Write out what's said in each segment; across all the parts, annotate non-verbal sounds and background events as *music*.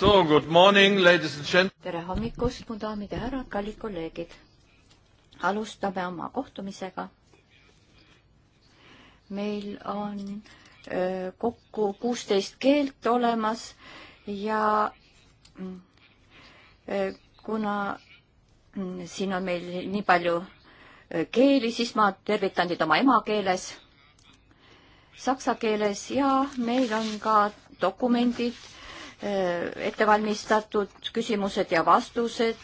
So good morning, ladies and gentlemen. tere hommikust, mu daamid ja härrad, kallid kolleegid. alustame oma kohtumisega. meil on öö, kokku kuusteist keelt olemas ja mm, öö, kuna mm, siin on meil nii palju keeli, siis ma tervitan teid oma emakeeles, saksa keeles ja meil on ka dokumendid Äh, ettevalmistatud küsimused ja vastused,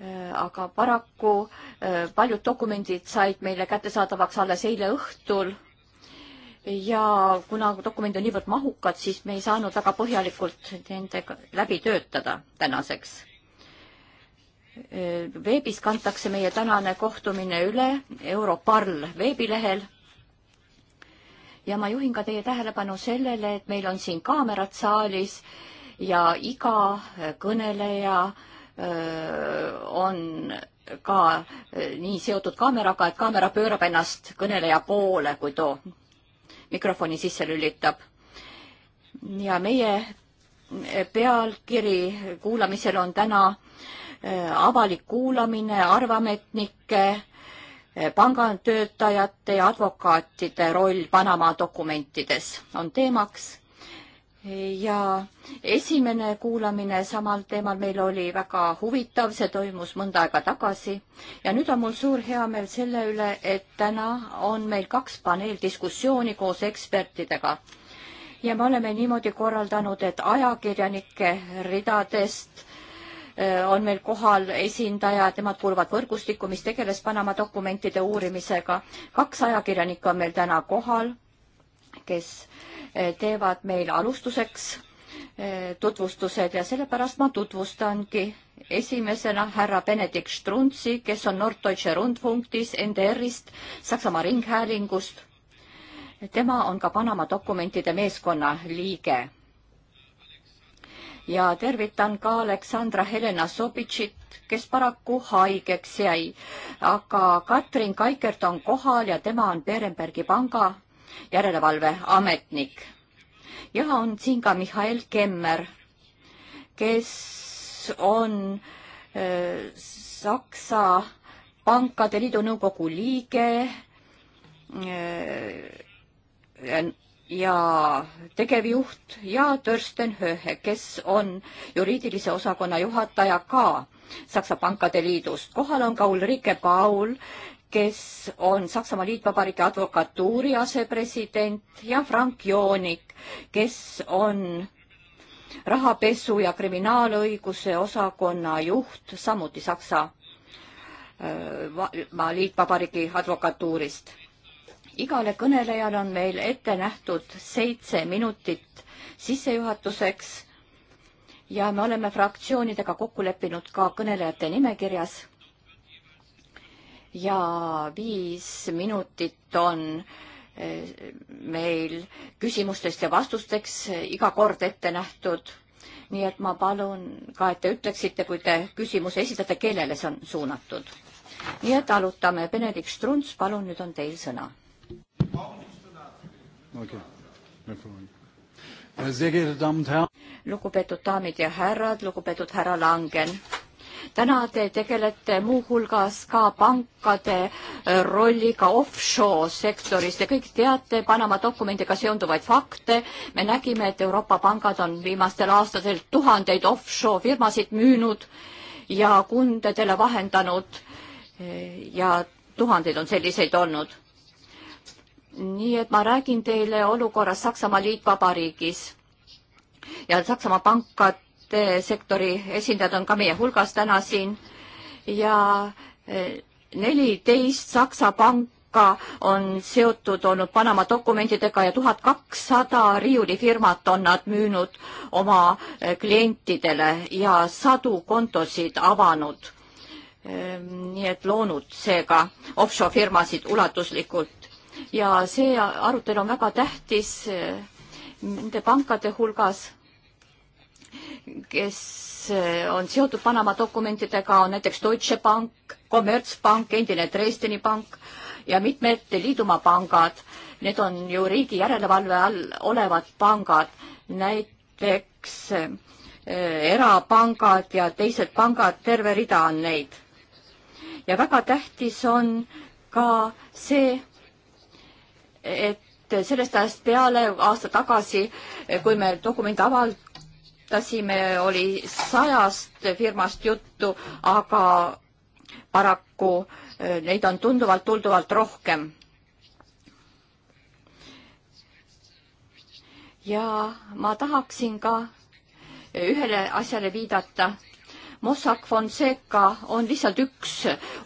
äh, aga paraku äh, paljud dokumendid said meile kättesaadavaks alles eile õhtul ja kuna dokument on niivõrd mahukad, siis me ei saanud väga põhjalikult nendega läbi töötada tänaseks. veebis kantakse meie tänane kohtumine üle Europarl veebilehel ja ma juhin ka teie tähelepanu sellele, et meil on siin kaamerad saalis ja iga äh, kõneleja öö, äh, on ka öö, äh, nii seotud kaameraga, et kaamera pöörab ennast kõneleja poole, kui too mikrofoni sisse lülitab. ja meie pealkiri kuulamisel on täna öö, avalik kuulamine arvametnike Eh, pangatöötajate ja advokaatide roll Panama dokumentides on teemaks. ja esimene kuulamine samal teemal meil oli väga huvitav, see toimus mõnda aega tagasi ja nüüd on mul suur heameel selle üle, et täna on meil kaks paneeldiskussiooni koos ekspertidega ja me oleme niimoodi korraldanud, et ajakirjanike ridadest Äh, on meil kohal esindaja, nemad kuuluvad võrgustikku, mis tegeles Panama dokumentide uurimisega. kaks ajakirjanikku on meil täna kohal, kes äh, teevad meil alustuseks äh, tutvustused ja sellepärast ma tutvustangi esimesena härra Benedikt Strunzi, kes on Norddeutsche Rundfunktis NDR-ist, Saksamaa Ringhäälingust. tema on ka Panama dokumentide meeskonna liige ja tervitan ka Aleksandra Helena Sobitšit, kes paraku haigeks jäi. aga Katrin Kaikert on kohal ja tema on Berenbergi panga järelevalveametnik. ja on siin ka Mihhail Kemmer, kes on äh, Saksa Pankade Liidu Nõukogu liige äh, ja tegevjuht ja Törsten Höhe, kes on juriidilise osakonna juhataja ka Saksa Pankade Liidust. kohal on ka Ulrike Paul, kes on Saksamaa Liitvabariigi advokatuuri asepresident ja Frank Joonik, kes on rahapesu ja kriminaalõiguse osakonna juht, samuti Saksa äh, Liitvabariigi advokatuurist igale kõnelejale on meil ette nähtud seitse minutit sissejuhatuseks ja me oleme fraktsioonidega kokku leppinud ka kõnelejate nimekirjas. ja viis minutit on eh, meil küsimustest ja vastusteks iga kord ette nähtud. nii et ma palun ka, et te ütleksite, kui te küsimuse esitate, kellele see on suunatud. nii et alustame. Benedikt Strunz, palun, nüüd on teil sõna Äh, lugupeetud daamid ja härrad, lugupeetud härra Langen. täna te tegelete muuhulgas ka pankade äh, rolliga offshore sektoris. Te kõik teate Panama dokumendiga seonduvaid fakte. me nägime, et Euroopa pangad on viimastel aastatel tuhandeid offshore firmasid müünud ja kundedele vahendanud äh, ja tuhandeid on selliseid olnud nii et ma räägin teile olukorrast Saksamaa Liitvabariigis ja Saksamaa pankade sektori esindajad on ka meie hulgas täna siin ja e, neliteist Saksa panka on seotud olnud Panama dokumentidega ja tuhat kakssada riiulifirmat on nad müünud oma e, klientidele ja sadu kontosid avanud. E, nii et loonud seega offshore firmasid ulatuslikult ja see arutelu on väga tähtis eh, nende pankade hulgas, kes eh, on seotud Panama dokumentidega, on näiteks Deutsche Bank, Commerzbank, endine Dresdeni pank ja mitmed liidumaa pangad. Need on ju riigi järelevalve all olevad pangad, näiteks eh, erapangad ja teised pangad, terve rida on neid. ja väga tähtis on ka see, et sellest ajast peale, aasta tagasi, kui me dokumendi avaldasime, oli sajast firmast juttu, aga paraku eh, neid on tunduvalt, tunduvalt rohkem. ja ma tahaksin ka ühele asjale viidata Mossack Fonseca on lihtsalt üks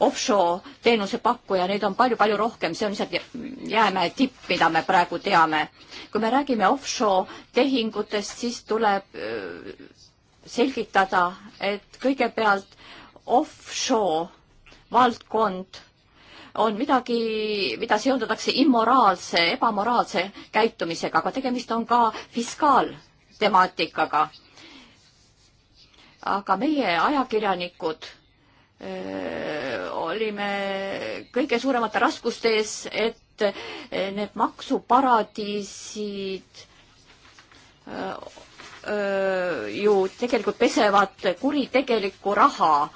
offshore teenusepakkuja, neid on palju-palju rohkem, see on lihtsalt jäämäe tipp, mida me praegu teame. kui me räägime offshore tehingutest, siis tuleb äh, selgitada, et kõigepealt offshore valdkond on midagi, mida seondatakse immoraalse, ebamoraalse käitumisega, aga tegemist on ka fiskaaltemaatikaga aga meie ajakirjanikud öö, olime kõige suuremate raskuste ees, et need maksuparadiisid öö, öö, ju tegelikult pesevad kuritegelikku raha,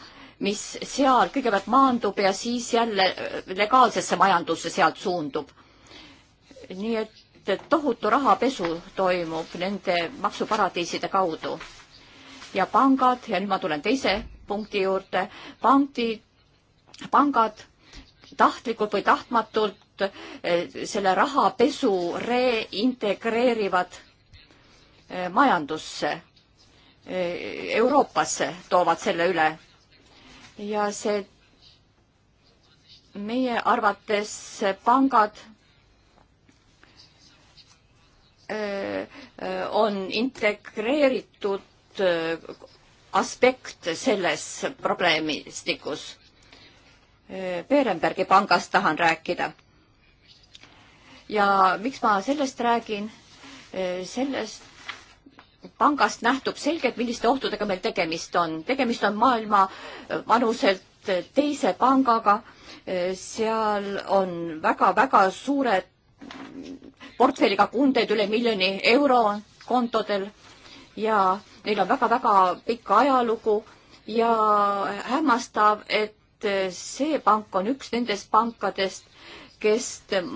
mis seal kõigepealt maandub ja siis jälle legaalsesse majandusse sealt suundub. nii et tohutu rahapesu toimub nende maksuparadiiside kaudu ja pangad ja nüüd ma tulen teise punkti juurde, pandi, pangad tahtlikult või tahtmatult eh, selle rahapesu reintegreerivad eh, majandusse, eh, Euroopasse toovad selle üle. ja see meie arvates pangad on integreeritud Äh, aspekt selles probleemistikus. Äh, Berenbergi pangast tahan rääkida. ja miks ma sellest räägin? Äh, sellest pangast nähtub selgelt, milliste ohtudega meil tegemist on. tegemist on maailma vanuselt teise pangaga. seal on väga-väga suured portfelliga kundeid üle miljoni euro kontodel ja neil on väga-väga pikk ajalugu ja hämmastav, et see pank on üks nendest pankadest, kes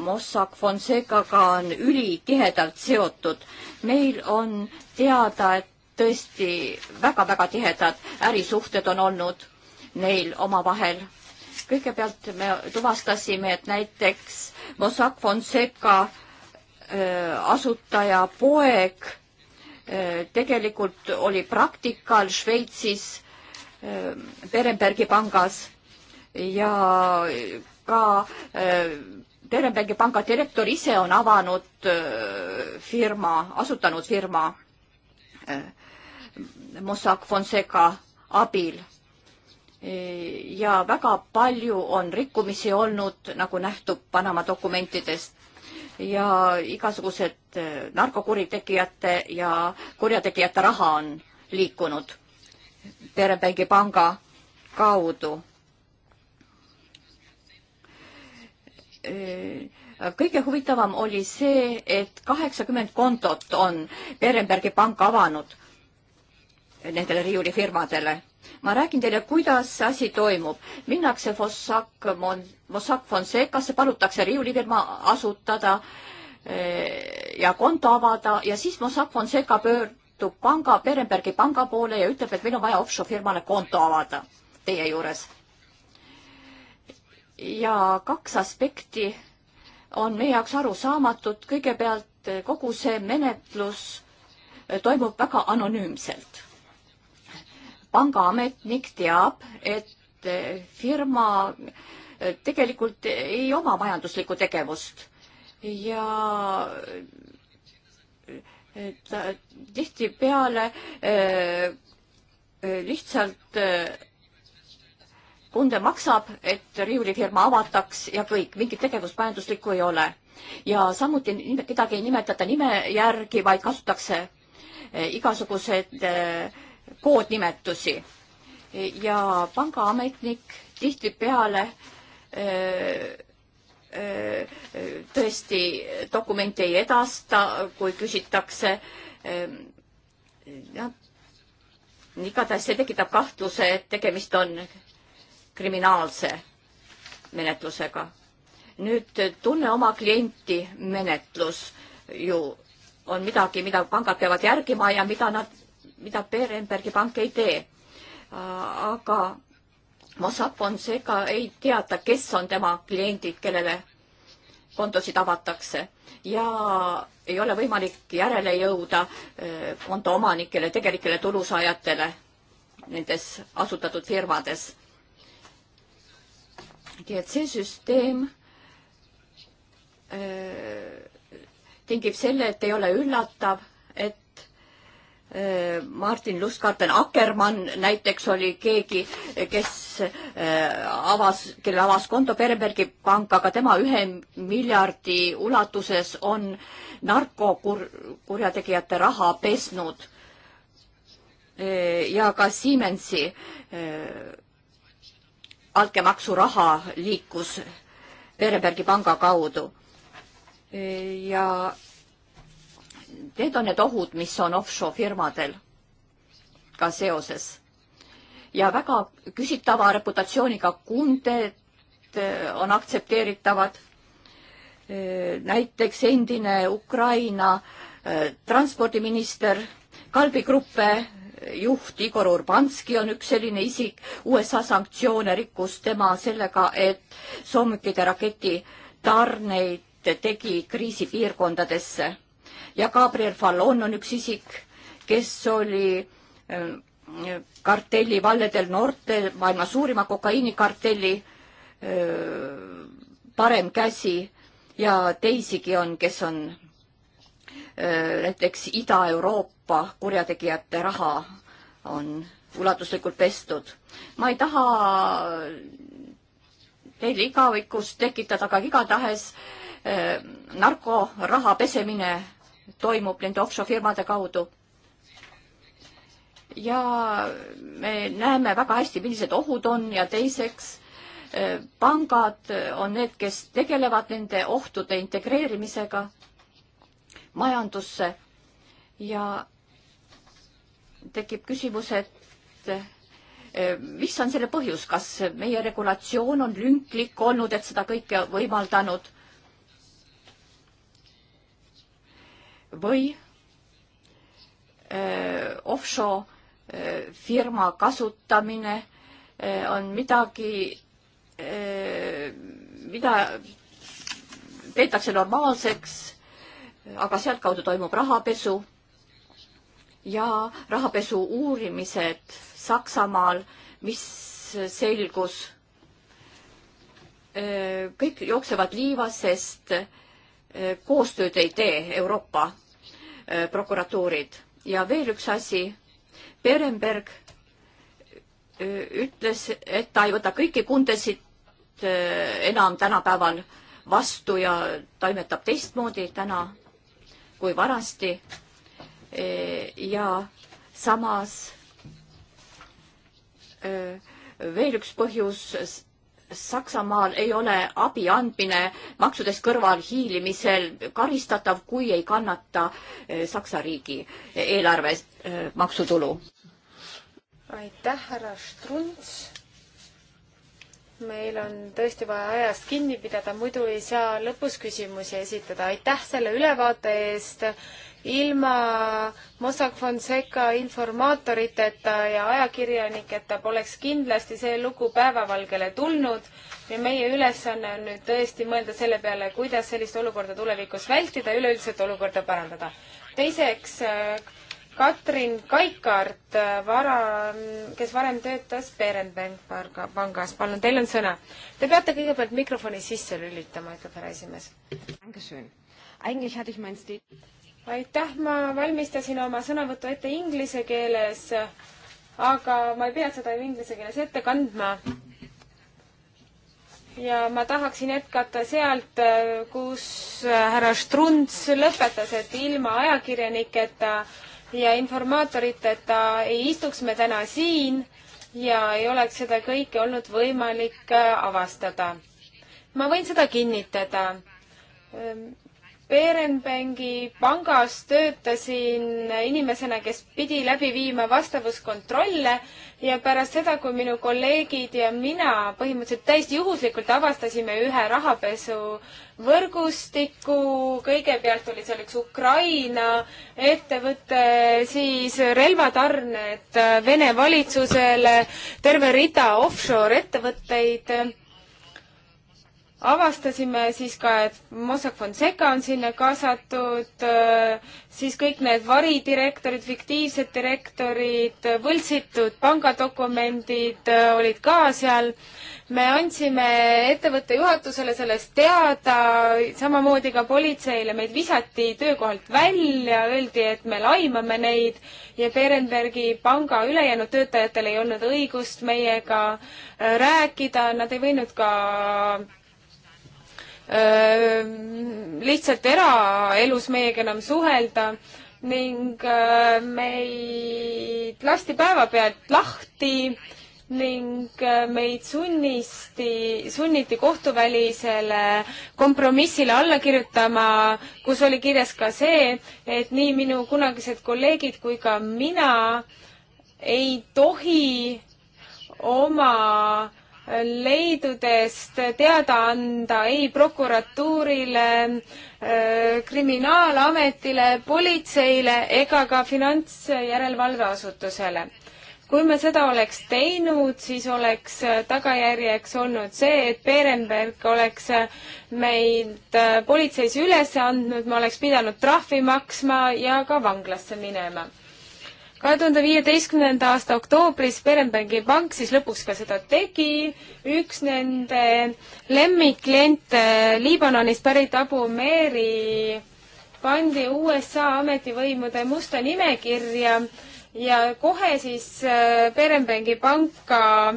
Mossack Fonsecaga on ülitihedalt seotud. meil on teada, et tõesti väga-väga tihedad ärisuhted on olnud neil omavahel. kõigepealt me tuvastasime, et näiteks Mossack Fonseca äh, asutaja poeg Äh, tegelikult oli praktikal Šveitsis äh, Berenbergi pangas ja ka äh, Berenbergi panga direktor ise on avanud firma, asutanud firma Mossack Fonseca abil. ja väga palju on rikkumisi olnud, nagu nähtub Panama dokumentidest ja igasugused eh, narkokuritegijate ja kurjategijate raha on liikunud Perepäigi panga kaudu. Eh, kõige huvitavam oli see, et kaheksakümmend kontot on Perenbergi pank avanud nendele riiulifirmadele. ma räägin teile, kuidas see asi toimub. minnakse Fossack, Mossack Fonsecasse, palutakse riiulifirma asutada eh, ja konto avada ja siis Mossack Fonseca pöördub panga, Berenbergi panga poole ja ütleb, et meil on vaja offshore firmale konto avada teie juures. ja kaks aspekti on meie jaoks arusaamatud. kõigepealt kogu see menetlus eh, toimub väga anonüümselt pangaametnik teab, et eh, firma eh, tegelikult ei oma majanduslikku tegevust ja eh, ta tihtipeale lihtsalt kunde maksab, et riiulifirma avataks ja kõik, mingit tegevust majanduslikku ei ole. ja samuti kedagi ei nimetata nime järgi, vaid kasutatakse igasuguseid äh, koodnimetusi ja pangaametnik tihtipeale tõesti dokumente ei edasta, kui küsitakse. igatahes see tekitab kahtluse, et tegemist on kriminaalse menetlusega. nüüd tunne oma klienti menetlus ju on midagi, mida pangad peavad järgima ja mida nad mida Berenbergi pank ei tee. aga Mossack Fonseca ei teata, kes on tema kliendid, kellele kontosid avatakse ja ei ole võimalik järele jõuda eh, konto omanikele, tegelikele tulusaajatele nendes asutatud firmades. nii et see süsteem öö, eh, tingib selle, et ei ole üllatav, Äh, Martin Lustkarten Akkermann näiteks oli keegi, kes äh, avas, kellel avas konto Berenbergi pank, aga tema ühe miljardi ulatuses on narkokurjategijate raha pesnud. Äh, ja ka Siemensi altkäemaksuraha liikus Berenbergi panga kaudu. ja Need on need ohud, mis on offshore firmadel ka seoses. ja väga küsitava reputatsiooniga kunded äh, on aktsepteeritavad. Äh, näiteks endine Ukraina äh, transpordiminister, kalbigruppe juht Igor Urbanski on üks selline isik. USA sanktsioone rikkus tema sellega, et soomukide raketitarneid tegi kriisipiirkondadesse ja Gabriel Fallon on üks isik, kes oli ähm, kartelli valledel Norte, maailma suurima kokaiinikartelli äh, parem käsi ja teisigi on, kes on äh, näiteks Ida-Euroopa kurjategijate raha on ulatuslikult pestud. ma ei taha teil igavikust tekitada, aga igatahes äh, narkoraha pesemine toimub nende offshore firmade kaudu. ja me näeme väga hästi, millised ohud on ja teiseks eh, pangad on need, kes tegelevad nende ohtude integreerimisega majandusse ja tekib küsimus, et eh, mis on selle põhjus, kas meie regulatsioon on lünklik olnud, et seda kõike võimaldanud või offshore firma kasutamine on midagi, mida peetakse normaalseks, aga sealtkaudu toimub rahapesu ja rahapesu uurimised Saksamaal, mis selgus, kõik jooksevad liiva, sest koostööd ei tee Euroopa äh, prokuratuurid. ja veel üks asi. Berenberg äh, ütles, et ta ei võta kõiki kundesid äh, enam tänapäeval vastu ja toimetab teistmoodi täna kui vanasti. ja samas veel üks põhjus Saksamaal ei ole abi andmine maksudest kõrvalhiilimisel karistatav, kui ei kannata eh, Saksa riigi eh, eelarve eh, maksutulu. aitäh, härra Strunz. meil on tõesti vaja ajast kinni pidada, muidu ei saa lõpus küsimusi esitada. aitäh selle ülevaate eest ilma Mossack Fonseca informaatoriteta ja ajakirjaniketa poleks kindlasti see lugu päevavalgele tulnud ja meie ülesanne on nüüd tõesti mõelda selle peale, kuidas sellist olukorda tulevikus vältida, üleüldiselt olukorda parandada. teiseks, Katrin Kaikart, vara, kes varem töötas Berenbank pangas, palun, teil on sõna. Te peate kõigepealt mikrofoni sisse lülitama, ütleb härra esimees aitäh, ma valmistasin oma sõnavõttu ette inglise keeles, aga ma ei pea seda ju inglise keeles ette kandma. ja ma tahaksin jätkata sealt, kus härra Strunz lõpetas, et ilma ajakirjaniketa ja informaatoriteta ei istuks me täna siin ja ei oleks seda kõike olnud võimalik avastada. ma võin seda kinnitada Berenbengi pangas töötasin inimesena, kes pidi läbi viima vastavuskontrolle ja pärast seda, kui minu kolleegid ja mina põhimõtteliselt täiesti juhuslikult avastasime ühe rahapesuvõrgustiku, kõigepealt oli seal üks Ukraina ettevõte, siis relvatarned Vene valitsusele, terve rida offshore ettevõtteid avastasime siis ka, et Mossack Fonseca on sinna kaasatud, siis kõik need varidirektorid, fiktiivsed direktorid, võltsitud pangadokumendid olid ka seal. me andsime ettevõtte juhatusele sellest teada, samamoodi ka politseile, meid visati töökohalt välja, öeldi, et me laimame neid ja Berenbergi panga ülejäänud töötajatel ei olnud õigust meiega äh, rääkida, nad ei võinud ka lihtsalt eraelus meiega enam suhelda ning meid lasti päevapealt lahti ning meid sunnisti, sunniti kohtuvälisele kompromissile alla kirjutama, kus oli kirjas ka see, et nii minu kunagised kolleegid kui ka mina ei tohi oma äh, leidudest teada anda ei prokuratuurile, äh, kriminaalametile, politseile ega ka finantsjärelevalveasutusele. kui me seda oleks teinud, siis oleks äh, tagajärjeks olnud see, et Berenberg oleks äh, meid politseis üles andnud, ma oleks pidanud trahvi maksma ja ka vanglasse minema kahe tuhande viieteistkümnenda aasta oktoobris Berenbergi pank siis lõpuks ka seda tegi. üks nende lemmikkliente äh, Liibanonist pärit Abu Meeri pandi USA ametivõimude musta nimekirja ja kohe siis äh, Berenbergi panka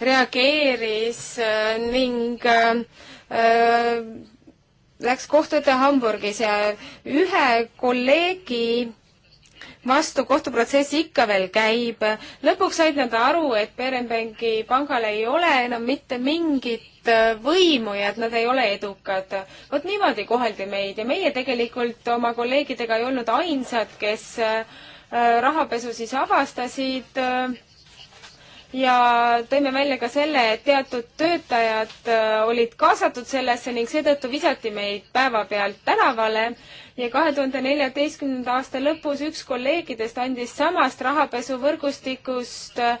reageeris äh, ning läks kohtuda Hamburgis ja ühe kolleegi vastu kohtuprotsess ikka veel käib. lõpuks said nad aru, et Berenbengi pangal ei ole enam mitte mingit äh, võimu ja et nad ei ole edukad. vot niimoodi koheldi meid ja meie tegelikult oma kolleegidega ei olnud ainsad, kes äh, äh, rahapesu siis avastasid ja tõime välja ka selle, et teatud töötajad olid kaasatud sellesse ning seetõttu visati meid päevapealt tänavale ja kahe tuhande neljateistkümnenda aasta lõpus üks kolleegidest andis samast rahapesuvõrgustikust äh,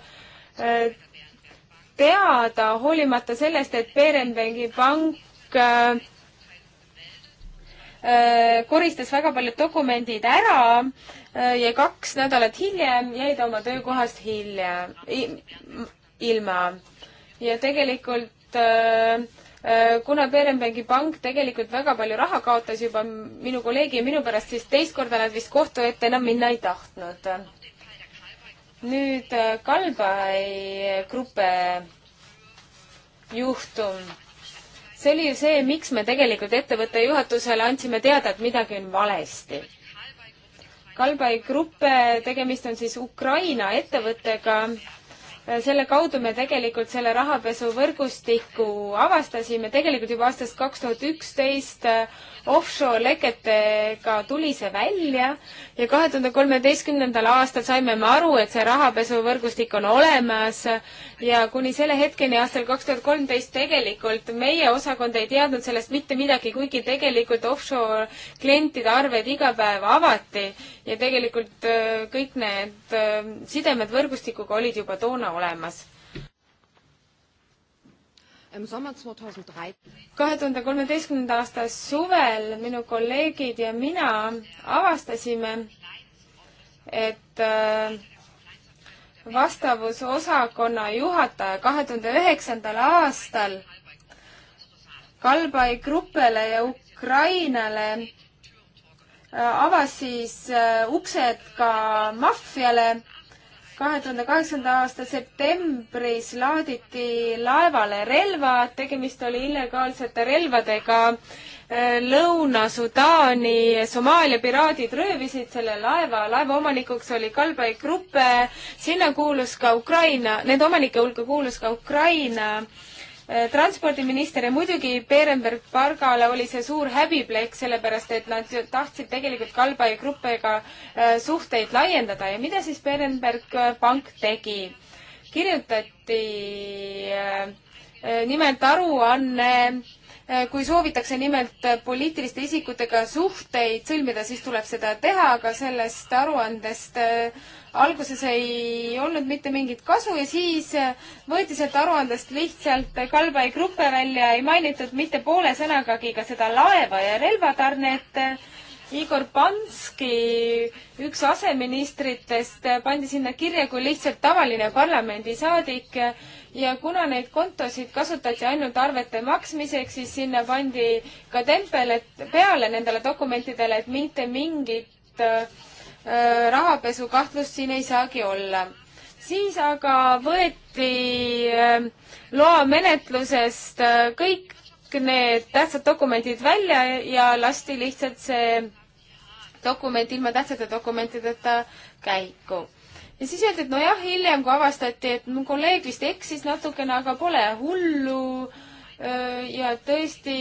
teada, hoolimata sellest, et Berenbergi pank äh, äh, koristas väga paljud dokumendid ära ja kaks nädalat hiljem jäi ta oma töökohast hiljem, ilma. ja tegelikult äh, Äh, kuna Berenbergi pank tegelikult väga palju raha kaotas juba minu kolleegi ja minu pärast, siis teist korda nad vist kohtu ette enam minna ei tahtnud. nüüd äh, Kalbai gruppe juhtum. see oli ju see, miks me tegelikult ettevõtte juhatusele andsime teada, et midagi on valesti. Kalbai gruppe, tegemist on siis Ukraina ettevõttega Äh, selle kaudu me tegelikult selle rahapesuvõrgustiku avastasime, tegelikult juba aastast kaks tuhat üksteist äh, offshore leketega tuli see välja ja kahe tuhande kolmeteistkümnendal aastal saime me aru, et see rahapesuvõrgustik on olemas ja kuni selle hetkeni aastal kaks tuhat kolmteist tegelikult meie osakond ei teadnud sellest mitte midagi, kuigi tegelikult offshore klientide arved iga päev avati ja tegelikult äh, kõik need sidemed võrgustikuga olid juba toona olemas. kahe tuhande kolmeteistkümnenda aasta suvel minu kolleegid ja mina avastasime, et äh, vastavusosakonna juhataja kahe tuhande üheksandal aastal Kalbai Grupele ja Ukrainale äh, avas siis äh, uksed ka maffiale kahe tuhande kaheksanda aasta septembris laaditi laevale relvad, tegemist oli illegaalsete relvadega. Äh, Lõuna-Sudaani Somaalia piraadid röövisid selle laeva, laeva omanikuks oli Kalbai Gruppe, sinna kuulus ka Ukraina, nende omanike hulka kuulus ka Ukraina äh, Eh, transpordiminister ja muidugi Berenberg pargale oli see suur häbiplekk, sellepärast et nad tahtsid tegelikult Kalbai gruppega eh, suhteid laiendada ja mida siis Berenberg eh, pank tegi? kirjutati nimelt aruanne Eh, kui soovitakse nimelt eh, poliitiliste isikutega suhteid sõlmida, siis tuleb seda teha, aga sellest aruandest eh, alguses ei olnud mitte mingit kasu ja siis võeti sealt aruandest lihtsalt Kalbai gruppe välja, ei mainitud mitte poole sõnagagi ka seda laeva ja relvatarnet. Igor Panski, üks aseministritest, pandi sinna kirja kui lihtsalt tavaline parlamendisaadik ja kuna neid kontosid kasutati ainult arvete maksmiseks, siis sinna pandi ka tempel, et peale nendele dokumentidele, et mitte mingit äh, äh, rahapesukahtlust siin ei saagi olla. siis aga võeti äh, loa menetlusest äh, kõik need tähtsad dokumendid välja ja lasti lihtsalt see dokument ilma tähtsate dokumentideta käiku ja siis öeldi, et nojah, hiljem kui avastati, et mu kolleeg vist eksis natukene, aga pole hullu. ja tõesti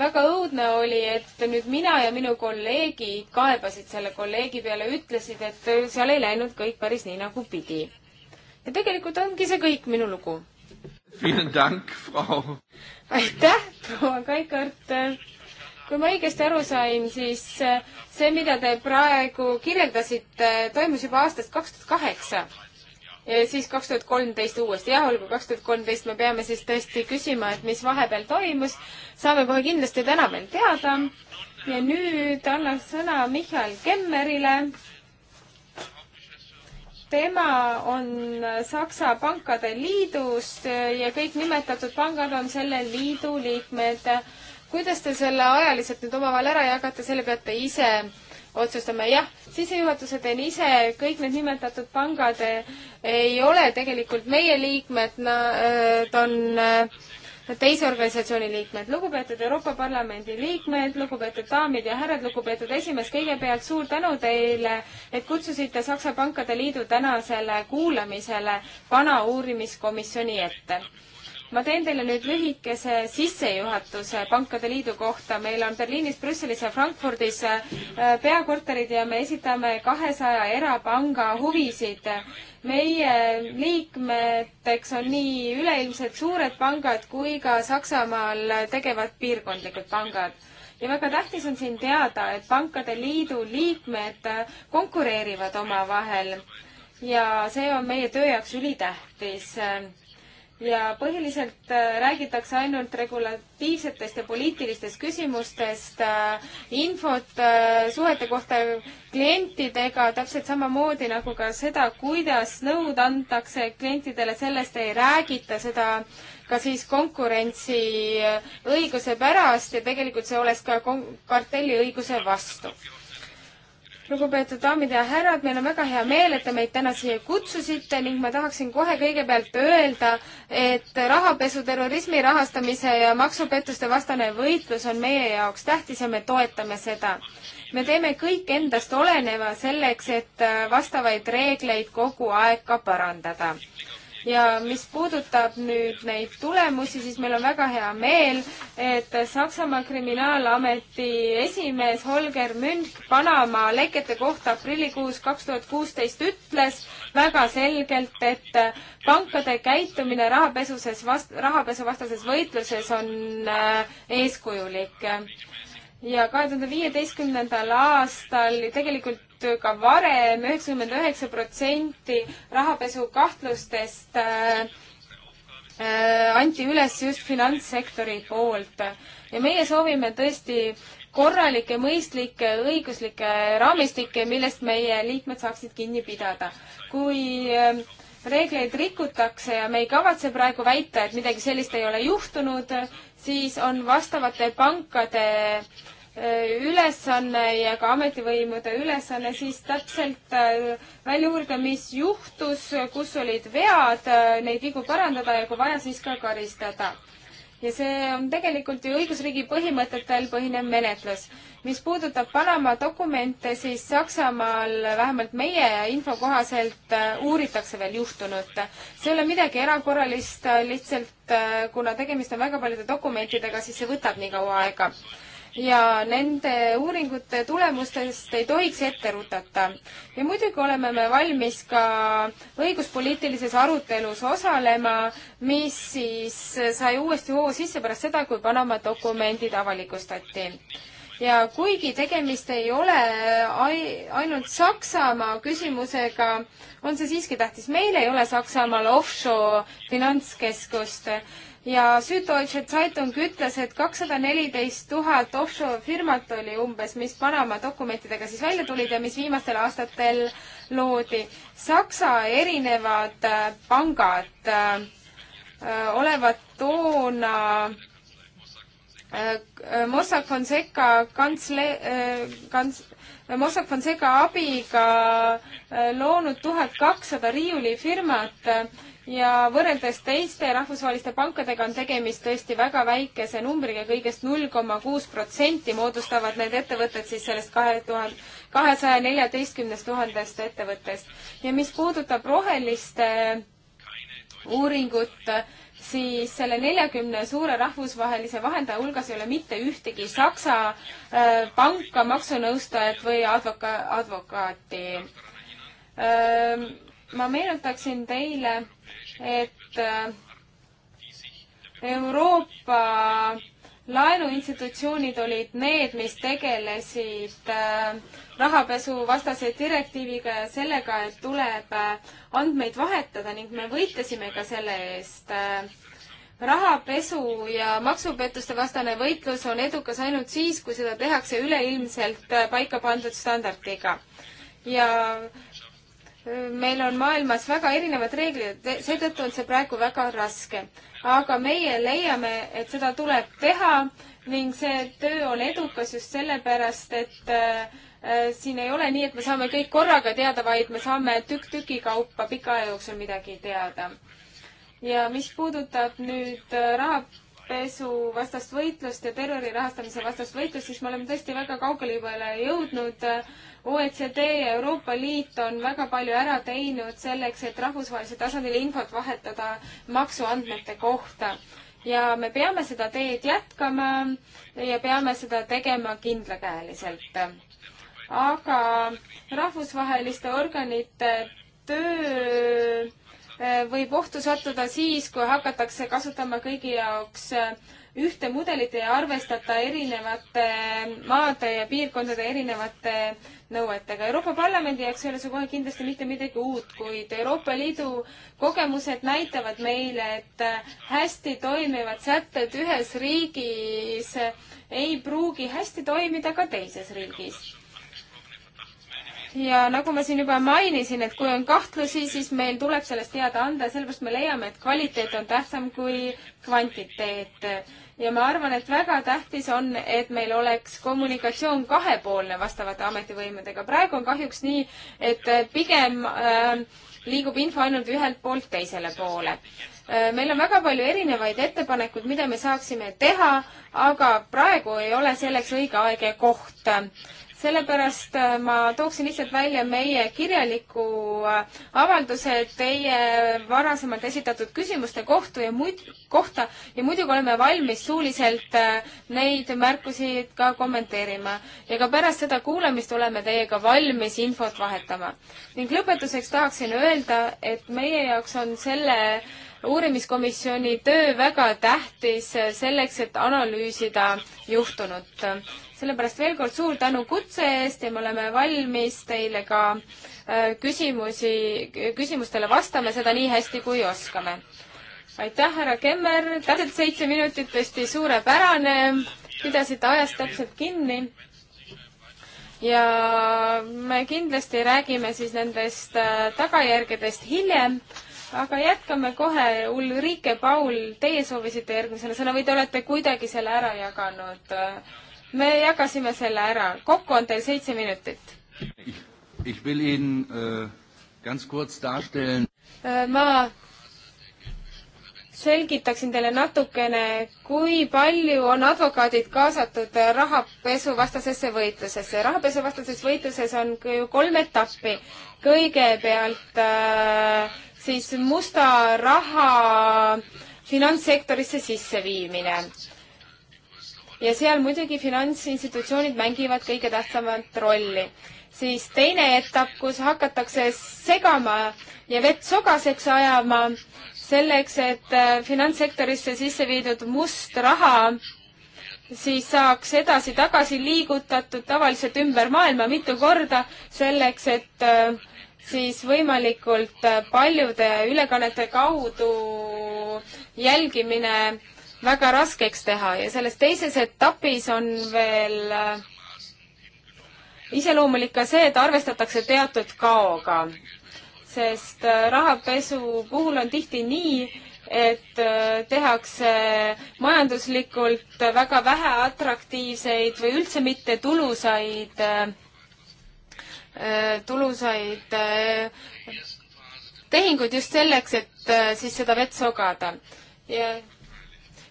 väga õudne oli, et nüüd mina ja minu kolleegid kaebasid selle kolleegi peale, ütlesid, et seal ei läinud kõik päris nii, nagu pidi. ja tegelikult ongi see kõik minu lugu. aitäh, proua Kaikart kui ma õigesti aru sain, siis äh, see, mida te praegu kirjeldasite, toimus juba aastast kaks tuhat kaheksa. Ja siis kaks tuhat kolmteist uuesti, jah, olgu kaks tuhat kolmteist, me peame siis tõesti küsima, et mis vahepeal toimus, saame kohe kindlasti täna veel teada. ja nüüd annan sõna Michal Kemmerile. tema on Saksa Pankade Liidust ja kõik nimetatud pangad on selle liidu liikmed kuidas te selle ajaliselt nüüd omavahel ära jagate, selle peate ise otsustama, jah, sisejuhatuse teen ise, kõik need nimetatud pangad eh, ei ole tegelikult meie liikmed, nad eh, on eh, teise organisatsiooni liikmed, lugupeetud Euroopa Parlamendi liikmed, lugupeetud daamid ja härrad, lugupeetud esimees, kõigepealt suur tänu teile, et kutsusite Saksa Pankade Liidu tänasele kuulamisele vana uurimiskomisjoni ette ma teen teile nüüd lühikese sissejuhatuse Pankade Liidu kohta. meil on Berliinis, Brüsselis ja Frankfurdis äh, peakorterid ja me esitame kahesaja erapanga huvisid. meie liikmeteks on nii üleilmsed suured pangad kui ka Saksamaal tegevad piirkondlikud pangad ja väga tähtis on siin teada, et Pankade Liidu liikmed konkureerivad omavahel ja see on meie töö jaoks ülitähtis ja põhiliselt äh, räägitakse ainult regulatiivsetest ja poliitilistest küsimustest, äh, infot äh, suhete kohta klientidega täpselt samamoodi nagu ka seda, kuidas nõud antakse klientidele, sellest ei räägita, seda ka siis konkurentsiõiguse pärast ja tegelikult see oleks ka kartelliõiguse vastu lugupeetud daamid ja härrad, meil on väga hea meel, et te meid täna siia kutsusite ning ma tahaksin kohe kõigepealt öelda, et rahapesu, terrorismi rahastamise ja maksupettuste vastane võitlus on meie jaoks tähtis ja me toetame seda. me teeme kõik endast oleneva selleks, et vastavaid reegleid kogu aeg ka parandada ja mis puudutab nüüd neid tulemusi, siis meil on väga hea meel, et Saksamaa kriminaalameti esimees Holger Münch Panama lekete kohta aprillikuus kaks tuhat kuusteist ütles väga selgelt, et pankade käitumine rahapesuses vast-, rahapesuvastases võitluses on äh, eeskujulik ja kahe tuhande viieteistkümnendal aastal tegelikult ka varem, üheksakümmend üheksa protsenti rahapesukahtlustest äh, äh, anti üles just finantssektori poolt. ja meie soovime tõesti korralikke, mõistlikke, õiguslikke raamistikke, millest meie liikmed saaksid kinni pidada. kui äh, reegleid rikutakse ja me ei kavatse praegu väita, et midagi sellist ei ole juhtunud, siis on vastavate pankade äh, Äh, ülesanne ja ka ametivõimude ülesanne siis täpselt äh, välja uurida, mis juhtus, kus olid vead, äh, neid vigu parandada ja kui vaja, siis ka karistada. ja see on tegelikult ju õigusriigi põhimõtetel põhinev menetlus. mis puudutab Panama dokumente, siis Saksamaal vähemalt meie info kohaselt uuritakse veel juhtunut. see ei ole midagi erakorralist, lihtsalt kuna tegemist on väga paljude dokumentidega, siis see võtab nii kaua aega ja nende uuringute tulemustest ei tohiks ette rutata. ja muidugi oleme me valmis ka õiguspoliitilises arutelus osalema, mis siis sai uuesti hoo sisse pärast seda, kui Panama dokumendid avalikustati ja kuigi tegemist ei ole ainult Saksamaa küsimusega, on see siiski tähtis. meil ei ole Saksamaal offshore finantskeskust ja Süddeutsche Zeitung ütles, et kakssada neliteist tuhat offshore firmat oli umbes, mis Panama dokumentidega siis välja tulid ja mis viimastel aastatel loodi. Saksa erinevad äh, pangad äh, olevat toona äh, Mossack Fonseca kantsle- äh,, kants-, Mossack Fonseca abiga äh, loonud tuhat kakssada riiulifirmat äh, ja võrreldes teiste rahvusvaheliste pankadega on tegemist tõesti väga väikese numbriga kõigest, kõigest null koma kuus protsenti moodustavad need ettevõtted siis sellest kahe tuhande, kahesaja neljateistkümnest tuhandest ettevõttest. ja mis puudutab roheliste uuringut, siis selle neljakümne suure rahvusvahelise vahendaja hulgas ei ole mitte ühtegi Saksa äh, panka, maksunõustajat või advoka-, advokaati äh,. ma meenutaksin teile, et äh, Euroopa äh, laenuinstitutsioonid olid need, mis tegelesid äh, rahapesuvastase direktiiviga ja sellega, et tuleb äh, andmeid vahetada ning me võitlesime ka selle eest. Äh. rahapesu ja maksupettuste vastane võitlus on edukas ainult siis, kui seda tehakse üleilmselt paika pandud standardiga ja meil on maailmas väga erinevad reeglid, seetõttu on see praegu väga raske. aga meie leiame, et seda tuleb teha ning see töö on edukas just sellepärast, et äh, äh siin ei ole nii, et me saame kõik korraga teada, vaid me saame tükk-tüki kaupa pika aja jooksul midagi teada. ja mis puudutab nüüd raha äh, rahapesu vastast võitlust ja terrori rahastamise vastast võitlust, siis me oleme tõesti väga kaugele juba jõudnud. Äh, OECD ja Euroopa Liit on väga palju ära teinud selleks, et rahvusvahelisel tasandil infot vahetada maksuandmete kohta. ja me peame seda teed jätkama ja peame seda tegema kindlakäeliselt. aga rahvusvaheliste organite töö eh, võib ohtu sattuda siis, kui hakatakse kasutama kõigi jaoks eh, ühte mudelit ja arvestada erinevate maade ja piirkondade erinevate nõuetega. Euroopa Parlamendi jaoks ei ole see kohe kindlasti mitte midagi uut, kuid Euroopa Liidu kogemused näitavad meile, et hästi toimivad sätted ühes riigis ei pruugi hästi toimida ka teises riigis. ja nagu ma siin juba mainisin, et kui on kahtlusi, siis meil tuleb sellest teada anda ja sellepärast me leiame, et kvaliteet on tähtsam kui kvantiteet ja ma arvan, et väga tähtis on, et meil oleks kommunikatsioon kahepoolne vastavate ametivõimudega. praegu on kahjuks nii, et äh, pigem äh, liigub info ainult ühelt poolt teisele poole äh,. meil on väga palju erinevaid ettepanekuid, mida me saaksime teha, aga praegu ei ole selleks õige aeg ja koht äh, sellepärast äh, ma tooksin lihtsalt välja meie kirjaliku äh, avalduse teie varasemalt esitatud küsimuste kohtu ja muid, kohta ja muidugi oleme valmis suuliselt äh, neid märkusi ka kommenteerima. ja ka pärast seda kuulamist oleme teiega valmis infot vahetama. ning lõpetuseks tahaksin öelda, et meie jaoks on selle uurimiskomisjoni töö väga tähtis selleks, et analüüsida juhtunut. sellepärast veel kord suur tänu kutse eest ja me oleme valmis teile ka äh, küsimusi, küsimustele vastama, seda nii hästi, kui oskame. aitäh, härra Kemmer, täpselt seitse minutit, tõesti suurepärane, pidasite ajast täpselt kinni ja me kindlasti räägime siis nendest äh, tagajärgedest hiljem, aga jätkame kohe, Ulrike Paul, teie soovisite järgmisena sõna või te olete kuidagi selle ära jaganud? me jagasime selle ära, kokku on teil seitse minutit. Äh, äh, ma selgitaksin teile natukene, kui palju on advokaadid kaasatud rahapesuvastasesse võitlusesse. rahapesuvastases võitluses on ju kolm etappi. kõigepealt äh, siis musta raha finantssektorisse sisseviimine. ja seal muidugi finantsinstitutsioonid mängivad kõige tähtsamat rolli. siis teine etapp, kus hakatakse segama ja vett sogaseks ajama selleks, et äh, finantssektorisse sisse viidud must raha siis saaks edasi-tagasi liigutatud tavaliselt ümber maailma mitu korda selleks, et äh, siis võimalikult paljude ülekannete kaudu jälgimine väga raskeks teha ja selles teises etapis on veel äh, iseloomulik ka see, et arvestatakse teatud kaoga, sest äh, rahapesu puhul on tihti nii, et äh, tehakse majanduslikult väga vähe atraktiivseid või üldse mitte tulusaid Äh, tulusaid äh, tehinguid just selleks, et äh, siis seda vett sogada. ja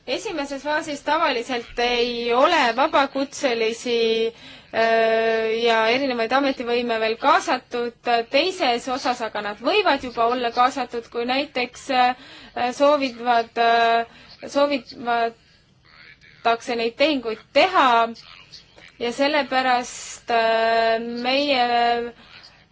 esimeses faasis tavaliselt ei ole vabakutselisi ja erinevaid ametivõime veel kaasatud, teises osas aga nad võivad juba olla kaasatud, kui näiteks soovivad, soovivad tahetakse neid tehinguid teha ja sellepärast äh, meie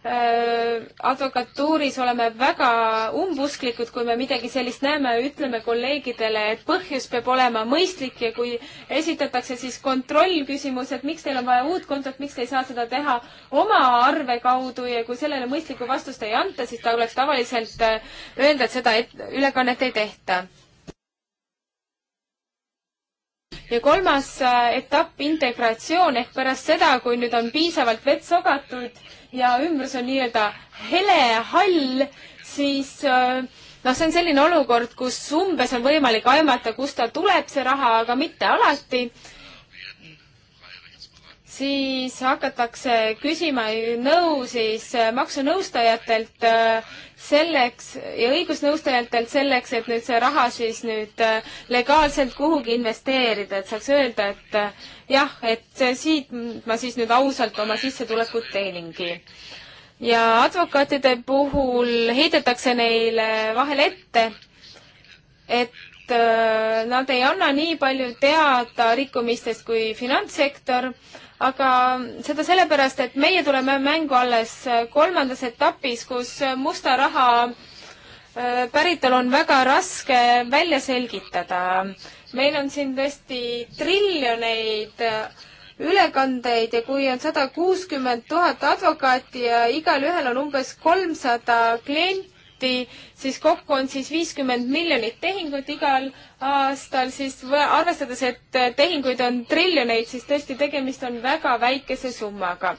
äh, advokatuuris oleme väga umbusklikud, kui me midagi sellist näeme, ütleme kolleegidele, et põhjus peab olema mõistlik ja kui esitatakse siis kontrollküsimus, et miks teil on vaja uut kontot, miks te ei saa seda teha oma arve kaudu ja kui sellele mõistlikku vastust ei anta, siis ta oleks tavaliselt äh, öelda, et seda et ülekannet ei tehta ja kolmas äh, etapp, integratsioon, ehk pärast seda, kui nüüd on piisavalt vett sogatud ja ümbrus on nii-öelda hele hall, siis äh, noh, see on selline olukord, kus umbes on võimalik aimata, kust ta tuleb, see raha, aga mitte alati siis hakatakse küsima nõu siis äh, maksunõustajatelt äh, selleks ja õigusnõustajatelt selleks, et nüüd see raha siis nüüd äh, legaalselt kuhugi investeerida, et saaks öelda, et jah, et siit ma siis nüüd ausalt oma sissetulekut teeningi. ja advokaatide puhul heidetakse neile vahel ette, et nad ei anna nii palju teada rikkumistest kui finantssektor, aga seda sellepärast, et meie tuleme mängu alles äh, kolmandas etapis, kus äh, musta raha äh, päritolu on väga raske välja selgitada. meil on siin tõesti triljoneid ülekandeid ja kui on sada kuuskümmend tuhat advokaati ja igalühel on umbes kolmsada klienti, protsenti, siis kokku on siis viiskümmend miljonit tehingut igal aastal, siis arvestades, et tehinguid on triljoneid, siis tõesti tegemist on väga väikese summaga.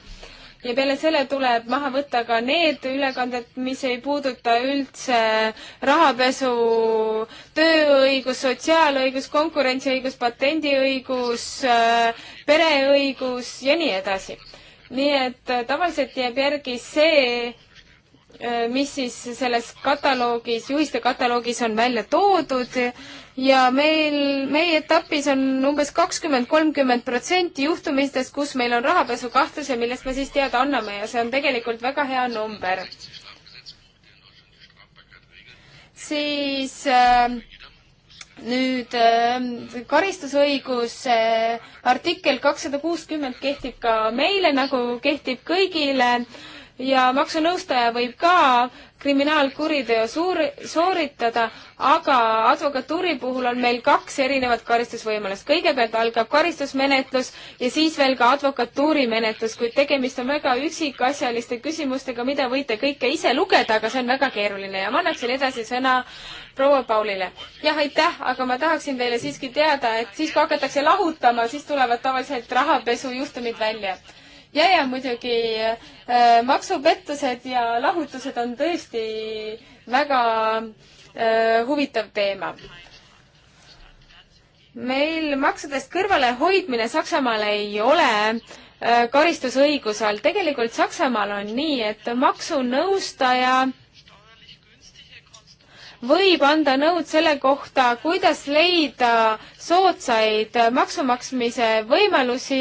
ja peale selle tuleb maha võtta ka need ülekanded, mis ei puuduta üldse rahapesu, tööõigus, sotsiaalõigus, konkurentsiõigus, patendiõigus, pereõigus ja nii edasi nii et tavaliselt jääb järgi see, Äh, mis siis selles kataloogis, juhiste kataloogis on välja toodud ja meil, meie etapis on umbes kakskümmend, kolmkümmend protsenti juhtumistest, kus meil on rahapesukahtlus ja millest me siis teada anname ja see on tegelikult väga hea number. siis äh, nüüd äh, karistusõigus äh, artikkel kakssada kuuskümmend kehtib ka meile, nagu kehtib kõigile äh, ja maksunõustaja võib ka kriminaalkuriteo suur, sooritada, aga advokatuuri puhul on meil kaks erinevat karistusvõimalust. kõigepealt algab karistusmenetlus ja siis veel ka advokatuuri menetlus, kuid tegemist on väga üksikasjaliste küsimustega, mida võite kõike ise lugeda, aga see on väga keeruline ja ma annaksin edasi sõna proua Paulile. jah, aitäh, aga ma tahaksin teile siiski teada, et siis kui hakatakse lahutama, siis tulevad tavaliselt rahapesujuhtumid välja ja, ja muidugi äh, maksupettused ja lahutused on tõesti väga äh, huvitav teema. meil maksudest kõrvalehoidmine Saksamaal ei ole äh, karistusõiguse all. tegelikult Saksamaal on nii, et maksunõustaja võib anda nõud selle kohta, kuidas leida soodsaid maksumaksmise võimalusi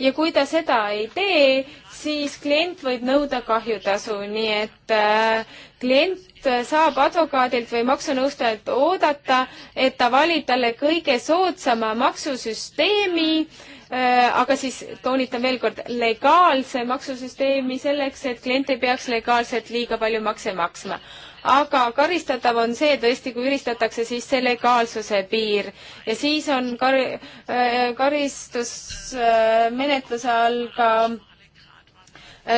ja kui ta seda ei tee, siis klient võib nõuda kahjutasu, nii et äh, klient saab advokaadilt või maksunõustajalt oodata, et ta valib talle kõige soodsama maksusüsteemi, äh, aga siis toonitan veel kord, legaalse maksusüsteemi selleks, et klient ei peaks legaalselt liiga palju makse maksma aga karistatav on see tõesti, kui üritatakse siis see legaalsuse piir ja siis on kar-, äh, karistusmenetluse all ka äh,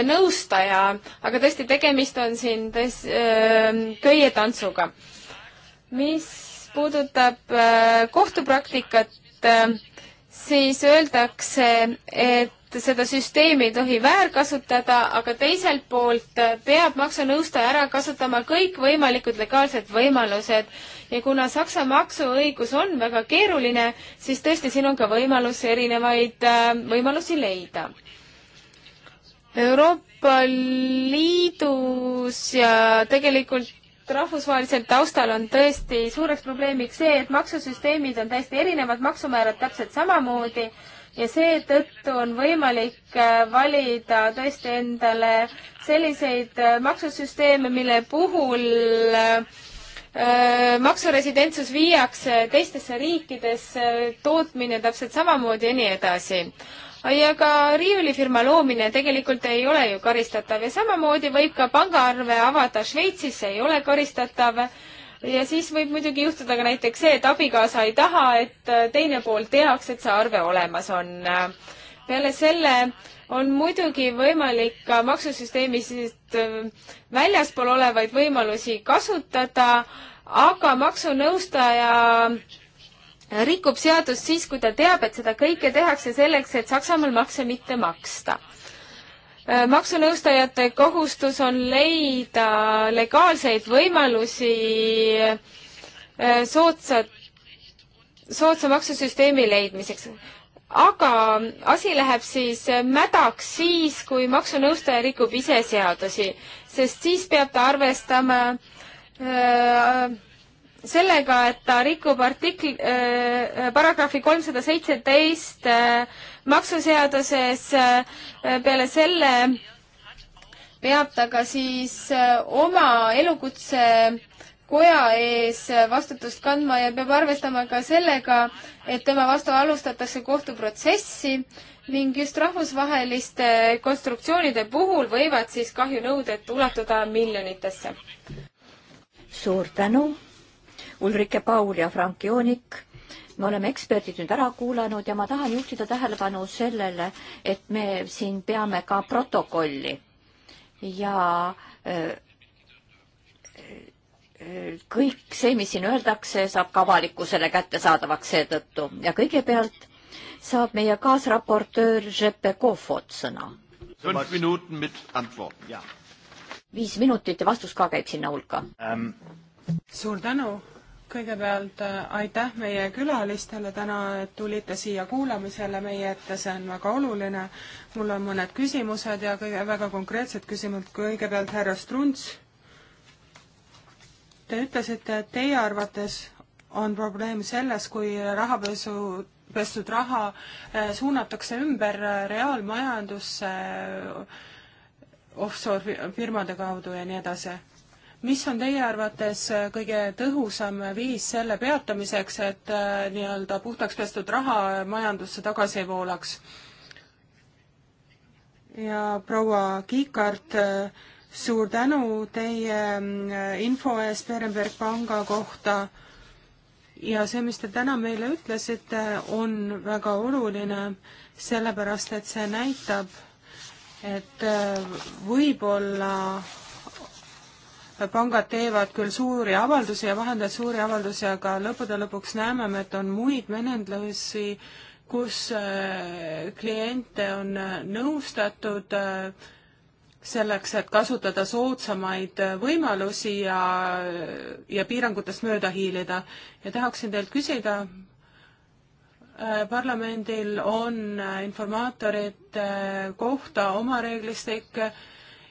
nõustaja, aga tõesti, tegemist on siin tõs-, äh, köietantsuga. mis puudutab kohtupraktikat, siis öeldakse, et seda süsteemi ei tohi väärkasutada, aga teiselt poolt peab maksunõustaja ära kasutama kõikvõimalikud legaalsed võimalused ja kuna Saksa maksuõigus on väga keeruline, siis tõesti siin on ka võimalus erinevaid äh, võimalusi leida. Euroopa Liidus ja tegelikult rahvusvahelisel taustal on tõesti suureks probleemiks see, et maksusüsteemid on täiesti erinevad, maksumäärad täpselt samamoodi ja seetõttu on võimalik äh, valida tõesti endale selliseid äh, maksusüsteeme, mille puhul äh, maksuresidentsus viiakse teistesse riikidesse, tootmine täpselt samamoodi ja nii edasi ja ka riiulifirma loomine tegelikult ei ole ju karistatav ja samamoodi võib ka pangaarve avada Šveitsis, see ei ole karistatav ja siis võib muidugi juhtuda ka näiteks see, et abikaasa ei taha, et äh, teine pool teaks, et see arve olemas on. peale selle on muidugi võimalik ka maksusüsteemist äh, väljaspool olevaid võimalusi kasutada, aga maksunõustaja rikub seadust siis, kui ta teab, et seda kõike tehakse selleks, et Saksamaal makse mitte maksta. Äh, maksunõustajate kohustus on leida legaalseid võimalusi äh, soodsat, soodsa maksusüsteemi leidmiseks. aga asi läheb siis mädaks siis, kui maksunõustaja rikub ise seadusi, sest siis peab ta arvestama äh, sellega, et ta rikub artikli äh,, äh paragrahvi kolmsada seitseteist äh, maksuseaduses, äh, peale selle peab ta ka siis äh, oma elukutse koja ees äh, vastutust kandma ja peab arvestama ka sellega, et tema vastu alustatakse kohtuprotsessi ning just rahvusvaheliste konstruktsioonide puhul võivad siis kahjunõuded ulatuda miljonitesse. suur tänu, Ulrike Paul ja Frank Joonik me oleme eksperdid nüüd ära kuulanud ja ma tahan juhtida tähelepanu sellele, et me siin peame ka protokolli ja äh, äh, kõik see, mis siin öeldakse, saab ka avalikkusele kättesaadavaks seetõttu ja kõigepealt saab meie kaasraportöör Žepe Kofod sõna. viis minutit ja vastus ka käib sinna hulka um.. suur tänu kõigepealt äh, aitäh meie külalistele täna, et tulite siia kuulamisele meie ette, see on väga oluline. mul on mõned küsimused ja kõige, väga konkreetsed küsimused. kõigepealt härra Strunz. Te ütlesite, et teie arvates on probleem selles, kui rahapesu, pestud raha äh, suunatakse ümber äh, reaalmajandusse offshore firmade kaudu ja nii edasi mis on teie arvates äh, kõige tõhusam viis selle peatamiseks, et äh, nii-öelda puhtaks pestud raha majandusse tagasi ei voolaks? ja proua Kiikart, äh, suur tänu teie mm, info eest Berenberg panga kohta ja see, mis te täna meile ütlesite, on väga oluline, sellepärast et see näitab, et võib-olla pangad teevad küll suuri avaldusi ja vahendavad suuri avaldusi, aga lõppude lõpuks näeme me, et on muid menetlusi, kus äh, kliente on äh, nõustatud äh, selleks, et kasutada soodsamaid võimalusi ja, ja piirangutest mööda hiilida. ja tahaksin teilt küsida, parlamendil on informaatorite kohta oma reeglistik,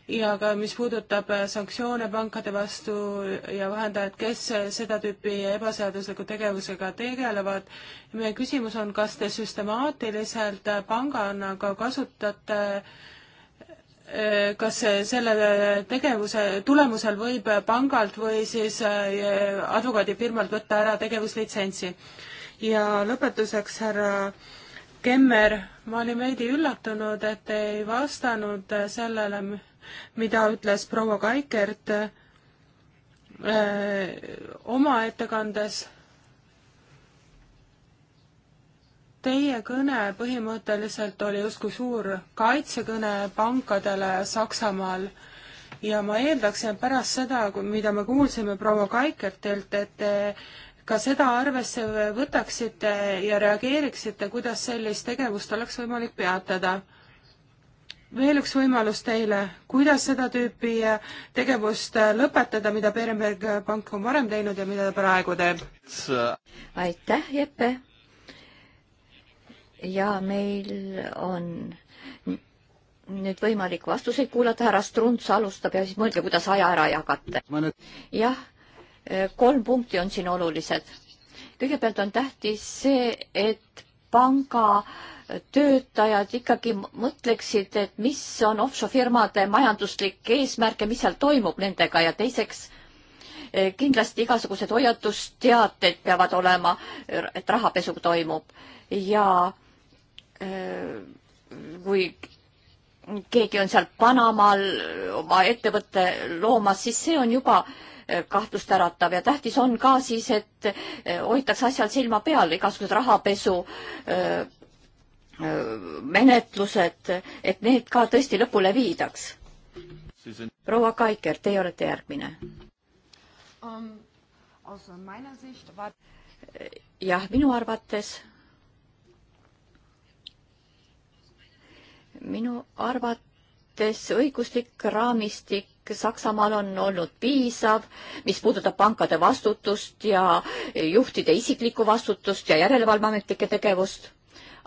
ja ka mis puudutab äh, sanktsioone pankade vastu ja vahendajad, kes äh, seda tüüpi ebaseadusliku tegevusega tegelevad. meie küsimus on, kas te süstemaatiliselt äh, pangana ka kasutate kas selle tegevuse tulemusel võib pangalt või siis advokaadifirmalt võtta ära tegevuslitsentsi. ja lõpetuseks, härra Kemmer, ma olin veidi üllatunud, et te ei vastanud sellele, mida ütles proua Kaikert öö, äh, oma ettekandes. Teie kõne põhimõtteliselt oli justkui suur kaitsekõne pankadele Saksamaal ja ma eeldaksin, et pärast seda, mida me kuulsime proua Kaikertilt, et te ka seda arvesse võtaksite ja reageeriksite, kuidas sellist tegevust oleks võimalik peatada veel üks võimalus teile, kuidas seda tüüpi äh, tegevust äh, lõpetada, mida Berenberg äh, pank on varem teinud ja mida ta praegu teeb? aitäh, Jeppe! ja meil on nüüd võimalik vastuseid kuulata, härra Strunz alustab ja siis mõelge, kuidas aja ära jagate. jah, kolm punkti on siin olulised. kõigepealt on tähtis see, et panga äh, töötajad ikkagi mõtleksid, et mis on offshore firmade majanduslik eesmärk ja mis seal toimub nendega ja teiseks eh, kindlasti igasugused hoiatusteated peavad olema, et rahapesu toimub ja eh, kui keegi on seal Panamaal oma ettevõtte loomas, siis see on juba eh, kahtlust äratav ja tähtis on ka siis, et hoitakse asjal silma peal, igasugused rahapesu menetlused, et need ka tõesti lõpule viidaks. proua Kaiker, teie olete järgmine. Um, jah, minu arvates, minu arvates õiguslik raamistik Saksamaal on olnud piisav, mis puudutab pankade vastutust ja juhtide isiklikku vastutust ja järelevalveametnike tegevust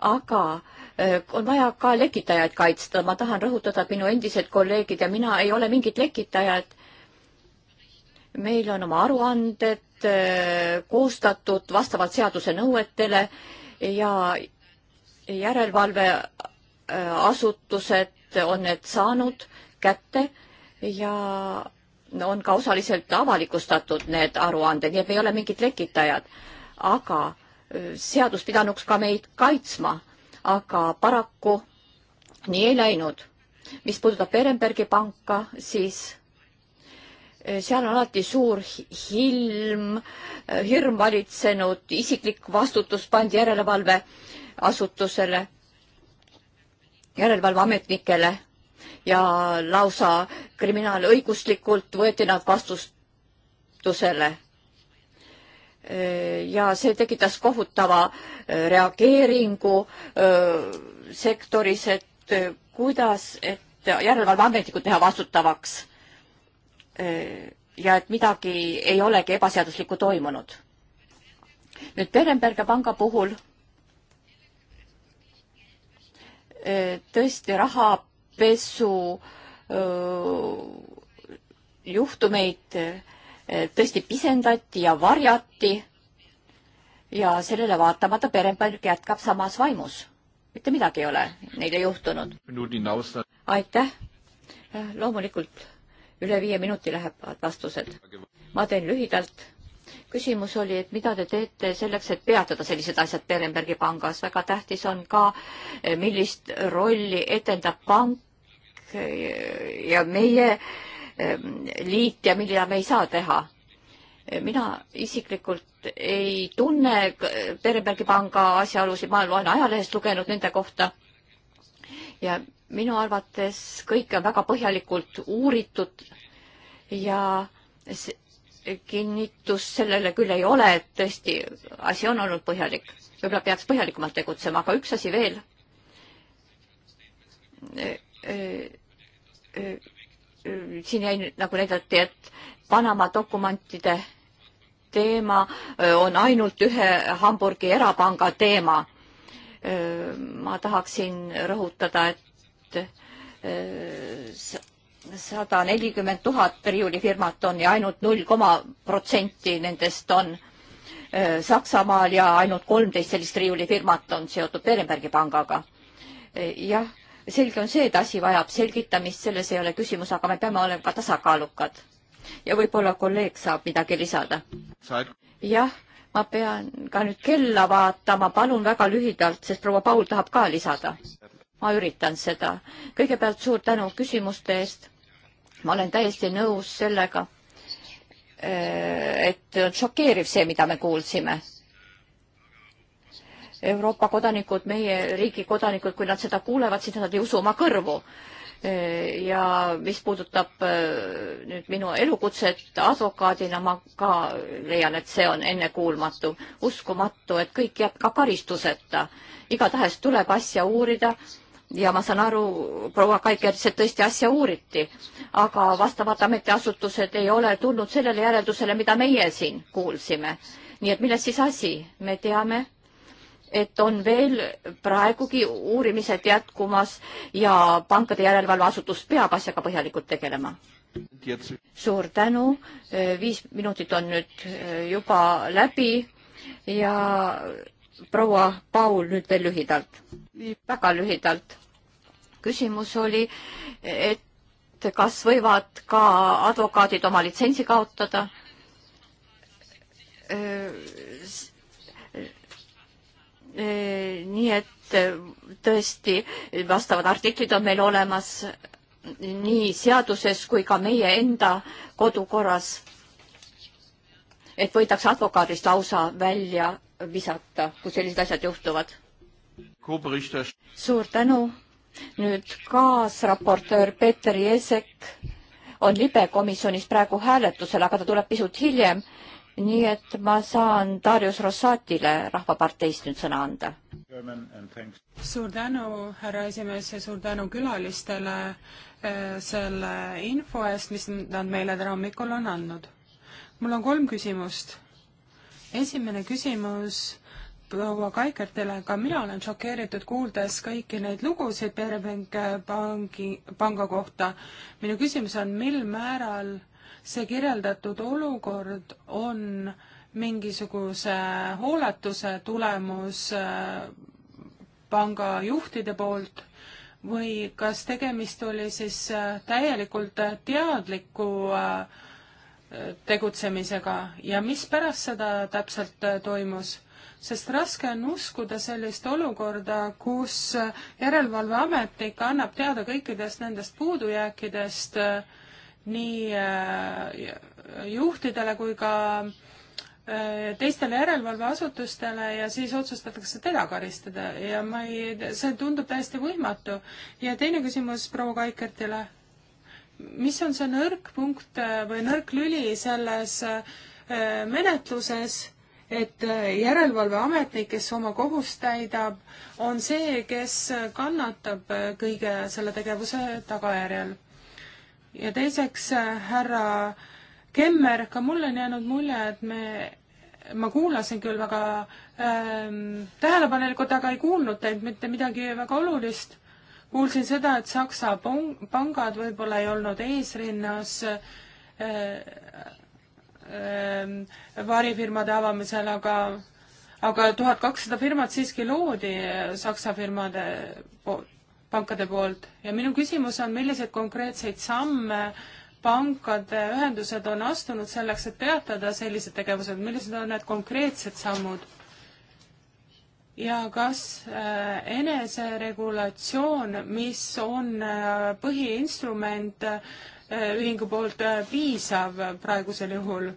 aga äh, on vaja ka lekitajaid kaitsta. ma tahan rõhutada, et minu endised kolleegid ja mina ei ole mingid lekitajad. meil on oma aruanded äh, koostatud vastavalt seaduse nõuetele ja järelevalveasutused äh, on need saanud kätte ja on ka osaliselt avalikustatud need aruanded, nii et me ei ole mingid lekitajad. aga seadus pidanuks ka meid kaitsma, aga paraku nii ei läinud. mis puudutab Berenbergi panka, siis eh, seal on alati suur hilm, eh, hirm valitsenud, isiklik vastutus pandi järelevalveasutusele, järelevalveametnikele ja lausa kriminaalõiguslikult võeti nad vastutusele ja see tekitas kohutava äh, reageeringu äh, sektoris, et äh, kuidas, et järelevalveametnikud teha vastutavaks. ja et midagi ei olegi ebaseaduslikku toimunud. nüüd Berenbergi panga puhul tõesti rahapesu juhtumeid Eh, tõesti pisendati ja varjati. ja sellele vaatamata perepanik jätkab samas vaimus. mitte midagi ei ole neile juhtunud. aitäh. Eh, loomulikult üle viie minuti lähevad vastused. ma teen lühidalt küsimus oli, et mida te teete selleks, et peatada sellised asjad Berenbergi pangas. väga tähtis on ka, eh, millist rolli etendab pank ja meie Ähm, liit ja mida me ei saa teha. mina isiklikult ei tunne Berenbergi panga asjaolusid, ma olen ajalehest lugenud nende kohta. ja minu arvates kõike on väga põhjalikult uuritud ja kinnitust sellele küll ei ole, et tõesti asi on olnud põhjalik. võib-olla peaks põhjalikumalt tegutsema, aga üks asi veel äh, äh, siin jäi nüüd nagu näidati, et Panama dokumentide teema äh, on ainult ühe Hamburgi erapanga teema. Äh, ma tahaksin rõhutada, et äh, sada nelikümmend tuhat riiulifirmat on ja ainult null koma protsenti nendest on Saksamaal ja ainult kolmteist sellist riiulifirmat on seotud Berenbergi pangaga. jah selge on see, et asi vajab selgitamist, selles ei ole küsimus, aga me peame olema ka tasakaalukad. ja võib-olla kolleeg saab midagi lisada. jah, ma pean ka nüüd kella vaatama, palun väga lühidalt, sest proua Paul tahab ka lisada. ma üritan seda. kõigepealt suur tänu küsimuste eest. ma olen täiesti nõus sellega, äh, et on šokeeriv see, mida me kuulsime Euroopa kodanikud, meie riigi kodanikud, kui nad seda kuulevad, siis nad ei usu oma kõrvu. ja mis puudutab eh, nüüd minu elukutset advokaadina, ma ka leian, et see on ennekuulmatu, uskumatu, et kõik jääb ka karistuseta. igatahes tuleb asja uurida ja ma saan aru, proua Kaikerts, et tõesti asja uuriti, aga vastavad ametiasutused ei ole tulnud sellele järeldusele, mida meie siin kuulsime. nii et milles siis asi? me teame, et on veel praegugi uurimised jätkumas ja pankade järelevalveasutus peab asjaga põhjalikult tegelema. suur tänu, viis minutit on nüüd eh, juba läbi ja proua Paul nüüd veel lühidalt, väga lühidalt. küsimus oli, et kas võivad ka advokaadid oma litsentsi kaotada? Eh, Äh, nii et äh, tõesti vastavad artiklid on meil olemas nii seaduses kui ka meie enda kodukorras. et võidakse advokaadist lausa välja visata, kui sellised asjad juhtuvad. suur tänu. nüüd kaasraportöör Peeter Jesek on libekomisjonis praegu hääletusel, aga ta tuleb pisut hiljem nii et ma saan Darius Rossatile Rahvaparteist nüüd sõna anda. suur tänu, härra esimees ja suur tänu külalistele eh, selle info eest, mis nad meile täna hommikul on andnud. mul on kolm küsimust. esimene küsimus proua Kaikertile, ka mina olen šokeeritud, kuuldes kõiki neid lugusid Perebank pangi, panga kohta. minu küsimus on, mil määral äh, see kirjeldatud olukord on mingisuguse hooletuse tulemus äh, pangajuhtide poolt või kas tegemist oli siis äh, täielikult teadliku äh, tegutsemisega ja mispärast seda täpselt toimus? sest raske on uskuda sellist olukorda, kus Järelevalveamet ikka annab teada kõikidest nendest puudujääkidest äh, nii äh, juhtidele kui ka äh, teistele järelevalveasutustele ja siis otsustatakse teda karistada ja ma ei, see tundub täiesti võimatu. ja teine küsimus proua Kaikertile. mis on see nõrk punkt äh, või nõrk lüli selles menetluses, et järelevalveametnik, kes oma kohust täidab, on see, kes kannatab kõige selle tegevuse tagajärjel ja teiseks, äh, härra Kemmer, ka mulle on jäänud mulje, et me, ma kuulasin küll väga ähm, tähelepanelikult, aga ei kuulnud teilt mitte midagi väga olulist. kuulsin seda, et Saksa pong, pangad võib-olla ei olnud eesrinnas äh, äh, varifirmade avamisel, aga aga tuhat kakssada firmat siiski loodi Saksa firmade poolt pankade poolt ja minu küsimus on, milliseid konkreetseid samme pankade ühendused on astunud selleks, et peatada sellised tegevused, millised on need konkreetsed sammud? ja kas äh, eneseregulatsioon, mis on äh, põhiinstrument äh, ühingu poolt piisav praegusel juhul?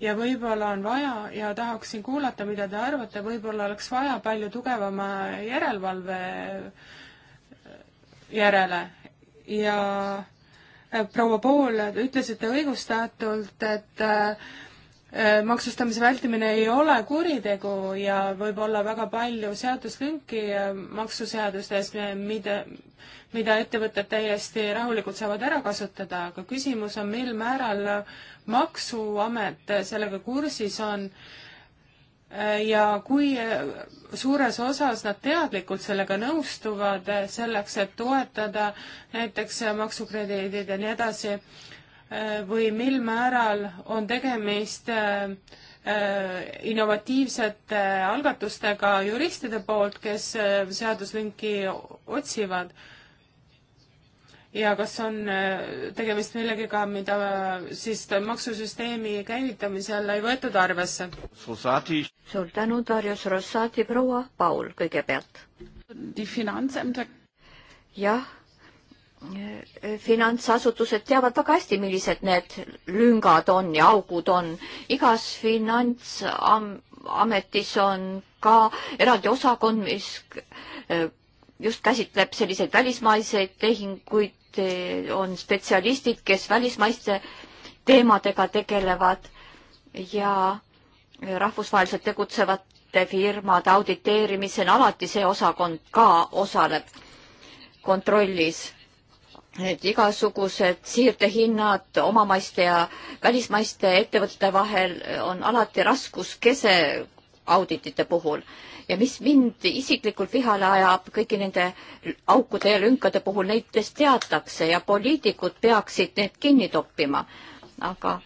ja võib-olla on vaja ja tahaksin kuulata, mida te arvate, võib-olla oleks vaja palju tugevama järelevalve äh, järele ja äh, proua Pool, ütlesite õigustatult, et äh, Äh, maksustamise vältimine ei ole kuritegu ja võib olla väga palju seaduslünki äh, maksuseadustes, äh, mida, mida ettevõtted täiesti rahulikult saavad ära kasutada, aga küsimus on, mil määral Maksuamet sellega kursis on ja kui suures osas nad teadlikult sellega nõustuvad, selleks et toetada näiteks maksukrediidid ja nii edasi või mil määral on tegemist äh, äh, innovatiivsete äh, algatustega juristide poolt, kes seaduslünki otsivad. ja kas on tegemist millegagi, mida siis maksusüsteemi käivitamisel ei võetud arvesse? suur tänu, Darius Rossati, proua Paul kõigepealt. jah finantsasutused teavad väga hästi, millised need lüngad on ja augud on. igas finantsametis on ka eraldi osakond, mis eh, just käsitleb selliseid välismaiseid tehinguid, on spetsialistid, kes välismaiste teemadega tegelevad ja rahvusvaheliselt tegutsevate firmade auditeerimisel alati see osakond ka osaleb kontrollis et igasugused siirdehinnad omamaiste ja välismaiste ettevõtete vahel äh, on alati raskuskese auditite puhul ja mis mind isiklikult vihale ajab kõigi nende aukude ja lünkade puhul, neidest teatakse ja poliitikud peaksid need kinni toppima. aga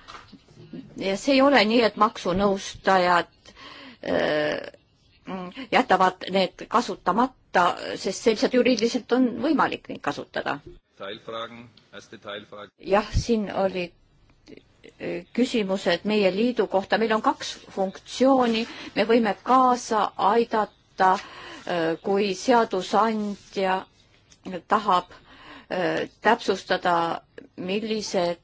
ja see ei ole nii, et maksunõustajad öö, äh, jätavad need kasutamata, sest see lihtsalt juriidiliselt on võimalik neid kasutada jah, siin oli äh, küsimused meie liidu kohta, meil on kaks funktsiooni, me võime kaasa aidata, äh, kui seadusandja tahab äh, täpsustada, millised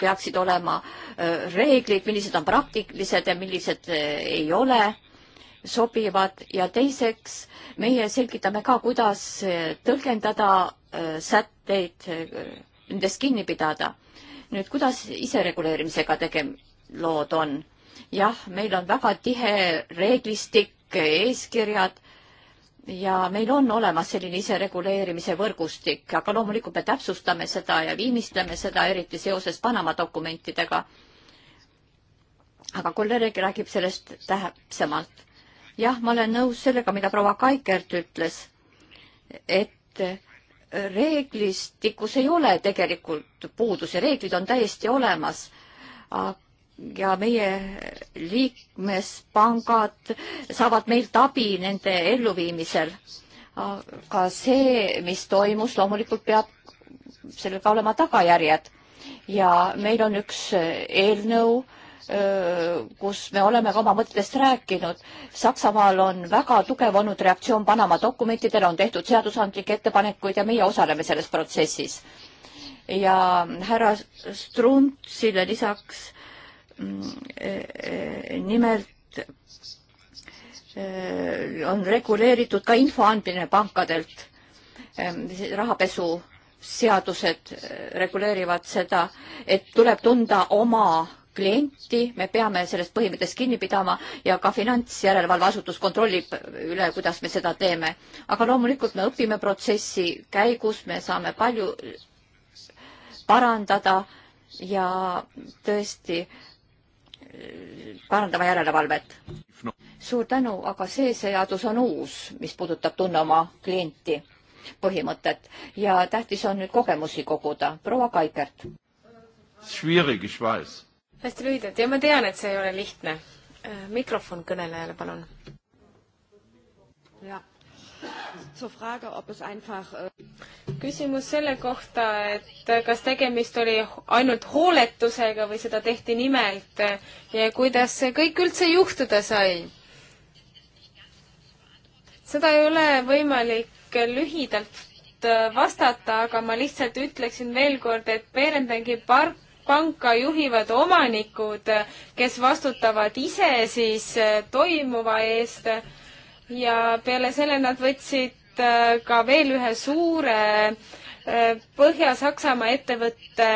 peaksid olema reeglid, millised on praktilised ja millised ei ole sobivad ja teiseks meie selgitame ka, kuidas tõlgendada Äh, sätteid, äh, nendest kinni pidada. nüüd, kuidas isereguleerimisega tege-, lood on? jah, meil on väga tihe reeglistik, eeskirjad ja meil on olemas selline isereguleerimise võrgustik, aga loomulikult me täpsustame seda ja viimistleme seda, eriti seoses Panama dokumentidega. aga kolleeg räägib sellest täpsemalt. jah, ma olen nõus sellega, mida proua Kaikert ütles, et reeglistikus ei ole tegelikult puudusi, reeglid on täiesti olemas. ja meie liikmespangad saavad meilt abi nende elluviimisel. aga see, mis toimus, loomulikult peab sellega olema tagajärjed. ja meil on üks eelnõu äh, kus me oleme ka oma mõtetest rääkinud. Saksamaal on väga tugev olnud reaktsioon Panama dokumentidele, on tehtud seadusandlikke ettepanekuid ja meie osaleme selles protsessis. ja härra Struntsile lisaks mm, e, e, nimelt e, on reguleeritud ka info andmine pankadelt. rahapesu seadused reguleerivad seda, et tuleb tunda oma klienti, me peame sellest põhimõttest kinni pidama ja ka finantsjärelevalveasutus kontrollib üle, kuidas me seda teeme. aga loomulikult me õpime protsessi käigus, me saame palju parandada ja tõesti parandama järelevalvet. suur tänu, aga see seadus on uus, mis puudutab tunne oma klienti põhimõtet ja tähtis on nüüd kogemusi koguda. proua Kaikert. Schwierig, ich weiß hästi lühidalt ja ma tean, et see ei ole lihtne. Äh, mikrofon kõnelejale, palun. jah äh, küsimus selle kohta, et äh, kas tegemist oli ainult hooletusega või seda tehti nimelt ja kuidas see kõik üldse juhtuda sai? seda ei ole võimalik lühidalt vastata, aga ma lihtsalt ütleksin veel kord, et Berendengi park panka juhivad omanikud, kes vastutavad ise siis eh, toimuva eest ja peale selle nad võtsid eh, ka veel ühe suure eh, Põhja-Saksamaa ettevõtte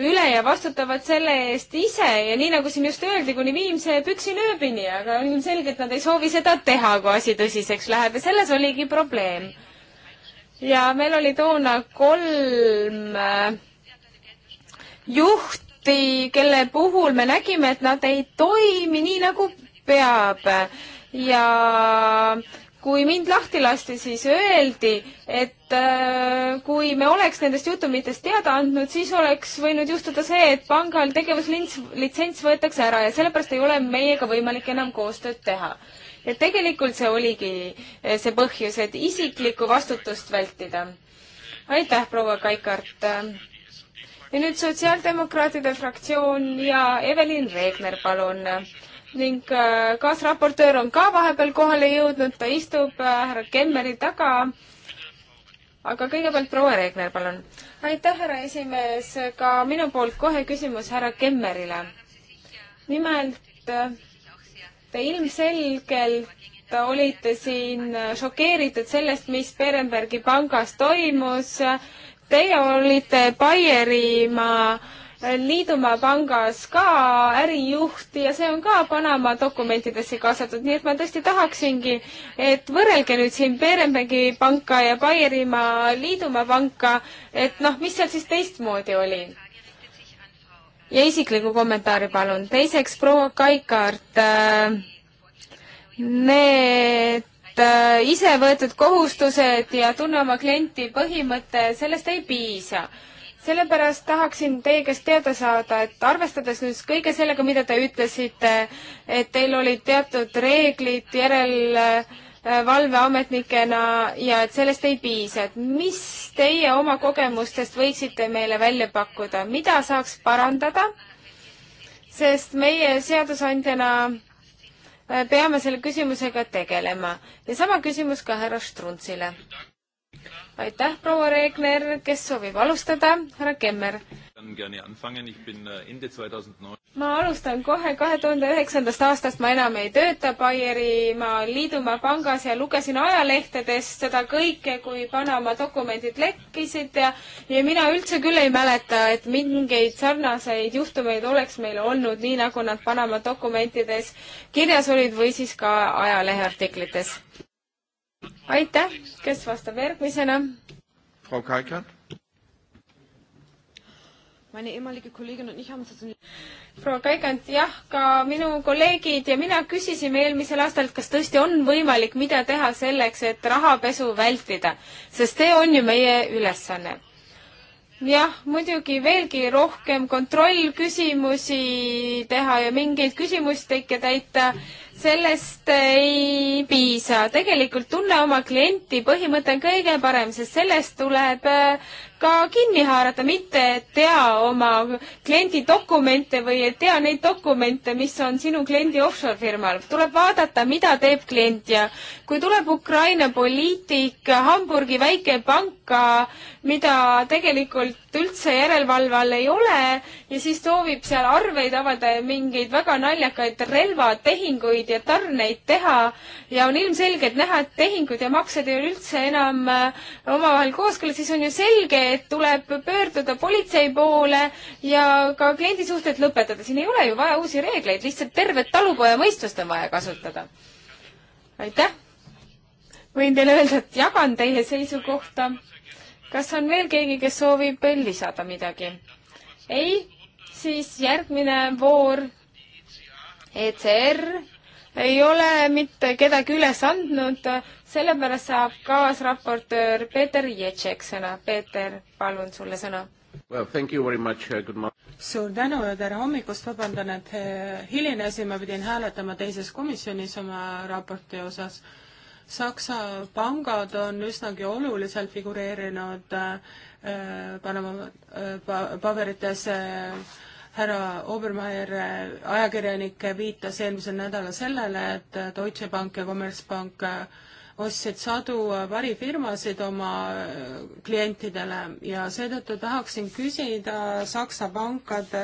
üle ja vastutavad selle eest ise ja nii nagu siin just öeldi, kuni viimse püksinööbini, aga ilmselgelt nad ei soovi seda teha, kui asi tõsiseks läheb ja selles oligi probleem. ja meil oli toona kolm juhti, kelle puhul me nägime, et nad ei toimi nii, nagu peab ja kui mind lahti lasti, siis öeldi, et äh, kui me oleks nendest juhtumitest teada andnud, siis oleks võinud juhtuda see, et pangal tegevuslitsents võetakse ära ja sellepärast ei ole meiega võimalik enam koostööd teha. ja tegelikult see oligi äh, see põhjus, et isiklikku vastutust vältida. aitäh, proua Kaikart äh, ja nüüd Sotsiaaldemokraatide fraktsioon ja Evelin Regner, palun. ning äh, kaasraportöör on ka vahepeal kohale jõudnud, ta istub äh, härra Kemmeri taga. aga kõigepealt proua Regner, palun. aitäh, härra esimees, ka minu poolt kohe küsimus härra Kemmerile. nimelt äh, te ilmselgelt olite siin šokeeritud sellest, mis Berenbergi pangas toimus Teie olite Baierimaa Liidumaa pangas ka ärijuht ja see on ka Panama dokumentidesse kaasatud, nii et ma tõesti tahaksingi, et võrrelge nüüd siin Berenbergi panka ja Baierimaa Liidumaa panka, et noh, mis seal siis teistmoodi oli? ja isikliku kommentaari palun. teiseks, proua Kaikart äh,, need Äh, ise võetud kohustused ja tunne oma klienti põhimõte, sellest ei piisa. sellepärast tahaksin teie käest teada saada, et arvestades nüüd kõige sellega, mida te ütlesite, et teil olid teatud reeglid järel äh, valveametnikena ja et sellest ei piisa, et mis teie oma kogemustest võiksite meile välja pakkuda, mida saaks parandada? sest meie seadusandjana Äh, peame selle küsimusega tegelema. ja sama küsimus ka härra Struntsile. aitäh, proua Reegner, kes soovib alustada? härra Kemmer. Äh, ma alustan kohe, kahe tuhande üheksandast aastast ma enam ei tööta Baieri, ma Liidumaa pangas ja lugesin ajalehtedest seda kõike, kui Panama dokumendid lekkisid ja ja mina üldse küll ei mäleta, et mingeid sarnaseid juhtumeid oleks meil olnud, nii nagu nad Panama dokumentides kirjas olid või siis ka ajaleheartiklites. aitäh, kes vastab järgmisena? Frau Kaikert proua Kaigand, jah, ka minu kolleegid ja mina küsisime eelmisel aastal, et kas tõesti on võimalik, mida teha selleks, et rahapesu vältida, sest see on ju meie ülesanne. jah, muidugi veelgi rohkem kontrollküsimusi teha ja mingeid küsimustikke täita, sellest ei piisa. tegelikult tunne oma klienti põhimõte on kõige parem, sest sellest tuleb äh, ka kinni haarata, mitte et tea oma kliendi dokumente või et tea neid dokumente, mis on sinu kliendi offshore firmal. tuleb vaadata, mida teeb klient ja kui tuleb Ukraina poliitik Hamburgi väikepanka, mida tegelikult üldse järelevalve all ei ole ja siis soovib seal arveid avada ja mingeid väga naljakaid relvatehinguid ja tarneid teha ja on ilmselgelt näha, et tehingud ja maksed ei ole üldse enam äh, omavahel kooskõlas, siis on ju selge, et tuleb pöörduda politsei poole ja ka kliendisuhted lõpetada, siin ei ole ju vaja uusi reegleid, lihtsalt tervet talupojamõistust on vaja kasutada. aitäh! võin teile öelda, et jagan teie seisukohta. kas on veel keegi, kes soovib lisada midagi? ei? siis järgmine voor, ECR ei ole mitte kedagi üles andnud, sellepärast saab kaasraportöör Peeter Jetšek sõna. Peeter, palun sulle sõna. Well, thank you very much, uh, good morning. suur tänu ja tere hommikust, vabandan, et uh, hilinesin, ma pidin hääletama teises komisjonis oma raporti osas. Saksa pangad on üsnagi oluliselt figureerinud äh, Panama äh, paberites äh, härra Obermeier, ajakirjanik viitas eelmisel nädalal sellele, et Deutsche Bank ja Commerzbank äh, ostsid sadu äh, varifirmasid oma äh, klientidele ja seetõttu tahaksin küsida Saksa pankade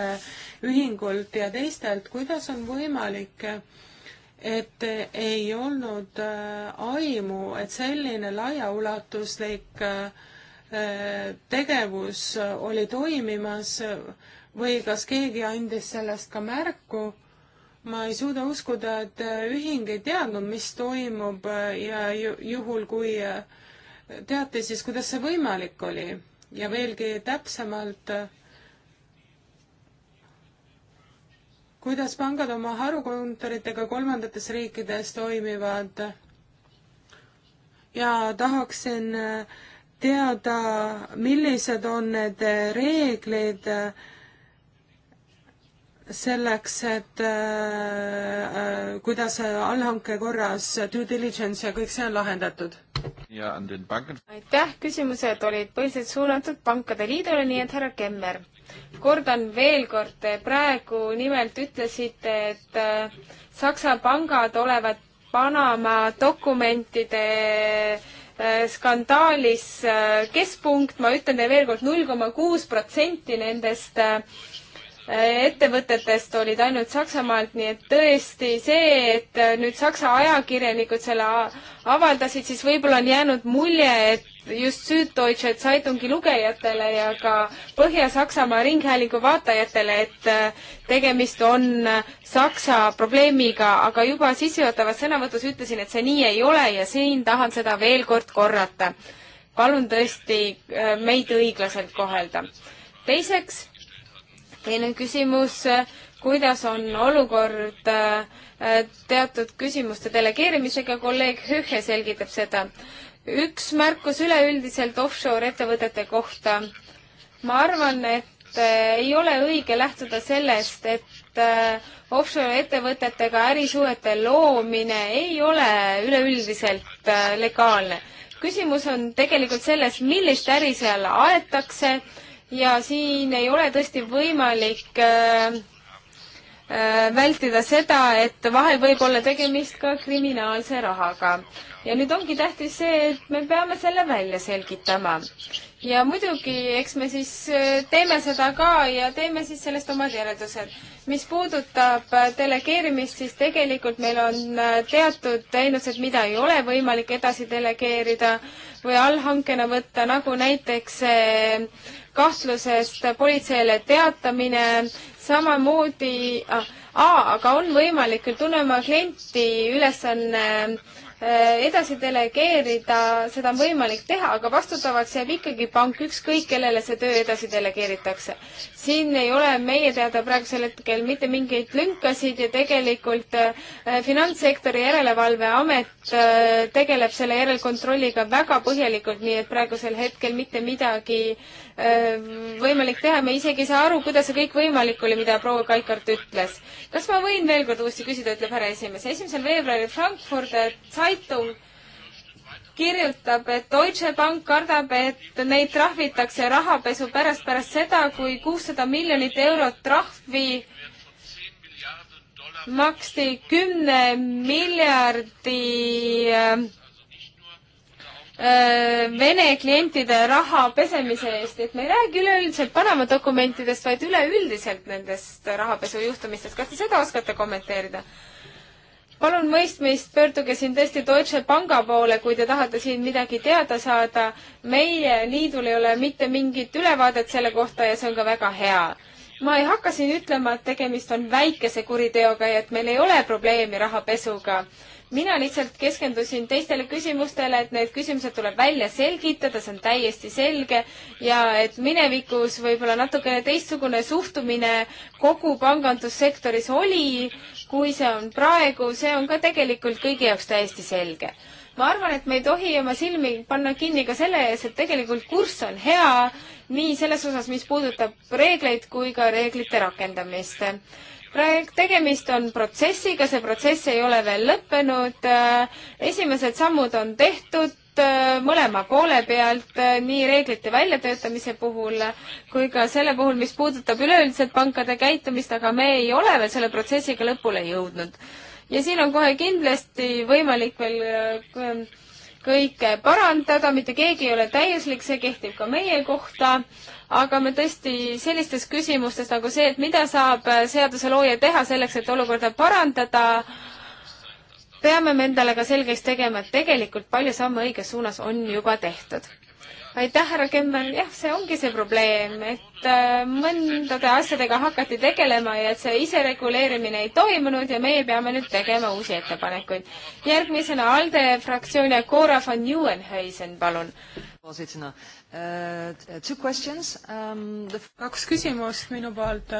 ühingult ja teistelt, kuidas on võimalik, et ei olnud äh, aimu, et selline laiaulatuslik tegevus oli toimimas või kas keegi andis sellest ka märku ma ei suuda uskuda, et äh, ühing ei teadnud, mis toimub äh, ja juhul, kui äh, teati, siis kuidas see võimalik oli ja veelgi täpsemalt, kuidas pangad oma harukontoritega kolmandates riikides toimivad. ja tahaksin teada, millised on need reeglid äh, selleks, et äh, äh, kuidas allhanke korras due diligence ja kõik see on lahendatud. aitäh, küsimused olid põhiliselt suunatud Pankade Liidule, nii et härra Kemmer, kordan veel kord, te praegu nimelt ütlesite, et äh, Saksa pangad olevat Panama dokumentide äh, skandaalis äh, keskpunkt, ma ütlen teile veel kord, null koma kuus protsenti nendest ettevõtetest olid ainult Saksamaalt, nii et tõesti see, et nüüd Saksa ajakirjanikud selle avaldasid, siis võib-olla on jäänud mulje, et just Süddeutsche Zeitungi lugejatele ja ka Põhja-Saksamaa Ringhäälingu vaatajatele, et äh, tegemist on äh, Saksa probleemiga, aga juba sissejuhatavas sõnavõtus ütlesin, et see nii ei ole ja siin tahan seda veel kord korrata. palun tõesti äh, meid õiglaselt kohelda. teiseks teine küsimus, kuidas on olukord äh, teatud küsimuste delegeerimisega, kolleeg Hühe selgitab seda. üks märkus üleüldiselt offshore ettevõtete kohta. ma arvan, et äh, ei ole õige lähtuda sellest, et äh, offshore ettevõtetega ärisuhete loomine ei ole üleüldiselt legaalne. küsimus on tegelikult selles, millist äri seal aetakse ja siin ei ole tõesti võimalik äh, äh, vältida seda, et vahel võib olla tegemist ka kriminaalse rahaga. ja nüüd ongi tähtis see, et me peame selle välja selgitama. ja muidugi, eks me siis äh, teeme seda ka ja teeme siis sellest omad järeldused. mis puudutab äh, delegeerimist, siis tegelikult meil on äh, teatud teenused, mida ei ole võimalik edasi delegeerida või allhankena võtta, nagu näiteks äh, kahtlusest politseile teatamine, samamoodi ah,, aga on võimalik küll tunnema klienti ülesanne äh, Eh, edasi delegeerida, seda on võimalik teha, aga vastutavaks jääb ikkagi pank, ükskõik kellele see töö edasi delegeeritakse. siin ei ole meie teada praegusel hetkel mitte mingeid lünkasid ja tegelikult eh, Finantssektori Järelevalveamet eh, tegeleb selle järelkontrolliga väga põhjalikult, nii et praegusel hetkel mitte midagi võimalik teha, me isegi ei saa aru, kuidas see kõik võimalik oli, mida proua Kaikart ütles. kas ma võin veel kord uuesti küsida, ütleb härra esimees, esimesel veebruaril Frankfurt Zeitung kirjutab, et Deutsche Bank kardab, et neid trahvitakse rahapesu pärast, pärast seda, kui kuussada miljonit eurot trahvi maksti kümne miljardi ähm, äh, Vene klientide raha pesemise eest, et me ei räägi üleüldiselt Panama dokumentidest, vaid üleüldiselt nendest rahapesujuhtumistest. kas te seda oskate kommenteerida? palun mõistmist, pöörduge siin tõesti Deutsche Panga poole, kui te tahate siin midagi teada saada. meie liidul ei ole mitte mingit ülevaadet selle kohta ja see on ka väga hea. ma ei hakka siin ütlema, et tegemist on väikese kuriteoga ja et meil ei ole probleemi rahapesuga mina lihtsalt keskendusin teistele küsimustele, et need küsimused tuleb välja selgitada, see on täiesti selge ja et minevikus võib-olla natukene teistsugune suhtumine kogu pangandussektoris oli, kui see on praegu, see on ka tegelikult kõigi jaoks täiesti selge ma arvan, et me ei tohi oma silmi panna kinni ka selle ees, et tegelikult kurss on hea nii selles osas, mis puudutab reegleid kui ka reeglite rakendamist praegu tegemist on protsessiga, see protsess ei ole veel lõppenud, äh, esimesed sammud on tehtud, äh, mõlema poole pealt, äh, nii reeglite väljatöötamise puhul kui ka selle puhul, mis puudutab üleüldiselt pankade käitumist, aga me ei ole veel selle protsessiga lõpule jõudnud. ja siin on kohe kindlasti võimalik veel kõike parandada, mitte keegi ei ole täiuslik, see kehtib ka meie kohta aga me tõesti sellistes küsimustes nagu see, et mida saab äh, seaduselooja teha selleks, et olukorda parandada, peame me endale ka selgeks tegema, et tegelikult palju samme õiges suunas on juba tehtud. aitäh, härra Kemmel, jah, see ongi see probleem, et äh, mõndade asjadega hakati tegelema ja et see isereguleerimine ei toimunud ja meie peame nüüd tegema uusi ettepanekuid. järgmisena ALDE fraktsioon ja Cora von Neuenhuisen, palun. Uh, two questions um,. The... kaks küsimust minu poolt.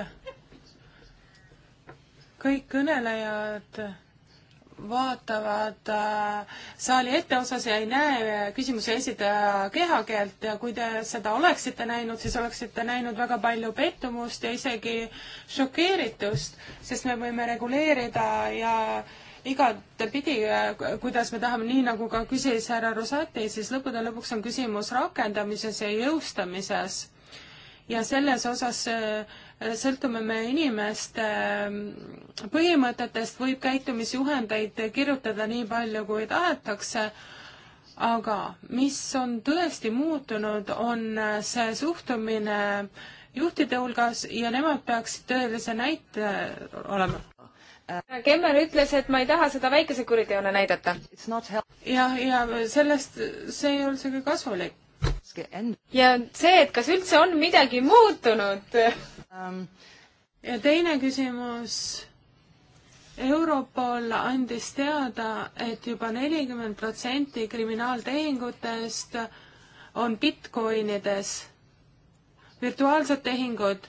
kõik kõnelejad vaatavad uh, saali etteosas ja ei näe küsimuse esitaja kehakeelt ja kui te seda oleksite näinud, siis oleksite näinud väga palju pettumust ja isegi šokeeritust, sest me võime reguleerida ja äh, igatepidi, äh, kuidas me tahame, nii nagu ka küsis härra Rosati, siis lõppude lõpuks on küsimus rakendamises ja jõustamises. ja selles osas äh, sõltume me inimeste äh, põhimõtetest, võib käitumisjuhendeid kirjutada nii palju, kui tahetakse, aga mis on tõesti muutunud, on see suhtumine juhtide hulgas ja nemad peaksid tõelise näite olema. Kemmer ütles, et ma ei taha seda väikese kuriteona näidata. jah, ja sellest, see ei olnud sugugi kasulik. ja see, et kas üldse on midagi muutunud um,? ja teine küsimus. Europol andis teada, et juba nelikümmend protsenti kriminaaltehingutest on Bitcoinides virtuaalsed tehingud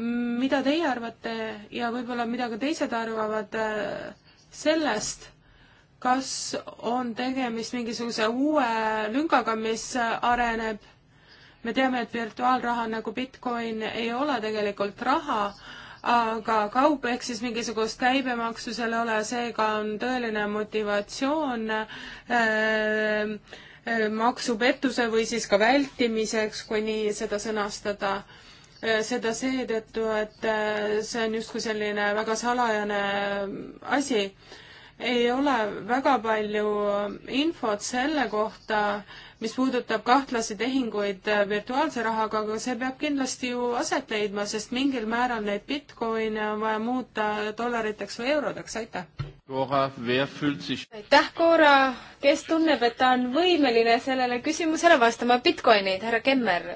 mida teie arvate ja võib-olla mida ka teised arvavad äh, sellest, kas on tegemist mingisuguse uue lüngaga, mis areneb? me teame, et virtuaalraha nagu Bitcoin ei ole tegelikult raha, aga kaup ehk siis mingisugust käibemaksu seal ei ole, seega on tõeline motivatsioon äh, äh maksupettuse või siis ka vältimiseks, kui nii seda sõnastada Äh, seda seetõttu, et äh, see on justkui selline väga salajane äh, asi. ei ole väga palju infot selle kohta, mis puudutab kahtlasi tehinguid virtuaalse rahaga, aga see peab kindlasti ju aset leidma, sest mingil määral neid Bitcoine on vaja muuta dollariteks või eurodeks, aitäh! Cora, wer fühlt sich... aitäh, Cora, kes tunneb, et ta on võimeline sellele küsimusele vastama, Bitcoinid, härra Kemmer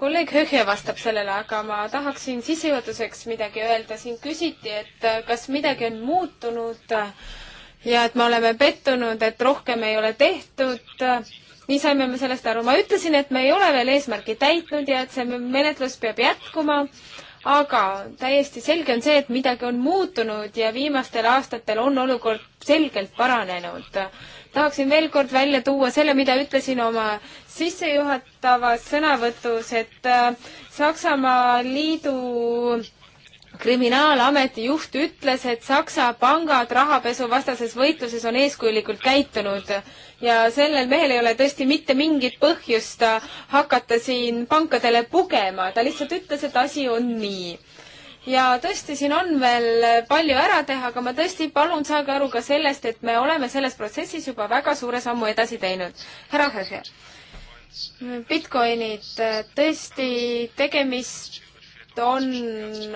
kolleeg Höhja vastab sellele, aga ma tahaksin sissejuhatuseks midagi öelda. siin küsiti, et äh, kas midagi on muutunud ja et me oleme pettunud, et rohkem ei ole tehtud. nii saime me sellest aru. ma ütlesin, et me ei ole veel eesmärki täitnud ja et see menetlus peab jätkuma aga täiesti selge on see, et midagi on muutunud ja viimastel aastatel on olukord selgelt paranenud tahaksin veel kord välja tuua selle, mida ütlesin oma sissejuhatavas sõnavõtus, et äh, Saksamaa liidu kriminaalameti juht ütles, et Saksa pangad rahapesuvastases võitluses on eeskujulikult käitunud ja sellel mehel ei ole tõesti mitte mingit põhjust hakata siin pankadele pugema, ta lihtsalt ütles, et asi on nii ja tõesti, siin on veel palju ära teha, aga ma tõesti palun saage aru ka sellest, et me oleme selles protsessis juba väga suure sammu edasi teinud. härra Höhver, Bitcoinid, tõesti, tegemist on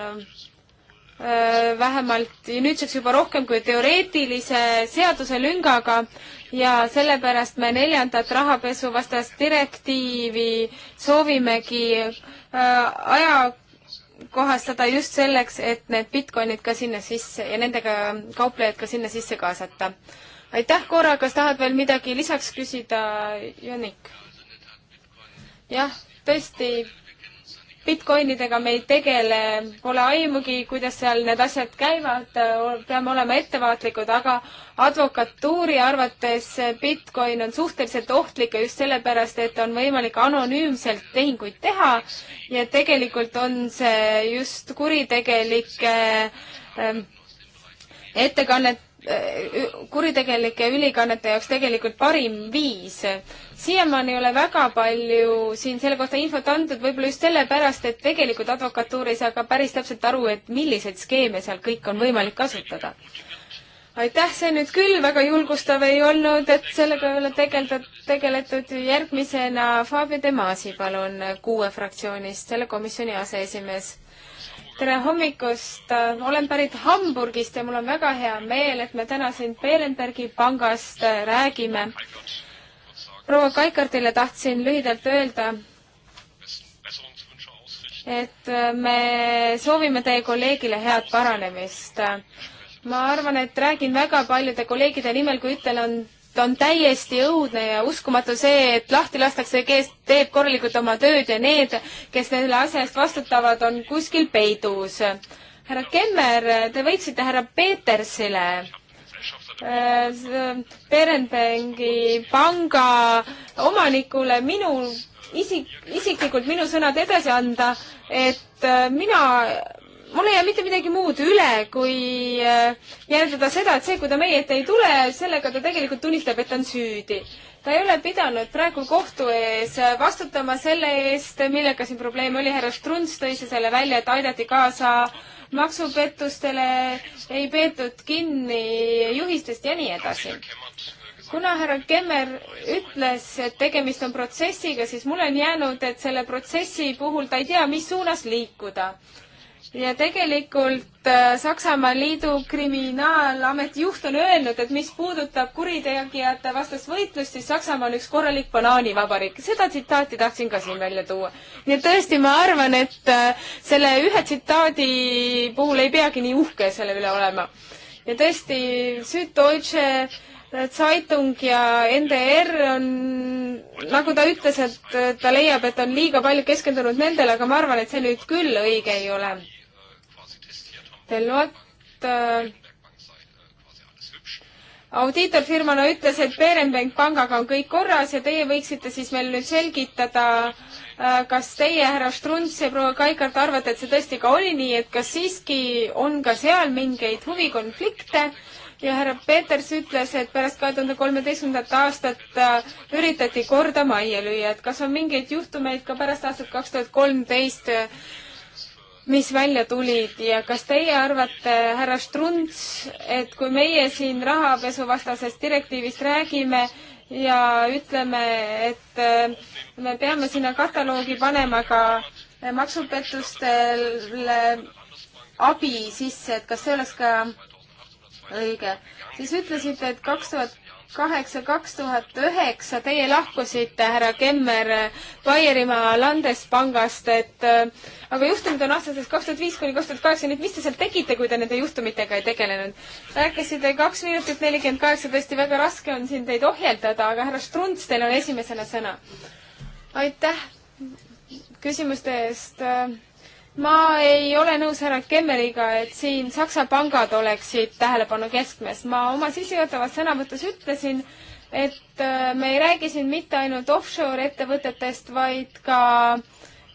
äh, vähemalt nüüdseks juba rohkem kui teoreetilise seaduselüngaga ja sellepärast me neljandat rahapesuvastast direktiivi soovimegi äh, aja kohastada just selleks, et need bitcoinid ka sinna sisse ja nendega kauplejad ka sinna sisse kaasata. aitäh, Cora, kas tahad veel midagi lisaks küsida, Janik? jah, tõesti Bitcoinidega me ei tegele, pole aimugi, kuidas seal need asjad käivad, peame olema ettevaatlikud, aga advokatuuri arvates Bitcoin on suhteliselt ohtlik ja just sellepärast, et on võimalik anonüümselt tehinguid teha ja tegelikult on see just kuritegelike ähm, ettekannet äh, kuritegelike ülikannete jaoks tegelikult parim viis siiamaani ei ole väga palju siin selle kohta infot antud, võib-olla just sellepärast, et tegelikult advokatuur ei saa ka päris täpselt aru, et milliseid skeeme seal kõik on võimalik kasutada. aitäh, see nüüd küll väga julgustav ei olnud, et sellega ei ole tegeldud, tegeletud. järgmisena Fabio De Masi, palun, kuue fraktsioonist, selle komisjoni aseesimees tere hommikust, olen pärit Hamburgist ja mul on väga hea meel, et me täna siin Beerenbergi pangast räägime proua Kaikardile tahtsin lühidalt öelda, et äh, me soovime teie kolleegile head paranemist. ma arvan, et räägin väga paljude kolleegide nimel, kui ütlen, on ta on täiesti õudne ja uskumatu see, et lahti lastakse, kes teeb korralikult oma tööd ja need, kes selle asja eest vastutavad, on kuskil peidus. härra Kemmer, te võiksite härra Peetersile Äh, Berenbengi panga omanikule minu isik, isiklikult minu sõnad edasi anda, et äh, mina, mul ei jää mitte midagi muud üle, kui äh, järeldada seda, et see, kui ta meie ette ei tule, sellega ta tegelikult tunnistab, et ta on süüdi. ta ei ole pidanud praegu kohtu ees vastutama selle eest, millega siin probleem oli, härra Strunz tõi selle välja, et aidati kaasa äh, maksupettustele ei peetud kinni juhistest ja nii edasi. kuna härra Kemmer ütles, et tegemist on protsessiga, siis mulle on jäänud, et selle protsessi puhul ta ei tea, mis suunas liikuda ja tegelikult äh, Saksamaa Liidu kriminaalamet juht on öelnud, et mis puudutab kuritegijate vastast võitlust, siis Saksamaa on üks korralik banaanivabariik. seda tsitaati tahtsin ka siin välja tuua. nii et tõesti, ma arvan, et äh, selle ühe tsitaadi puhul ei peagi nii uhke selle üle olema. ja tõesti, Süddeutsche Zeitung ja NDR on, nagu ta ütles, et äh, ta leiab, et on liiga palju keskendunud nendele, aga ma arvan, et see nüüd küll õige ei ole Deloitte äh, audiitorfirmana ütles, et Berenbank pangaga on kõik korras ja teie võiksite siis meile nüüd selgitada, äh, kas teie, härra Strunz ja proua Kaigart, arvate, et see tõesti ka oli nii, et kas siiski on ka seal mingeid huvikonflikte? ja härra Peters ütles, et pärast kahe tuhande kolmeteistkümnendat aastat äh, üritati korda majja lüüa, et kas on mingeid juhtumeid ka pärast aastat kaks tuhat kolmteist, mis välja tulid ja kas teie arvate, härra Strunz, et kui meie siin rahapesuvastasest direktiivist räägime ja ütleme, et äh, me peame sinna kataloogi panema ka maksupettustele abi sisse, et kas see oleks ka õige, siis ütlesite, et kaks tuhat kaheksa, kaks tuhat üheksa teie lahkusite, härra Kemmer, Baierimaa Landespangast, et äh, aga juhtumid on aastatest kaks tuhat viis kuni kaks tuhat kaheksa, nii et mis te seal tegite, kui te nende juhtumitega ei tegelenud? rääkisite kaks minutit nelikümmend kaheksa, tõesti väga raske on siin teid ohjeldada, aga härra Strunz, teil on esimesena sõna. aitäh küsimuste eest ma ei ole nõus härra Kemmeriga, et siin Saksa pangad oleksid tähelepanu keskmes. ma oma sissejuhatavas sõnavõtus ütlesin, et äh, me ei räägi siin mitte ainult offshore ettevõtetest, vaid ka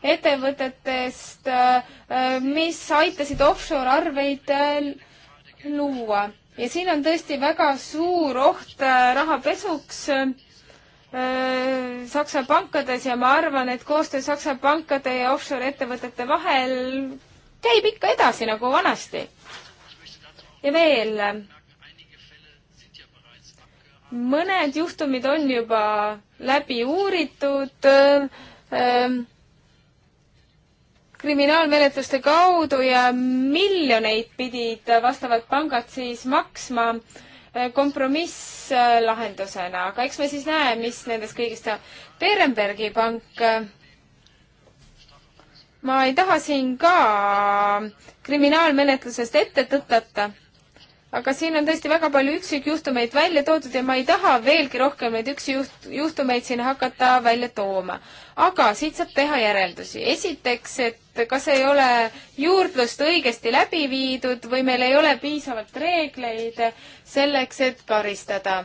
ettevõtetest, äh, äh, mis aitasid offshore arveid luua. ja siin on tõesti väga suur oht rahapesuks Äh, Saksa pankades ja ma arvan, et koostöö Saksa pankade ja offshore ettevõtete vahel käib ikka edasi nagu vanasti. ja veel, mõned juhtumid on juba läbi uuritud äh, kriminaalmenetluste kaudu ja miljoneid pidid vastavad pangad siis maksma äh, Äh, kompromisslahendusena, aga eks me siis näe, mis nendest kõigist saab. Berenbergi pank, äh, ma ei taha siin ka kriminaalmenetlusest ette tõtata, aga siin on tõesti väga palju üksikjuhtumeid välja toodud ja ma ei taha veelgi rohkem neid üksikjuhtumeid siin hakata välja tooma. aga siit saab teha järeldusi. esiteks, et et kas ei ole juurdlust õigesti läbi viidud või meil ei ole piisavalt reegleid selleks, et karistada.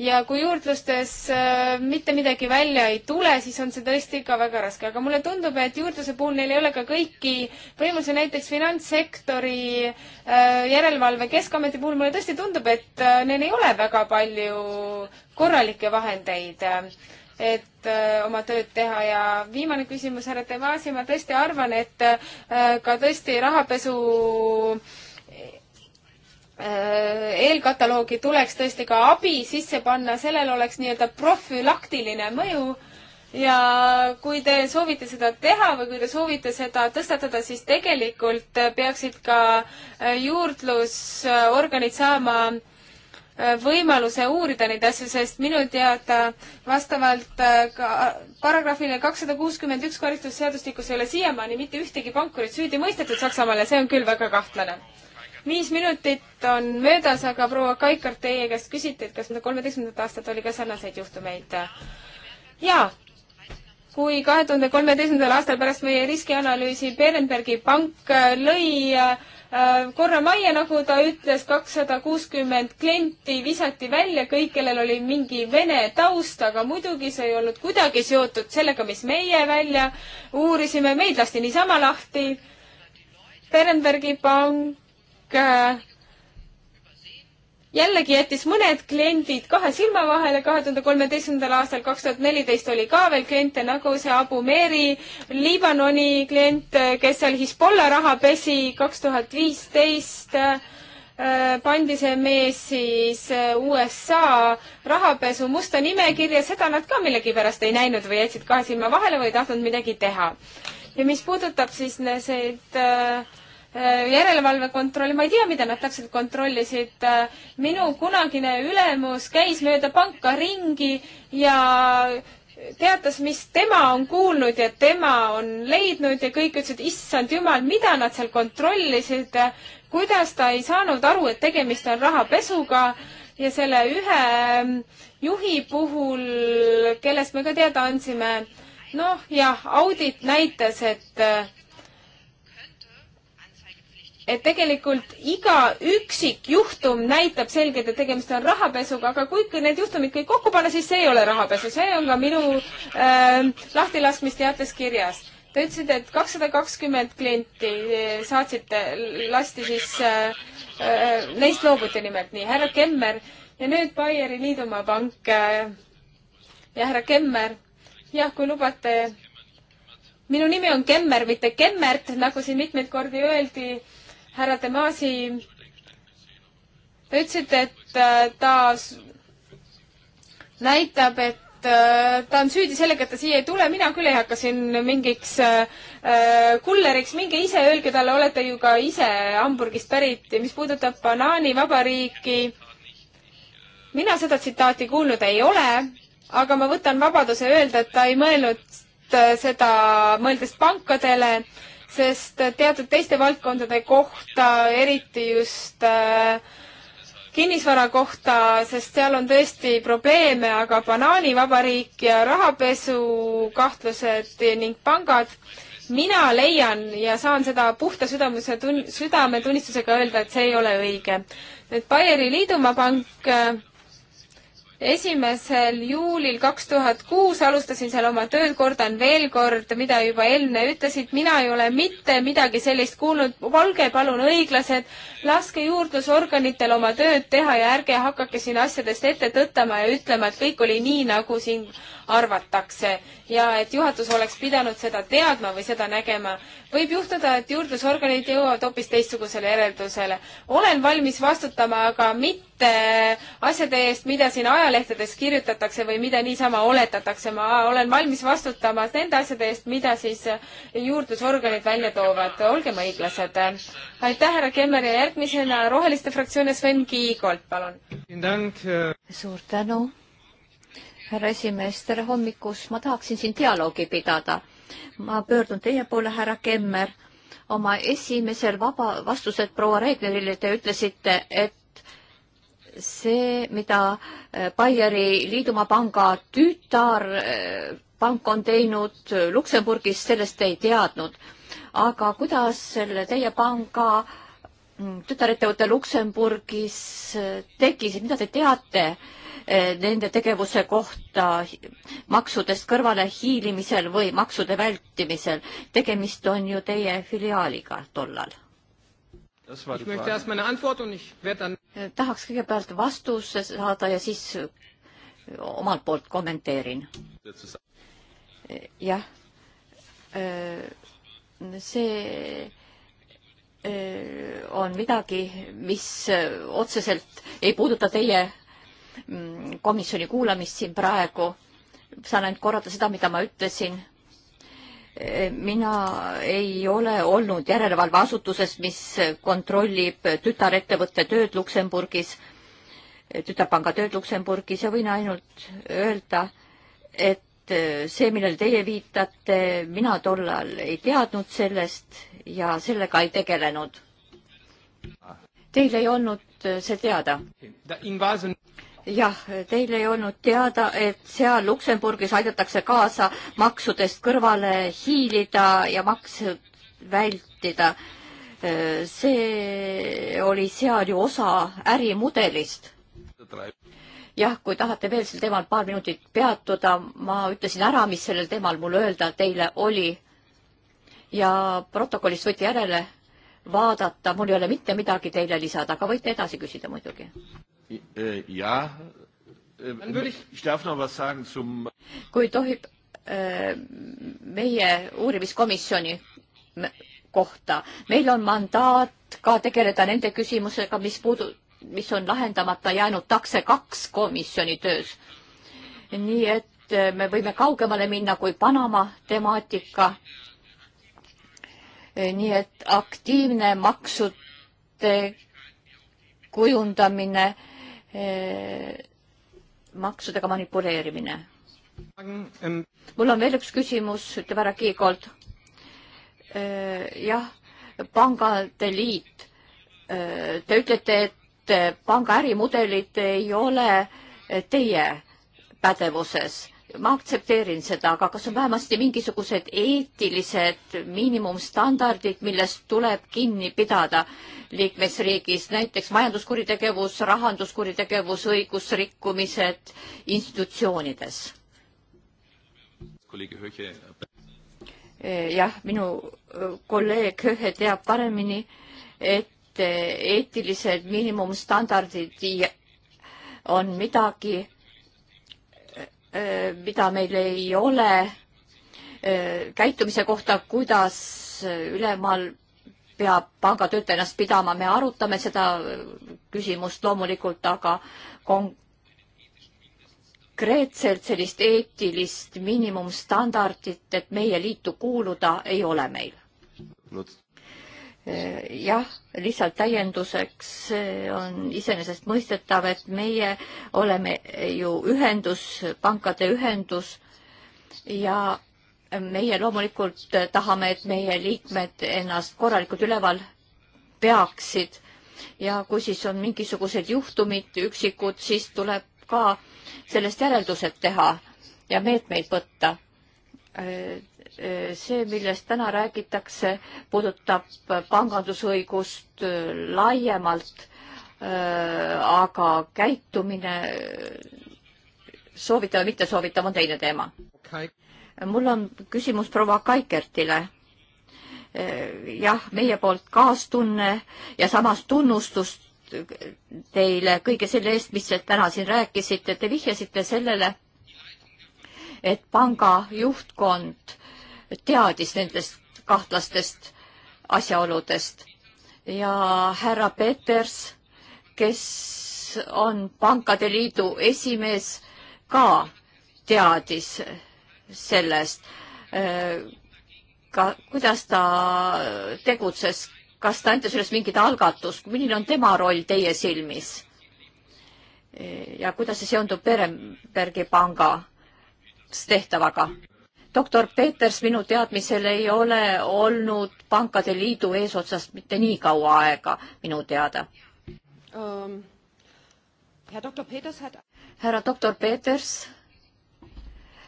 ja kui juurdlustes äh, mitte midagi välja ei tule, siis on see tõesti ka väga raske, aga mulle tundub, et juurdluse puhul neil ei ole ka kõiki võimalusi, näiteks finantssektori äh, järelevalve Keskameti puhul mulle tõesti tundub, et äh, neil ei ole väga palju korralikke vahendeid et äh, oma tööd teha ja viimane küsimus, härra Devasi, ma tõesti arvan, et äh, ka tõesti rahapesu äh, eelkataloogi tuleks tõesti ka abi sisse panna, sellel oleks nii-öelda profülaktiline mõju ja kui te soovite seda teha või kui te soovite seda tõstatada, siis tegelikult peaksid ka juurdlusorganid saama võimaluse uurida neid asju, sest minu teada vastavalt äh, ka paragrahvile kakssada kuuskümmend üks karistusseadustikus ei ole siiamaani mitte ühtegi pankurit süüdi mõistetud Saksamaal ja see on küll väga kahtlane. viis minutit on möödas, aga proua Kaikart, teie käest küsiti, et kas kolmeteistkümnendat aastat oli ka sarnaseid juhtumeid. jaa, kui kahe tuhande kolmeteistkümnendal aastal pärast meie riskianalüüsi Berenbergi pank äh, lõi äh, Äh, korra majja, nagu ta ütles, kakssada kuuskümmend klienti visati välja, kõik, kellel oli mingi vene taust, aga muidugi see ei olnud kuidagi seotud sellega, mis meie välja uurisime, meid lasti niisama lahti. Berenbergi pank äh, jällegi jättis mõned kliendid kahe silma vahele, kahe tuhande kolmeteistkümnendal aastal, kaks tuhat neliteist oli ka veel kliente, nagu see Abu Meri, Liibanoni klient, kes seal Hezbollah raha pesi, kaks tuhat viisteist äh, pandi see mees siis äh, USA rahapesu musta nimekirja, seda nad ka millegipärast ei näinud või jätsid kahe silma vahele või ei tahtnud midagi teha. ja mis puudutab siis neid äh, Äh, järelevalve kontrolli, ma ei tea, mida nad täpselt kontrollisid. Äh, minu kunagine ülemus käis mööda panka ringi ja teatas, mis tema on kuulnud ja tema on leidnud ja kõik ütlesid, issand jumal, mida nad seal kontrollisid, kuidas ta ei saanud aru, et tegemist on rahapesuga ja selle ühe mm, juhi puhul, kellest me ka teada andsime, noh jah, audit näitas, et äh, et tegelikult iga üksik juhtum näitab selgelt, et tegemist on rahapesuga, aga kui need juhtumid kõik kokku panna, siis see ei ole rahapesu, see on ka minu äh, lahtilaskmisteates kirjas. Te ütlesite, et kakssada kakskümmend klienti äh, saatsite, lasti siis äh,, äh, neist loobuti nimelt nii, härra Kemmer ja nüüd Baieri Liidumaa pank äh, ja härra Kemmer, jah, kui lubate, minu nimi on Kemmer, mitte Kemmert, nagu siin mitmeid kordi öeldi härra Demasi, te ütlesite, et äh, ta näitab, et äh, ta on süüdi sellega, et ta siia ei tule, mina küll ei hakka siin mingiks äh, äh kulleriks, minge ise, öelge talle, olete ju ka ise Hamburgist pärit ja mis puudutab banaanivabariiki, mina seda tsitaati kuulnud ei ole, aga ma võtan vabaduse öelda, et ta ei mõelnud seda mõeldes pankadele sest teatud teiste valdkondade kohta, eriti just äh, kinnisvara kohta, sest seal on tõesti probleeme, aga banaanivabariik ja rahapesukahtlused ning pangad, mina leian ja saan seda puhta südamuse tun-, südametunnistusega öelda, et see ei ole õige. nüüd Baieri Liidumaa pank äh, esimesel juulil kaks tuhat kuus alustasin seal oma tööd, kordan veel kord, mida juba enne ütlesid, mina ei ole mitte midagi sellist kuulnud, olge palun õiglased, laske juurdlusorganitel oma tööd teha ja ärge hakake siin asjadest ette tõttama ja ütlema, et kõik oli nii, nagu siin arvatakse ja et juhatus oleks pidanud seda teadma või seda nägema. võib juhtuda, et juurdlusorganid jõuavad hoopis teistsugusele järeldusele. olen valmis vastutama, aga mitte mitte asjade eest, mida siin ajalehtedes kirjutatakse või mida niisama oletatakse. ma olen valmis vastutama nende asjade eest, mida siis juurdlusorganid välja toovad. olgem õiglased. aitäh, härra Kemmer ja järgmisena Roheliste fraktsiooni Sven Kiigolt, palun. suur tänu, härra esimees, tere hommikust. ma tahaksin siin dialoogi pidada. ma pöördun teie poole, härra Kemmer oma esimesel vaba, vastused proua Reegnerile te ütlesite, et see, mida äh, Baieri Liidumaa panga tütarpank äh, on teinud äh, Luksemburgis, sellest ei teadnud. aga kuidas selle teie panga mm, tütarettevõte Luksemburgis tekkis, mida te teate nende tegevuse kohta maksudest kõrvale hiilimisel või maksude vältimisel? tegemist on ju teie filiaaliga tollal Äh, tahaks kõigepealt vastuse saada ja siis äh, omalt poolt kommenteerin. jah, äh, see on midagi, mis otseselt ei puuduta teie mm, komisjoni kuulamist siin praegu. saan ainult korrata seda, mida ma ütlesin mina ei ole olnud järelevalveasutuses, mis kontrollib tütarettevõtte tööd Luksemburgis, tütarpanga tööd Luksemburgis ja võin ainult öelda, et see, millele teie viitate, mina tollal ei teadnud sellest ja sellega ei tegelenud. Teil ei olnud see teada? jah, teil ei olnud teada, et seal Luksemburgis aidatakse kaasa maksudest kõrvale hiilida ja makse vältida. see oli seal ju osa ärimudelist. jah, kui tahate veel sel teemal paar minutit peatuda, ma ütlesin ära, mis sellel teemal mul öelda teile oli. ja protokollist võite järele vaadata, mul ei ole mitte midagi teile lisada, aga võite edasi küsida muidugi äh,. jah. Äh, ich darf noch was sagen zum kui tohib äh, meie uurimiskomisjoni kohta. meil on mandaat ka tegeleda nende küsimusega, mis puudu-, mis on lahendamata jäänud takse kaks komisjoni töös. nii et äh, me võime kaugemale minna kui Panama temaatika. Äh, nii et aktiivne maksude kujundamine äh, Eh, maksudega manipuleerimine. mul on veel üks küsimus, ütleb härra Kiigold. Eh, jah, pangade liit. Eh, te ütlete, et panga ärimudelid ei ole teie pädevuses ma aktsepteerin seda, aga kas on vähemasti mingisugused eetilised miinimumstandardid, millest tuleb kinni pidada liikmesriigis, näiteks majanduskuritegevus, rahanduskuritegevus, õigusrikkumised institutsioonides? Äh, eh, jah, minu äh, kolleeg Höhe teab paremini, et äh, eetilised miinimumstandardid on midagi, Äh, mida meil ei ole, äh, käitumise kohta, kuidas äh, ülemaal peab pangatöötaja ennast pidama, me arutame seda küsimust loomulikult, aga konkreetselt sellist eetilist miinimumstandardit, et meie liitu kuuluda, ei ole meil jah, lihtsalt täienduseks on iseenesestmõistetav, et meie oleme ju ühendus, pankade ühendus ja meie loomulikult tahame, et meie liikmed ennast korralikult üleval peaksid ja kui siis on mingisugused juhtumid üksikud, siis tuleb ka sellest järeldused teha ja meetmeid võtta see, millest täna räägitakse, puudutab pangandusõigust äh, laiemalt, äh, aga käitumine soovitav, mitte soovitav on teine teema. mul on küsimus proua Kaikertile. Äh, jah, meie poolt kaastunne ja samas tunnustust teile kõige selle eest, mis te täna siin rääkisite, te vihjasite sellele, et panga juhtkond teadis nendest kahtlastest asjaoludest ja härra Peters, kes on Pankade Liidu esimees, ka teadis sellest, ka kuidas ta tegutses, kas ta andis üles mingit algatust, milline on tema roll teie silmis? ja kuidas see seondub Berenbergi pangas tehtavaga? doktor Peeters minu teadmisel ei ole olnud Pankade Liidu eesotsas mitte nii kaua aega minu teada um,. härra doktor Peeters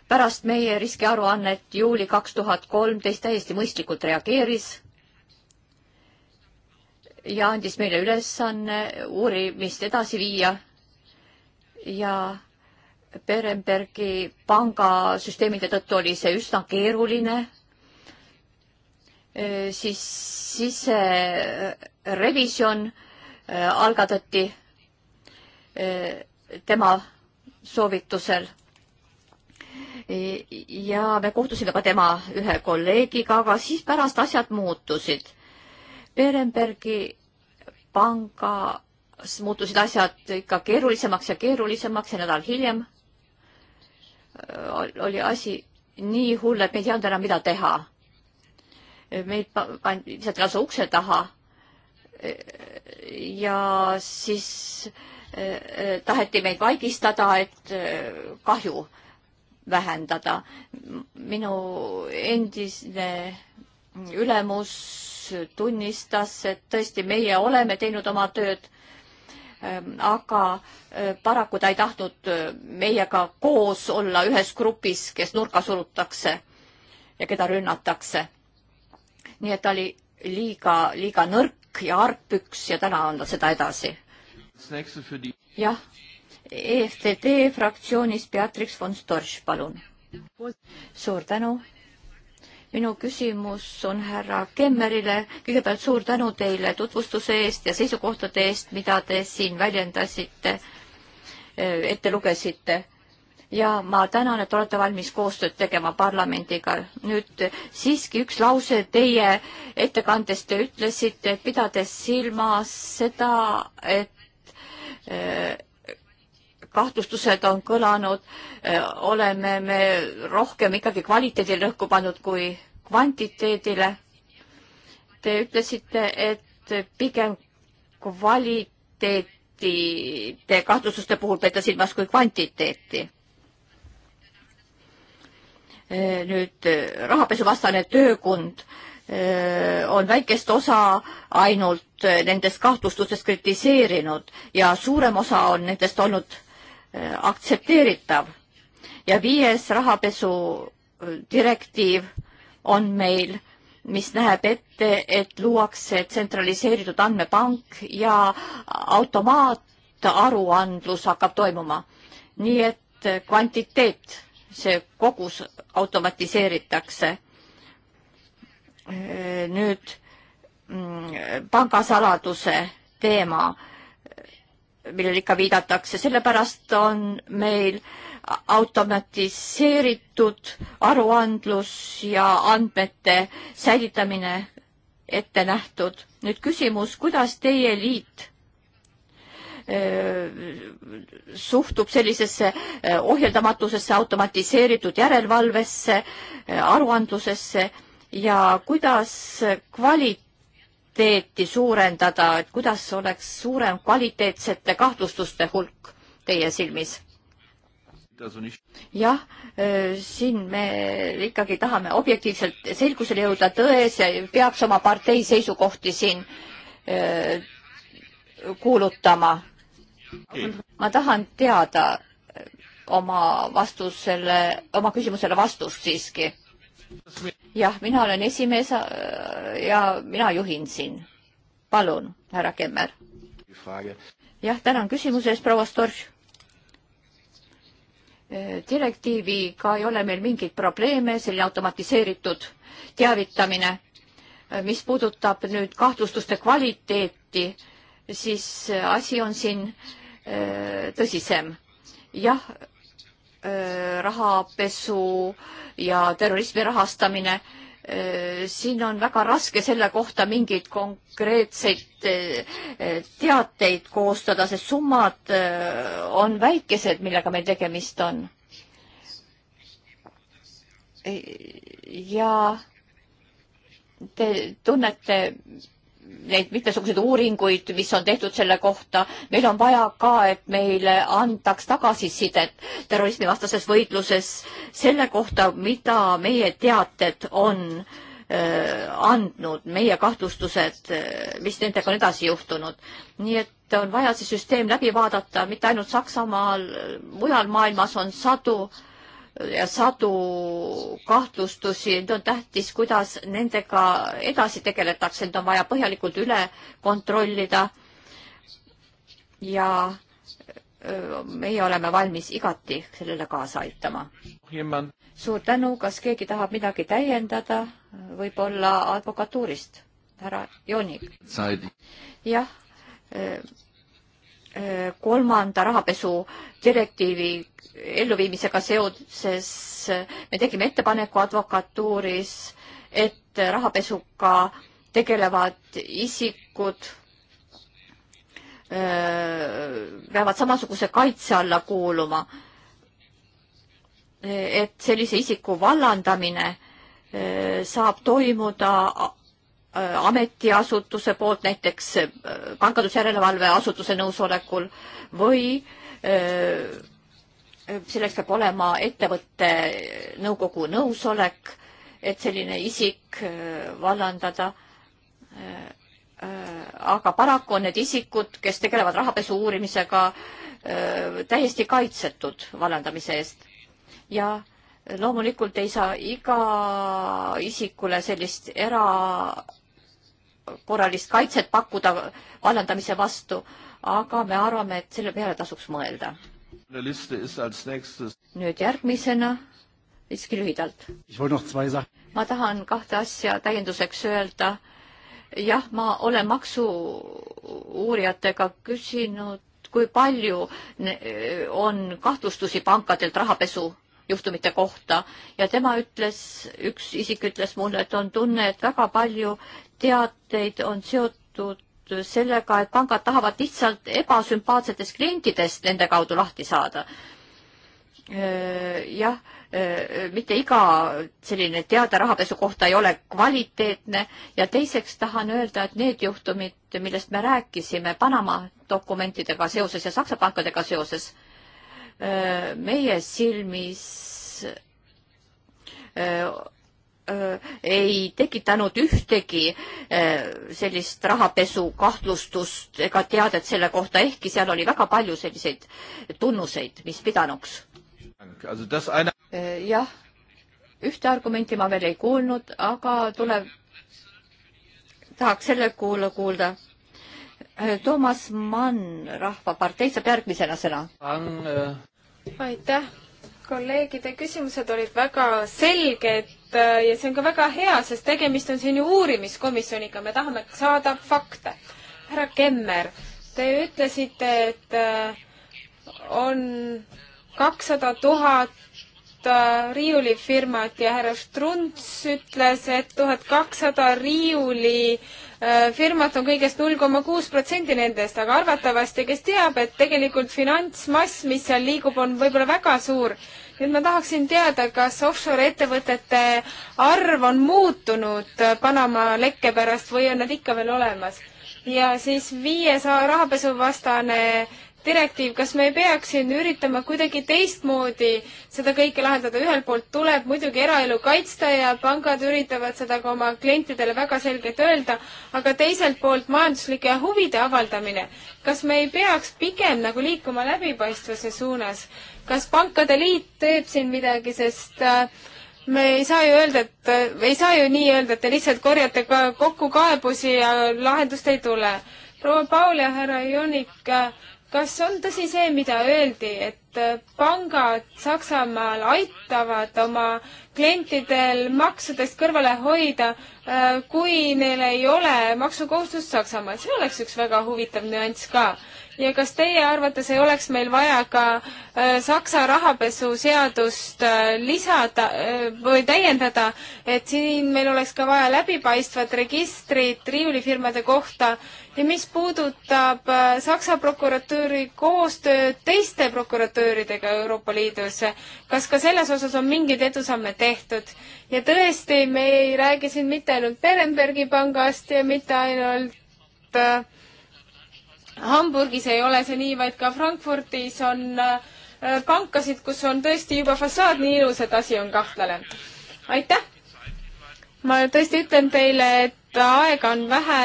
pärast meie riskiaruannet juuli kaks tuhat kolmteist täiesti mõistlikult reageeris ja andis meile ülesanne uurimist edasi viia ja Berenbergi pangasüsteemide tõttu oli see üsna keeruline, siis siserevisjon algatati tema soovitusel. ja me kohtusime ka tema ühe kolleegiga, aga siis pärast asjad muutusid. Berenbergi pangas muutusid asjad ikka keerulisemaks ja keerulisemaks ja nädal hiljem Äh, oli asi nii hull, et me ei teadnud enam, mida teha. meid pandi lihtsalt lausa ukse taha. ja siis äh, äh, taheti meid vaigistada, et kahju vähendada. minu endisne ülemus tunnistas, et tõesti, meie oleme teinud oma tööd Ehm, aga eh, paraku ta ei tahtnud eh, meiega koos olla ühes grupis, kes nurka surutakse ja keda rünnatakse. nii et ta oli liiga, liiga nõrk ja argpüks ja täna on ta seda edasi. jah, EFTD fraktsioonist Beatrix von Storch, palun. suur tänu minu küsimus on härra Kemmerile. kõigepealt suur tänu teile tutvustuse eest ja seisukohtade eest, mida te siin väljendasite, äh, ette lugesite. ja ma tänan, et olete valmis koostööd tegema parlamendiga. nüüd siiski üks lause teie ettekandes te ütlesite, pidades silmas seda, et äh, kahtlustused on kõlanud, äh, oleme me rohkem ikkagi kvaliteedile rõhku pannud kui kvantiteedile. Te ütlesite, et pigem kvaliteeti te kahtlustuste puhul peate silmas kui kvantiteeti. Äh, nüüd äh, rahapesuvastane töökond on väikest osa ainult nendest kahtlustustest kritiseerinud ja suurem osa on nendest olnud Äh, aktsepteeritav ja viies rahapesu äh, direktiiv on meil, mis näeb ette, et luuakse tsentraliseeritud andmepank ja automaataruandlus hakkab toimuma. nii et äh, kvantiteet, see kogus automatiseeritakse. nüüd mm, pangasaladuse teema millele ikka viidatakse, sellepärast on meil automatiseeritud aruandlus ja andmete säilitamine ette nähtud. nüüd küsimus, kuidas teie liit suhtub sellisesse ohjeldamatusesse, automatiseeritud järelevalvesse, aruandlusesse ja kuidas kvali-, kvaliteeti suurendada, et kuidas oleks suurem kvaliteetsete kahtlustuste hulk teie silmis? jah, äh, siin me ikkagi tahame objektiivselt selgusele jõuda tões ja peaks oma partei seisukohti siin öö, äh, kuulutama. ma tahan teada oma vastusele, oma küsimusele vastust siiski jah, mina olen esimees äh, ja mina juhin siin. palun, härra Kemmer. jah, tänan küsimuse eest, proua Storch. Äh, direktiiviga ei ole meil mingeid probleeme, selline automatiseeritud teavitamine. Äh, mis puudutab nüüd kahtlustuste kvaliteeti, siis asi on siin tõsisem. jah Äh, rahapesu ja terrorismi rahastamine. Äh, siin on väga raske selle kohta mingeid konkreetseid äh, teateid koostada, sest summad on väikesed, millega meil tegemist on. ja te tunnete neid mitmesuguseid uuringuid, mis on tehtud selle kohta. meil on vaja ka, et meile antaks tagasisidet terrorismivastases võitluses selle kohta, mida meie teated on äh, andnud meie kahtlustused, äh, mis nendega on edasi juhtunud. nii et on vaja see süsteem läbi vaadata, mitte ainult Saksamaal, mujal maailmas on sadu äh, ja sadu kahtlustusi, nüüd on tähtis, kuidas nendega edasi tegeletakse, need on vaja põhjalikult üle kontrollida. ja meie oleme valmis igati sellele kaasa aitama. suur tänu, kas keegi tahab midagi täiendada, võib-olla advokatuurist, härra Joonik? jah kolmanda rahapesu direktiivi elluviimisega seoses me tegime ettepaneku advokatuuris, et rahapesuga tegelevad isikud peavad samasuguse kaitse alla kuuluma. et sellise isiku vallandamine saab toimuda Äh, ametiasutuse poolt, näiteks pangandusjärelevalve äh, asutuse nõusolekul või äh, selleks peab olema ettevõtte nõukogu nõusolek, et selline isik vallandada. aga paraku on need isikud, kes tegelevad rahapesu uurimisega, täiesti kaitsetud vallandamise eest ja loomulikult ei saa iga isikule sellist era korralist kaitset pakkuda vallandamise vastu, aga me arvame, et selle peale tasuks mõelda. nüüd järgmisena, siiski lühidalt. ma tahan kahte asja täienduseks öelda. jah, ma olen maksu-uurijatega küsinud, kui palju on kahtlustusi pankadelt rahapesu juhtumite kohta ja tema ütles, üks isik ütles mulle, et on tunne, et väga palju teateid on seotud sellega, et pangad tahavad lihtsalt ebasümpaatsetest klientidest nende kaudu lahti saada. jah, mitte iga selline teade rahapesu kohta ei ole kvaliteetne ja teiseks tahan öelda, et need juhtumid, millest me rääkisime Panama dokumentidega seoses ja Saksa pankadega seoses, meie silmis äh, äh, ei tekitanud ühtegi äh, sellist rahapesu kahtlustust ega teadet selle kohta, ehkki seal oli väga palju selliseid tunnuseid, mis pidanuks. jah, ühte argumenti ma veel ei kuulnud, aga tuleb, tahaks selle kuula, kuulda. Toomas Mann Rahvaparteist saab järgmisena sõna aitäh! kolleegide küsimused olid väga selged äh, ja see on ka väga hea, sest tegemist on siin ju uurimiskomisjoniga, me tahame saada fakte. härra Kemmer, te ütlesite, et äh, on kakssada tuhat äh, riiulifirmat ja härra Strunz ütles, et tuhat kakssada riiuli Äh, firmat on kõigest null koma kuus protsenti nendest, aga arvatavasti, kes teab, et tegelikult finantsmass, mis seal liigub, on võib-olla väga suur. nüüd ma tahaksin teada, kas offshore ettevõtete arv on muutunud Panama lekke pärast või on nad ikka veel olemas? ja siis viies rahapesuvastane direktiiv, kas me ei peaks siin üritama kuidagi teistmoodi seda kõike lahendada, ühelt poolt tuleb muidugi eraelu kaitsta ja pangad üritavad seda ka oma klientidele väga selgelt öelda, aga teiselt poolt majanduslike huvide avaldamine. kas me ei peaks pigem nagu liikuma läbipaistvuse suunas? kas Pankade Liit teeb siin midagi, sest äh, me ei saa ju öelda, et, äh, ei saa ju nii öelda, et te lihtsalt korjate ka kokku kaebusi ja lahendust ei tule. proua Paul ja härra Jonik äh,, kas on tõsi see, mida öeldi, et äh, pangad Saksamaal aitavad oma klientidel maksudest kõrvale hoida, äh, kui neil ei ole maksukohustust Saksamaal? see oleks üks väga huvitav nüanss ka ja kas teie arvates ei oleks meil vaja ka äh, Saksa rahapesuseadust äh, lisada äh, või täiendada, et siin meil oleks ka vaja läbipaistvat registrit riiulifirmade kohta ja mis puudutab äh, Saksa prokuratuuri koostööd teiste prokuratuuridega Euroopa Liidus, kas ka selles osas on mingeid edusamme tehtud? ja tõesti, me ei räägi siin mitte ainult Berenbergi pangast ja mitte ainult äh, Hamburgis ei ole see nii, vaid ka Frankfurdis on äh, pankasid, kus on tõesti juba fassaad nii ilus, et asi on kahtlane. aitäh! ma tõesti ütlen teile, et aega on vähe.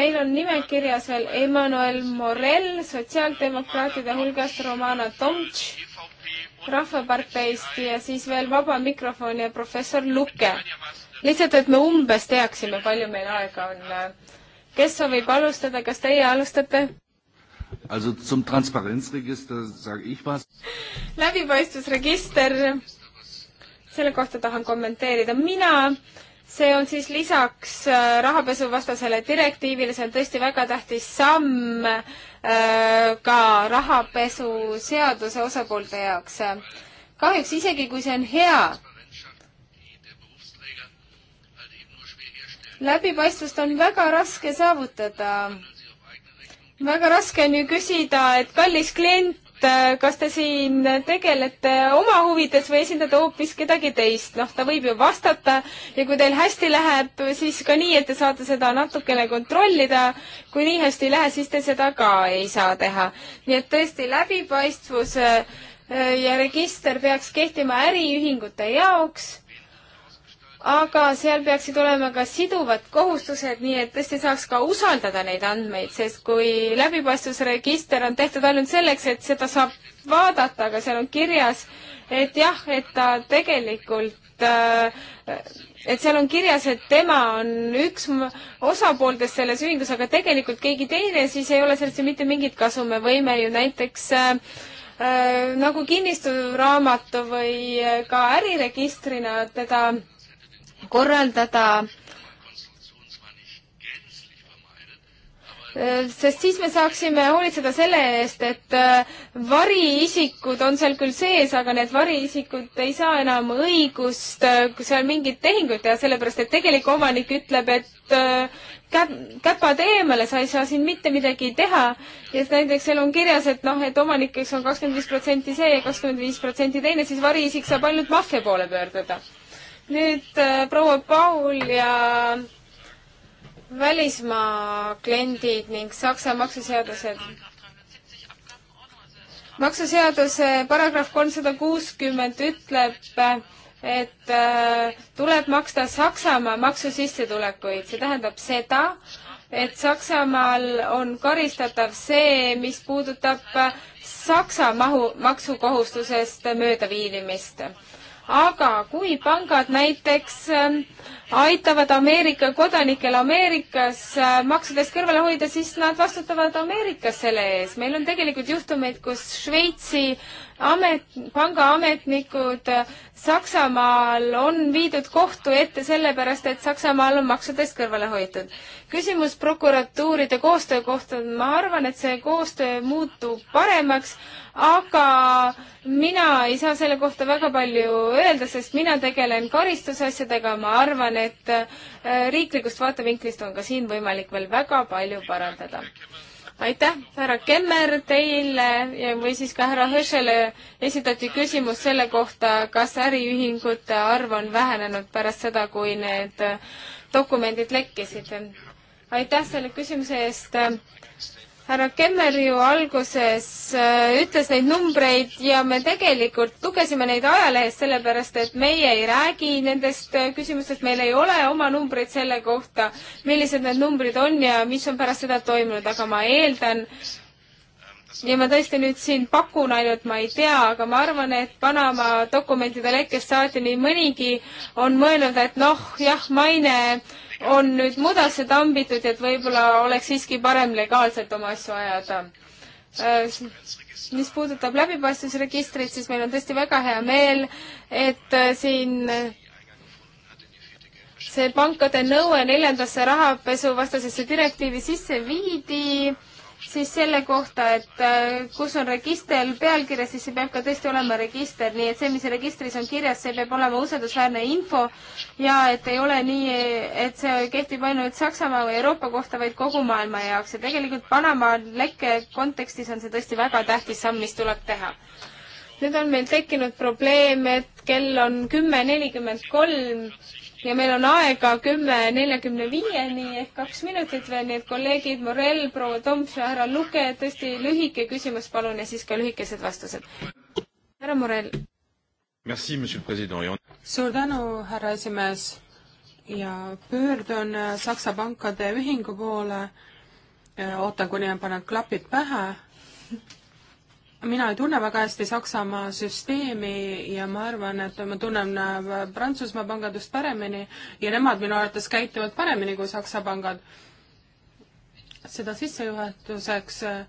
meil on nimekirjas veel Emmanuel Morel sotsiaaldemokraatide hulgast, Romana Tomtš Rahvaparteist ja siis veel Vaba Mikrofon ja professor Luke. lihtsalt, et me umbes teaksime, palju meil aega on kes soovib alustada, kas teie alustate? Also zum Transparenzregister sage ich was. läbipaistvusregister, selle kohta tahan kommenteerida mina. see on siis lisaks äh, rahapesuvastasele direktiivile, see on tõesti väga tähtis samm äh, ka rahapesuseaduse osapoolte jaoks. kahjuks isegi, kui see on hea, läbipaistvust on väga raske saavutada. väga raske on ju küsida, et kallis klient, kas te siin tegelete oma huvides või esindate hoopis kedagi teist? noh, ta võib ju vastata ja kui teil hästi läheb, siis ka nii, et te saate seda natukene kontrollida. kui nii hästi ei lähe, siis te seda ka ei saa teha. nii et tõesti, läbipaistvus äh, ja register peaks kehtima äriühingute jaoks aga seal peaksid olema ka siduvad kohustused, nii et tõesti saaks ka usaldada neid andmeid, sest kui läbipaistvusregister on tehtud ainult selleks, et seda saab vaadata, aga seal on kirjas, et jah, et ta tegelikult äh, et seal on kirjas, et tema on üks osapooltest selles ühingus, aga tegelikult keegi teine, siis ei ole sellest ju mitte mingit kasu, me võime ju näiteks äh, äh nagu kinnistusraamatu või äh, ka äriregistrina teda korraldada, sest siis me saaksime hoolitseda selle eest, et äh, variisikud on seal küll sees, aga need variisikud ei saa enam õigust äh, seal mingit tehingut teha, sellepärast et tegelik omanik ütleb, et äh, käp-, käpad eemale, sa ei saa siin mitte midagi teha. ja näiteks seal on kirjas, et noh, et omanikeks on kakskümmend viis protsenti see ja kakskümmend viis protsenti teine, siis variisik saab ainult maffia poole pöörduda nüüd äh, proua Paul ja välismaa kliendid ning Saksa maksuseadused. maksuseaduse paragrahv kolmsada kuuskümmend ütleb, et äh, tuleb maksta Saksamaa maksusissetulekuid, see tähendab seda, et Saksamaal on karistatav see, mis puudutab Saksa mahu, maksukohustusest möödaviilimist aga kui pangad näiteks ähm, aitavad Ameerika kodanikel Ameerikas äh, maksudest kõrvale hoida, siis nad vastutavad Ameerikas selle ees. meil on tegelikult juhtumeid, kus Šveitsi amet, pangaametnikud äh, Saksamaal on viidud kohtu ette sellepärast, et Saksamaal on maksudest kõrvale hoitud. küsimus prokuratuuride koostöö kohta, ma arvan, et see koostöö muutub paremaks, aga mina ei saa selle kohta väga palju öelda, sest mina tegelen karistusasjadega, ma arvan, et äh, riiklikust vaatevinklist on ka siin võimalik veel väga palju parandada aitäh, härra Kemmer, teile või siis ka härra Höschele esitati küsimus selle kohta, kas äriühingute arv on vähenenud pärast seda, kui need dokumendid lekkisid. aitäh selle küsimuse eest härra Kemmer ju alguses äh, ütles neid numbreid ja me tegelikult lugesime neid ajalehest sellepärast, et meie ei räägi nendest äh, küsimustest, meil ei ole oma numbreid selle kohta, millised need numbrid on ja mis on pärast seda toimunud, aga ma eeldan, ja ma tõesti nüüd siin pakun ainult, ma ei tea, aga ma arvan, et Panama dokumentide lekkest saati nii mõnigi on mõelnud, et noh, jah, maine äh, on nüüd mudasse tambitud, et võib-olla oleks siiski parem legaalselt oma asju ajada. Äh, mis puudutab läbipaistvusregistrit, siis meil on tõesti väga hea meel, et äh, siin äh, see pankade nõue neljandasse rahapesuvastasesse direktiivi sisse viidi siis selle kohta, et äh, kus on register pealkirjas, siis see peab ka tõesti olema register, nii et see, mis registris on kirjas, see peab olema usaldusväärne info ja et ei ole nii, et see kehtib ainult Saksamaa või Euroopa kohta, vaid kogu maailma jaoks ja tegelikult Panama lekke kontekstis on see tõesti väga tähtis samm, mis tuleb teha. nüüd on meil tekkinud probleem, et kell on kümme nelikümmend kolm ja meil on aega kümme neljakümne viieni ehk kaks minutit veel, nii et kolleegid Morell, proua Toms ja härra Luke, tõesti lühike küsimus palun ja siis ka lühikesed vastused. härra Morell. suur tänu, härra esimees ja pöördun äh, Saksa pankade ühingu poole. Äh, ootan, kuni on pannud klapid pähe *laughs* mina ei tunne väga hästi Saksamaa süsteemi ja ma arvan, et ma tunnen äh, Prantsusmaa pangandust paremini ja nemad minu arvates käituvad paremini kui Saksa pangad. seda sissejuhatuseks äh,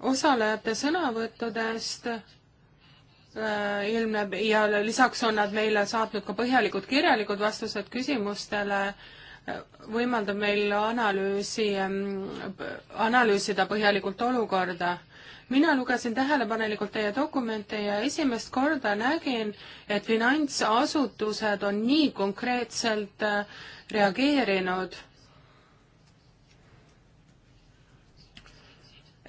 osalejate sõnavõttudest äh, ilmneb ja lisaks on nad meile saatnud ka põhjalikud kirjalikud vastused küsimustele, võimaldab meil analüüsi, ähm, analüüsida põhjalikult olukorda mina lugesin tähelepanelikult teie dokumente ja esimest korda nägin, et finantsasutused on nii konkreetselt äh, reageerinud.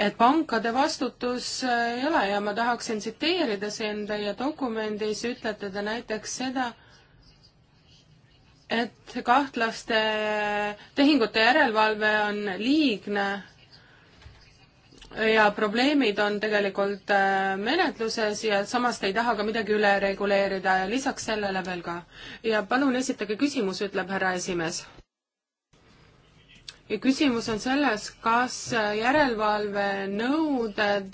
et pankade vastutus äh, ei ole ja ma tahaksin tsiteerida siin teie dokumendis, ütlete te näiteks seda, et kahtlaste äh, tehingute järelevalve on liigne ja probleemid on tegelikult äh, menetluses ja samas te ei taha ka midagi üle reguleerida ja lisaks sellele veel ka. ja palun esitage küsimus, ütleb härra esimees. ja küsimus on selles, kas äh, järelevalvenõuded,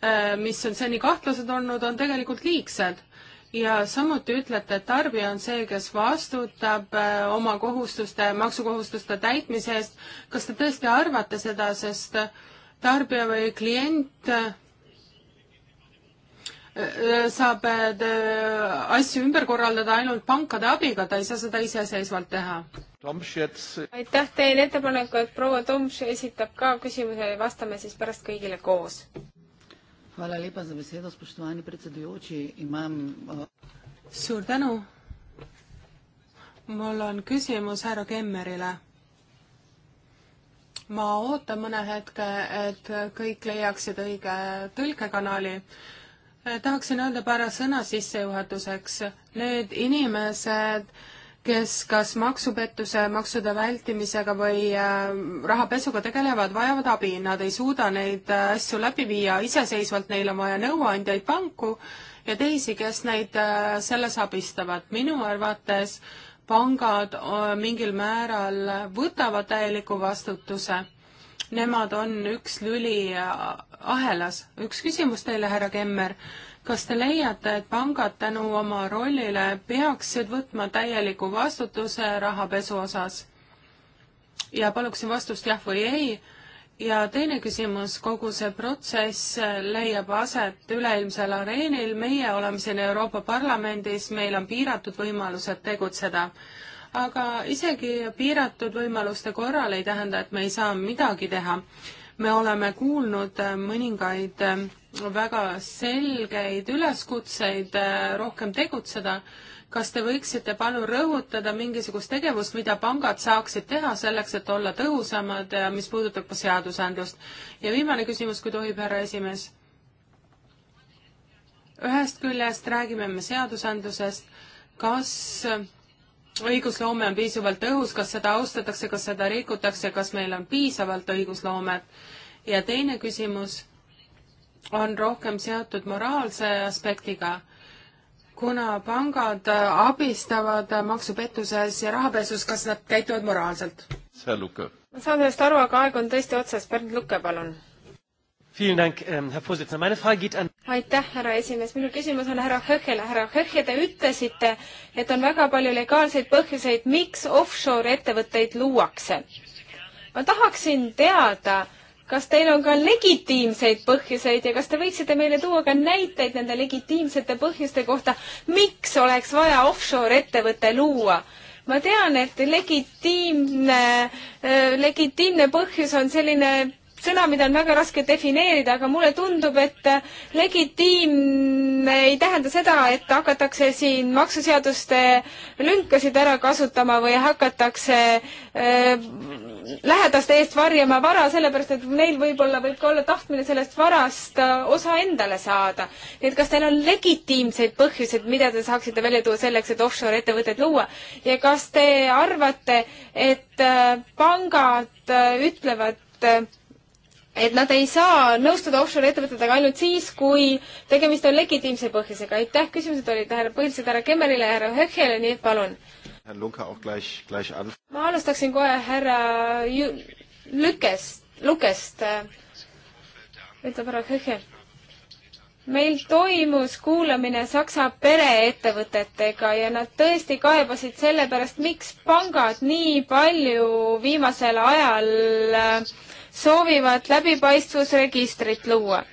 äh, mis on seni kahtlased olnud, on tegelikult liigsed ja samuti ütlete, et tarbija on see, kes vastutab oma kohustuste, maksukohustuste täitmise eest. kas te tõesti arvate seda, sest äh, tarbija või klient äh, äh, saab äh, asju ümber korraldada ainult pankade abiga, ta ei saa seda iseseisvalt teha. aitäh, teen ettepaneku, et proua Tomš esitab ka küsimuse ja vastame siis pärast kõigile koos. Eh, suur tänu. mul on küsimus härra Kemmerile ma ootan mõne hetke, et kõik leiaksid õige tõlkekanali. Eh, tahaksin öelda paar sõna sissejuhatuseks. Need inimesed, kes kas maksupettuse, maksude vältimisega või eh, rahapesuga tegelevad, vajavad abi, nad ei suuda neid eh, asju läbi viia iseseisvalt, neil on vaja nõuandjaid, panku ja teisi, kes neid selles abistavad. minu arvates pangad äh, mingil määral võtavad täieliku vastutuse. Nemad on üks lüli äh, ahelas. üks küsimus teile, härra Kemmer. kas te leiate, et pangad tänu oma rollile peaksid võtma täieliku vastutuse rahapesu osas? ja paluksin vastust jah või ei ja teine küsimus, kogu see protsess leiab aset üleilmsel areenil, meie oleme siin Euroopa Parlamendis, meil on piiratud võimalused tegutseda. aga isegi piiratud võimaluste korral ei tähenda, et me ei saa midagi teha. me oleme kuulnud mõningaid väga selgeid üleskutseid rohkem tegutseda kas te võiksite palun rõhutada mingisugust tegevust, mida pangad saaksid teha selleks, et olla tõhusamad, äh, mis puudutab ka seadusandlust? ja viimane küsimus, kui tohib, härra esimees. ühest küljest räägime me seadusandlusest, kas äh, õigusloome on piisavalt õhus, kas seda austatakse, kas seda rikutakse, kas meil on piisavalt õigusloomet? ja teine küsimus on rohkem seotud moraalse aspektiga kuna pangad abistavad maksupettuses ja rahapesus, kas nad käituvad moraalselt? ma saan sellest aru, aga aeg on tõesti otsas. Bernd Lukke, palun. Ähm, aitäh, härra esimees. minu küsimus on härra Höhele. härra Höhhe, te ütlesite, et on väga palju legaalseid põhjuseid, miks offshore ettevõtteid luuakse. ma tahaksin teada, kas teil on ka legitiimseid põhjuseid ja kas te võiksite meile tuua ka näiteid nende legitiimsete põhjuste kohta, miks oleks vaja offshore-ettevõte luua? ma tean, et legitiimne, äh, legitiimne põhjus on selline sõna, mida on väga raske defineerida, aga mulle tundub, et äh, legitiimne ei tähenda seda, et hakatakse siin maksuseaduste lünkasid ära kasutama või hakatakse äh, lähedaste eest varjama vara, sellepärast et neil võib-olla võib ka olla tahtmine sellest varast äh, osa endale saada. nii et kas teil on legitiimseid põhjuseid, mida te saaksite välja tuua selleks, et offshore ettevõtteid luua ja kas te arvate, et äh, pangad äh, ütlevad et nad ei saa nõustuda offshore ettevõtetega ainult siis, kui tegemist on legitiimse põhjusega. aitäh, küsimused olid härra Põldsed, härra Kemmerile ja härra Höhhele, nii et palun ma alustaksin kohe härra Lükest, Lukest, äh, ütleb härra Kõhhe. meil toimus kuulamine Saksa pereettevõtetega ja nad tõesti kaebasid selle pärast, miks pangad nii palju viimasel ajal äh, soovivad läbipaistvusregistrit luua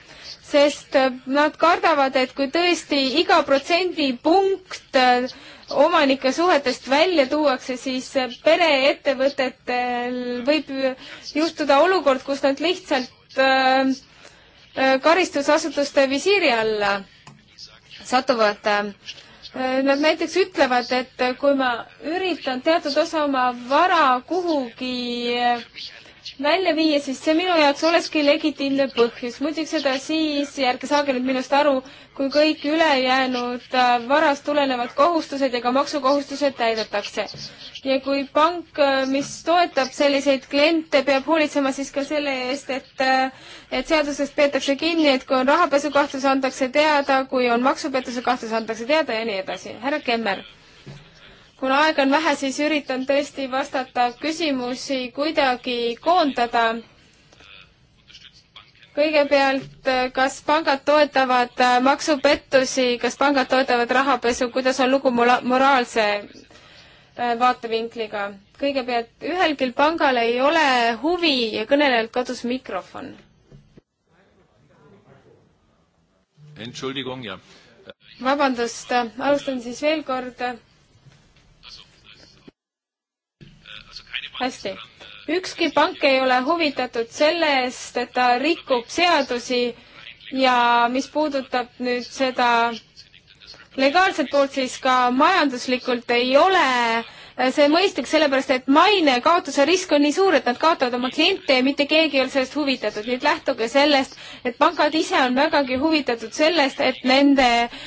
sest äh, nad kardavad, et kui tõesti iga protsendipunkt omanike suhetest välja tuuakse, siis pereettevõtetel võib juhtuda olukord, kus nad lihtsalt äh, äh, karistusasutuste visiiri alla satuvad. Äh, nad näiteks ütlevad, et kui ma üritan teatud osa oma vara kuhugi äh, välja viia, siis see minu jaoks olekski legitiimne põhjus. muidugi seda siis, ja ärge saage nüüd minust aru, kui kõik ülejäänud äh, varast tulenevad kohustused ja ka maksukohustused täidetakse. ja kui pank, äh, mis toetab selliseid kliente, peab hoolitsema siis ka selle eest, et äh, et seadusest peetakse kinni, et kui on rahapesukahtlus, antakse teada, kui on maksupettuse kahtlus, antakse teada ja nii edasi. härra Kemmer kuna aega on vähe, siis üritan tõesti vastata küsimusi kuidagi koondada. kõigepealt, kas pangad toetavad äh, maksupettusi, kas pangad toetavad rahapesu, kuidas on lugu moraalse äh, vaatevinkliga? kõigepealt, ühelgi pangal ei ole huvi ja kõnelejalt kadus mikrofon. vabandust, alustan siis veel kord hästi. ükski pank ei ole huvitatud sellest, et ta rikub seadusi ja mis puudutab nüüd seda legaalset poolt, siis ka majanduslikult ei ole see mõistlik, sellepärast et maine kaotuse risk on nii suur, et nad kaotavad oma kliente ja mitte keegi ei ole sellest huvitatud. nii et lähtuge sellest, et pangad ise on vägagi huvitatud sellest, et nende äh,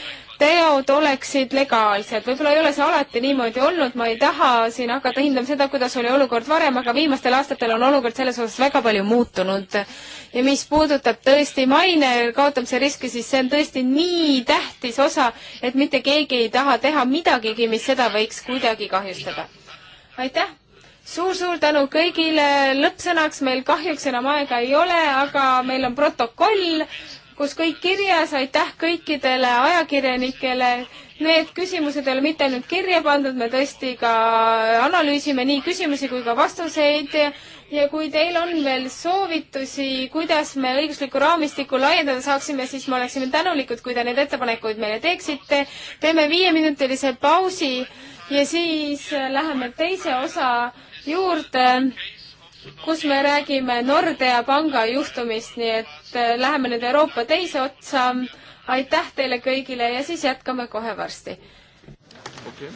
teod oleksid legaalsed. võib-olla ei ole see alati niimoodi olnud, ma ei taha siin hakata hindama seda, kuidas oli olukord varem, aga viimastel aastatel on olukord selles osas väga palju muutunud. ja mis puudutab tõesti maine kaotamise riski, siis see on tõesti nii tähtis osa, et mitte keegi ei taha teha midagigi, mis seda võiks kuidagi kahjustada. aitäh! suur-suur tänu kõigile, lõppsõnaks meil kahjuks enam aega ei ole, aga meil on protokoll kus kõik kirjas, aitäh kõikidele ajakirjanikele. Need küsimused ei ole mitte ainult kirja pandud, me tõesti ka analüüsime nii küsimusi kui ka vastuseid ja kui teil on veel soovitusi, kuidas me õiguslikku raamistikku laiendada saaksime, siis me oleksime tänulikud, kui te neid ettepanekuid meile teeksite. teeme viieminutilise pausi ja siis läheme teise osa juurde kus me räägime Nordea panga juhtumist, nii et äh, läheme nüüd Euroopa teise otsa. aitäh teile kõigile ja siis jätkame kohe varsti okay..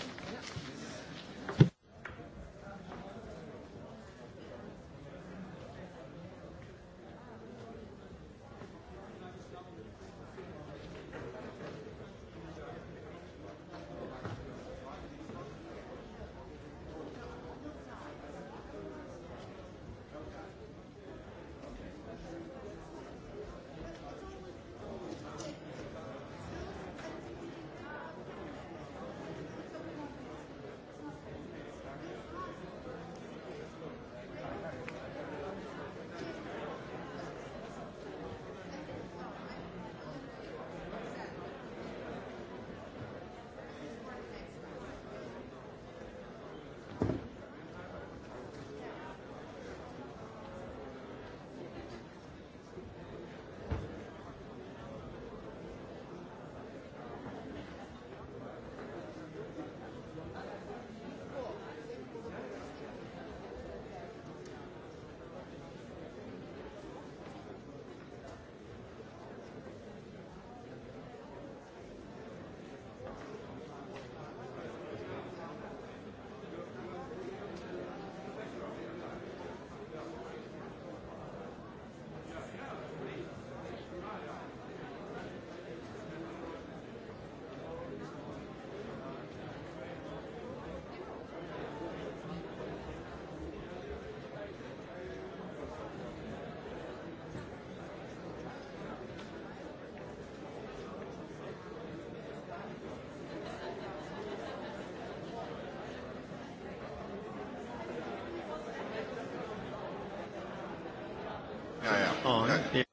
Ja, ja. Oh, ja.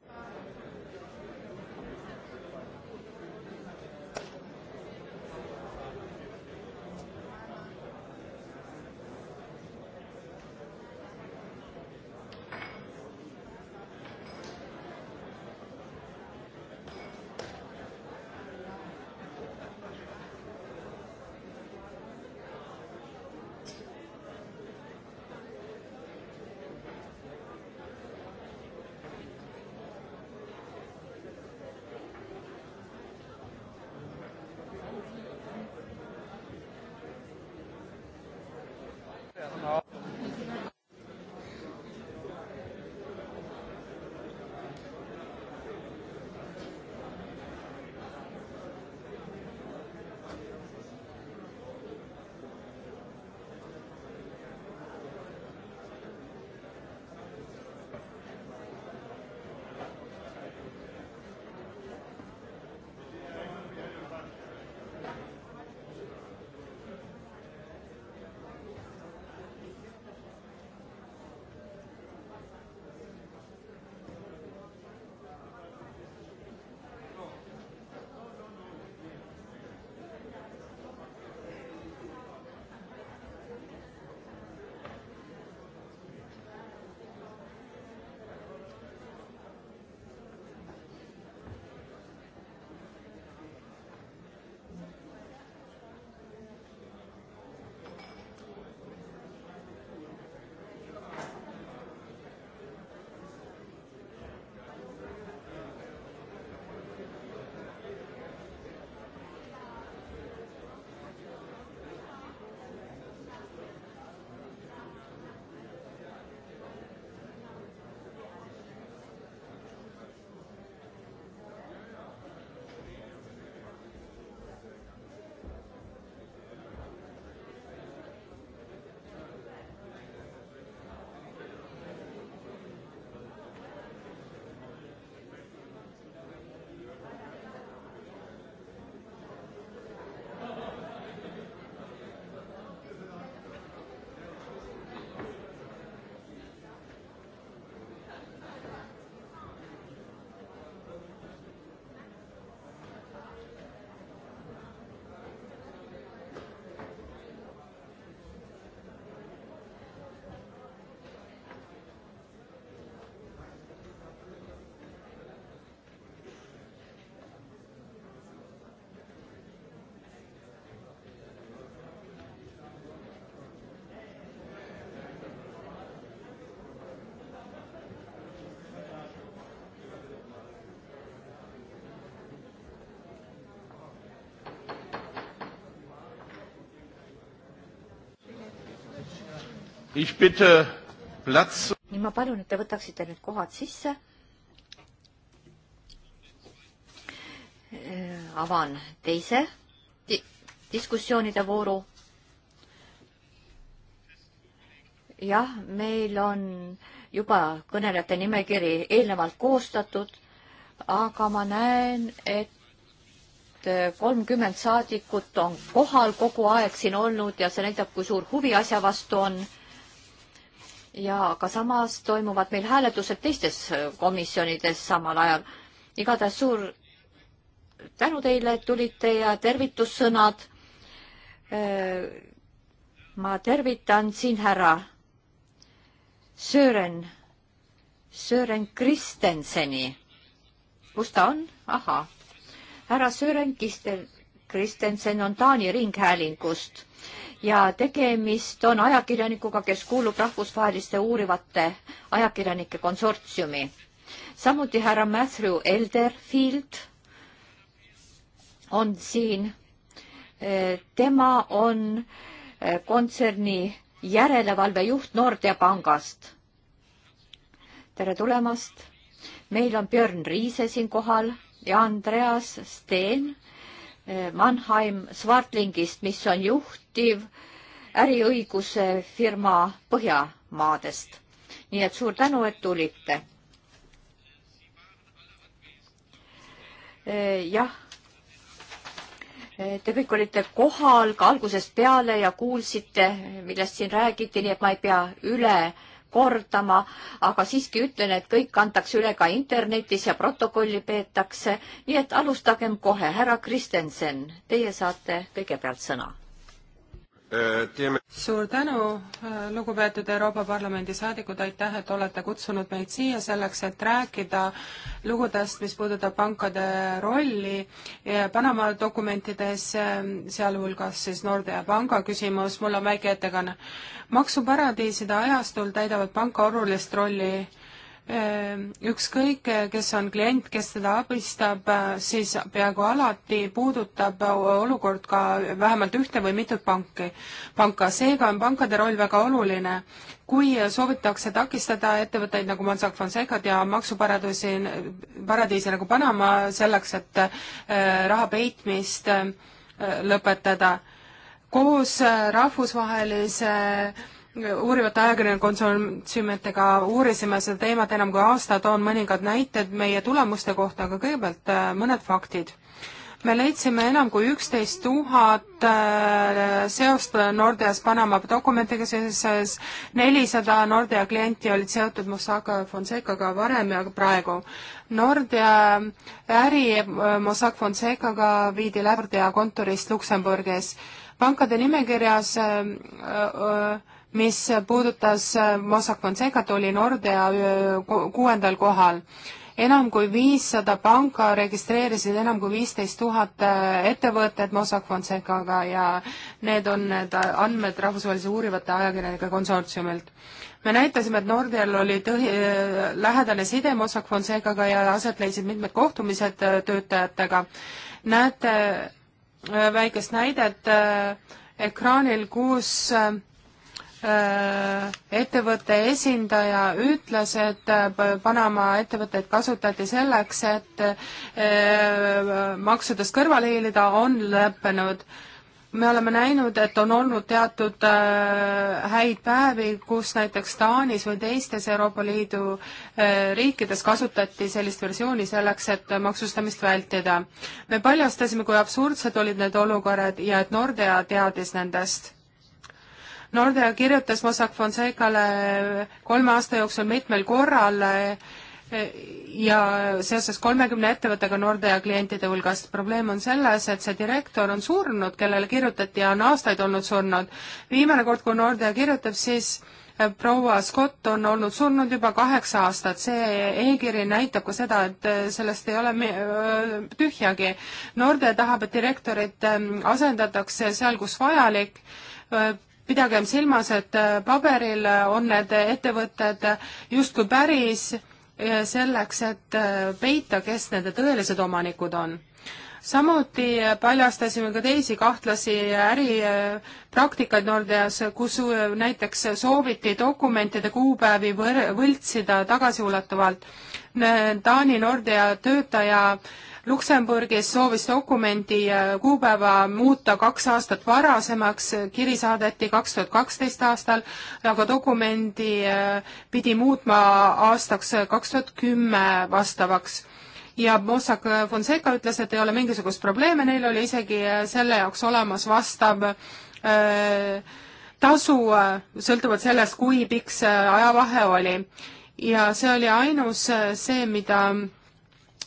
nii ma palun, et te võtaksite need kohad sisse. Äh, avan teise di diskussioonide vooru. jah, meil on juba kõnelejate nimekiri eelnevalt koostatud, aga ma näen, et kolmkümmend saadikut on kohal kogu aeg siin olnud ja see näitab, kui suur huvi asja vastu on ja aga samas toimuvad meil hääletused teistes äh, komisjonides samal ajal. igatahes suur tänu teile, et tulite ja tervitussõnad. Äh, ma tervitan siin härra Sören, Sören Kristenseni. kus ta on? ahah, härra Sören Kistel, Kristensen on Taani ringhäälingust ja tegemist on ajakirjanikuga, kes kuulub rahvusvaheliste uurivate ajakirjanike konsortsiumi. samuti härra Matthew Elderfield on siin. tema on eh, kontserni järelevalvejuht Nordea pangast. tere tulemast. meil on Björn Riise siin kohal ja Andreas Steen Mannheim Swartlingist, mis on juhtiv äriõiguse firma Põhjamaadest. nii et suur tänu, et tulite. Eh, jah, eh, te kõik olite kohal ka algusest peale ja kuulsite, millest siin räägiti, nii et ma ei pea üle äh, kordama, aga siiski ütlen, et kõik antakse üle ka internetis ja protokolli peetakse. nii et alustagem kohe. härra Kristensen, teie saate kõigepealt sõna suur tänu, lugupeetud Euroopa Parlamendi saadikud, aitäh, et olete kutsunud meid siia selleks, et rääkida lugudest, mis puudutab pankade rolli Panama dokumentides, sealhulgas siis Nordea panga küsimus, mul on väike ettekanne. maksuparadiiside ajastul täidavad panka olulist rolli Äh, ükskõik, äh, kes on klient, kes teda abistab, äh, siis peaaegu alati puudutab olukord ka vähemalt ühte või mitut panki, panka, seega on pankade roll väga oluline. kui soovitakse takistada ettevõtteid nagu Mossack Fonsecat ja maksuparadiisi, paradiise nagu Panama selleks, et raha peitmist lõpetada, koos rahvusvahelise äh, uurivate ajakirjakonsortsiumitega uurisime seda teemat enam kui aasta, toon mõningad näited meie tulemuste kohta, aga kõigepealt äh, mõned faktid. me leidsime enam kui üksteist tuhat äh, seost Nordeas Panama dokumentiga, seoses nelisada Nordea klienti olid seotud Mossack Fonsecaga varem ja praegu. Nordea äri Mossack Fonsecaga viidi Lärdea kontorist Luksemburgis. pankade nimekirjas öö, äh, öö, mis puudutas Mossack Fonsecat, oli Nordea kuuendal kohal. enam kui viissada panka registreerisid enam kui viisteist tuhat äh, ettevõtet Mossack Fonsecaga ja need on need andmed rahvusvahelise uurivate ajakirjanike konsortsiumilt me näitasime, et Nordeal oli tõhi, äh, lähedane side Mossack Fonsecaga ja aset leidsid mitmed kohtumised äh, töötajatega. näete väikest näidet ekraanil, kus Äh, ettevõtte esindaja ütles, et äh, Panama ettevõtteid kasutati selleks, et äh, maksudest kõrvale hiilida, on lõppenud. me oleme näinud, et on olnud teatud häid päevi, kus näiteks Taanis või teistes Euroopa Liidu riikides kasutati sellist versiooni selleks, et maksustamist vältida. me paljastasime, kui absurdsed olid need olukorrad ja et Nordea teadis nendest Nordea kirjutas Mossack Fonsecale kolme aasta jooksul mitmel korral eh, ja seoses kolmekümne ettevõttega Nordea klientide hulgast. probleem on selles, et see direktor on surnud, kellele kirjutati ja on aastaid olnud surnud. viimane kord, kui Nordea kirjutab, siis eh, proua Scott on olnud surnud juba kaheksa aastat, see e-kiri näitab ka seda, et eh, sellest ei ole tühjagi. Nordea tahab, et direktorit asendatakse seal, kus vajalik pidagem silmas, et äh, paberil on need ettevõtted justkui päris äh, selleks, et äh, peita, kes nende tõelised omanikud on. samuti paljastasime ka teisi kahtlasi äripraktikaid Nordeas, kus näiteks sooviti dokumentide kuupäevi võr-, võltsida tagasiulatuvalt. Taani Nordea töötaja äh, Luksemburgis soovis dokumendi äh, kuupäeva muuta kaks aastat varasemaks, kiri saadeti kaks tuhat kaksteist aastal, aga dokumendi äh, pidi muutma aastaks äh, kaks tuhat kümme vastavaks ja Mossack Fonseca ütles, et ei ole mingisugust probleeme, neil oli isegi selle jaoks olemas vastav öö, tasu, sõltuvalt sellest, kui pikk see ajavahe oli. ja see oli ainus see, mida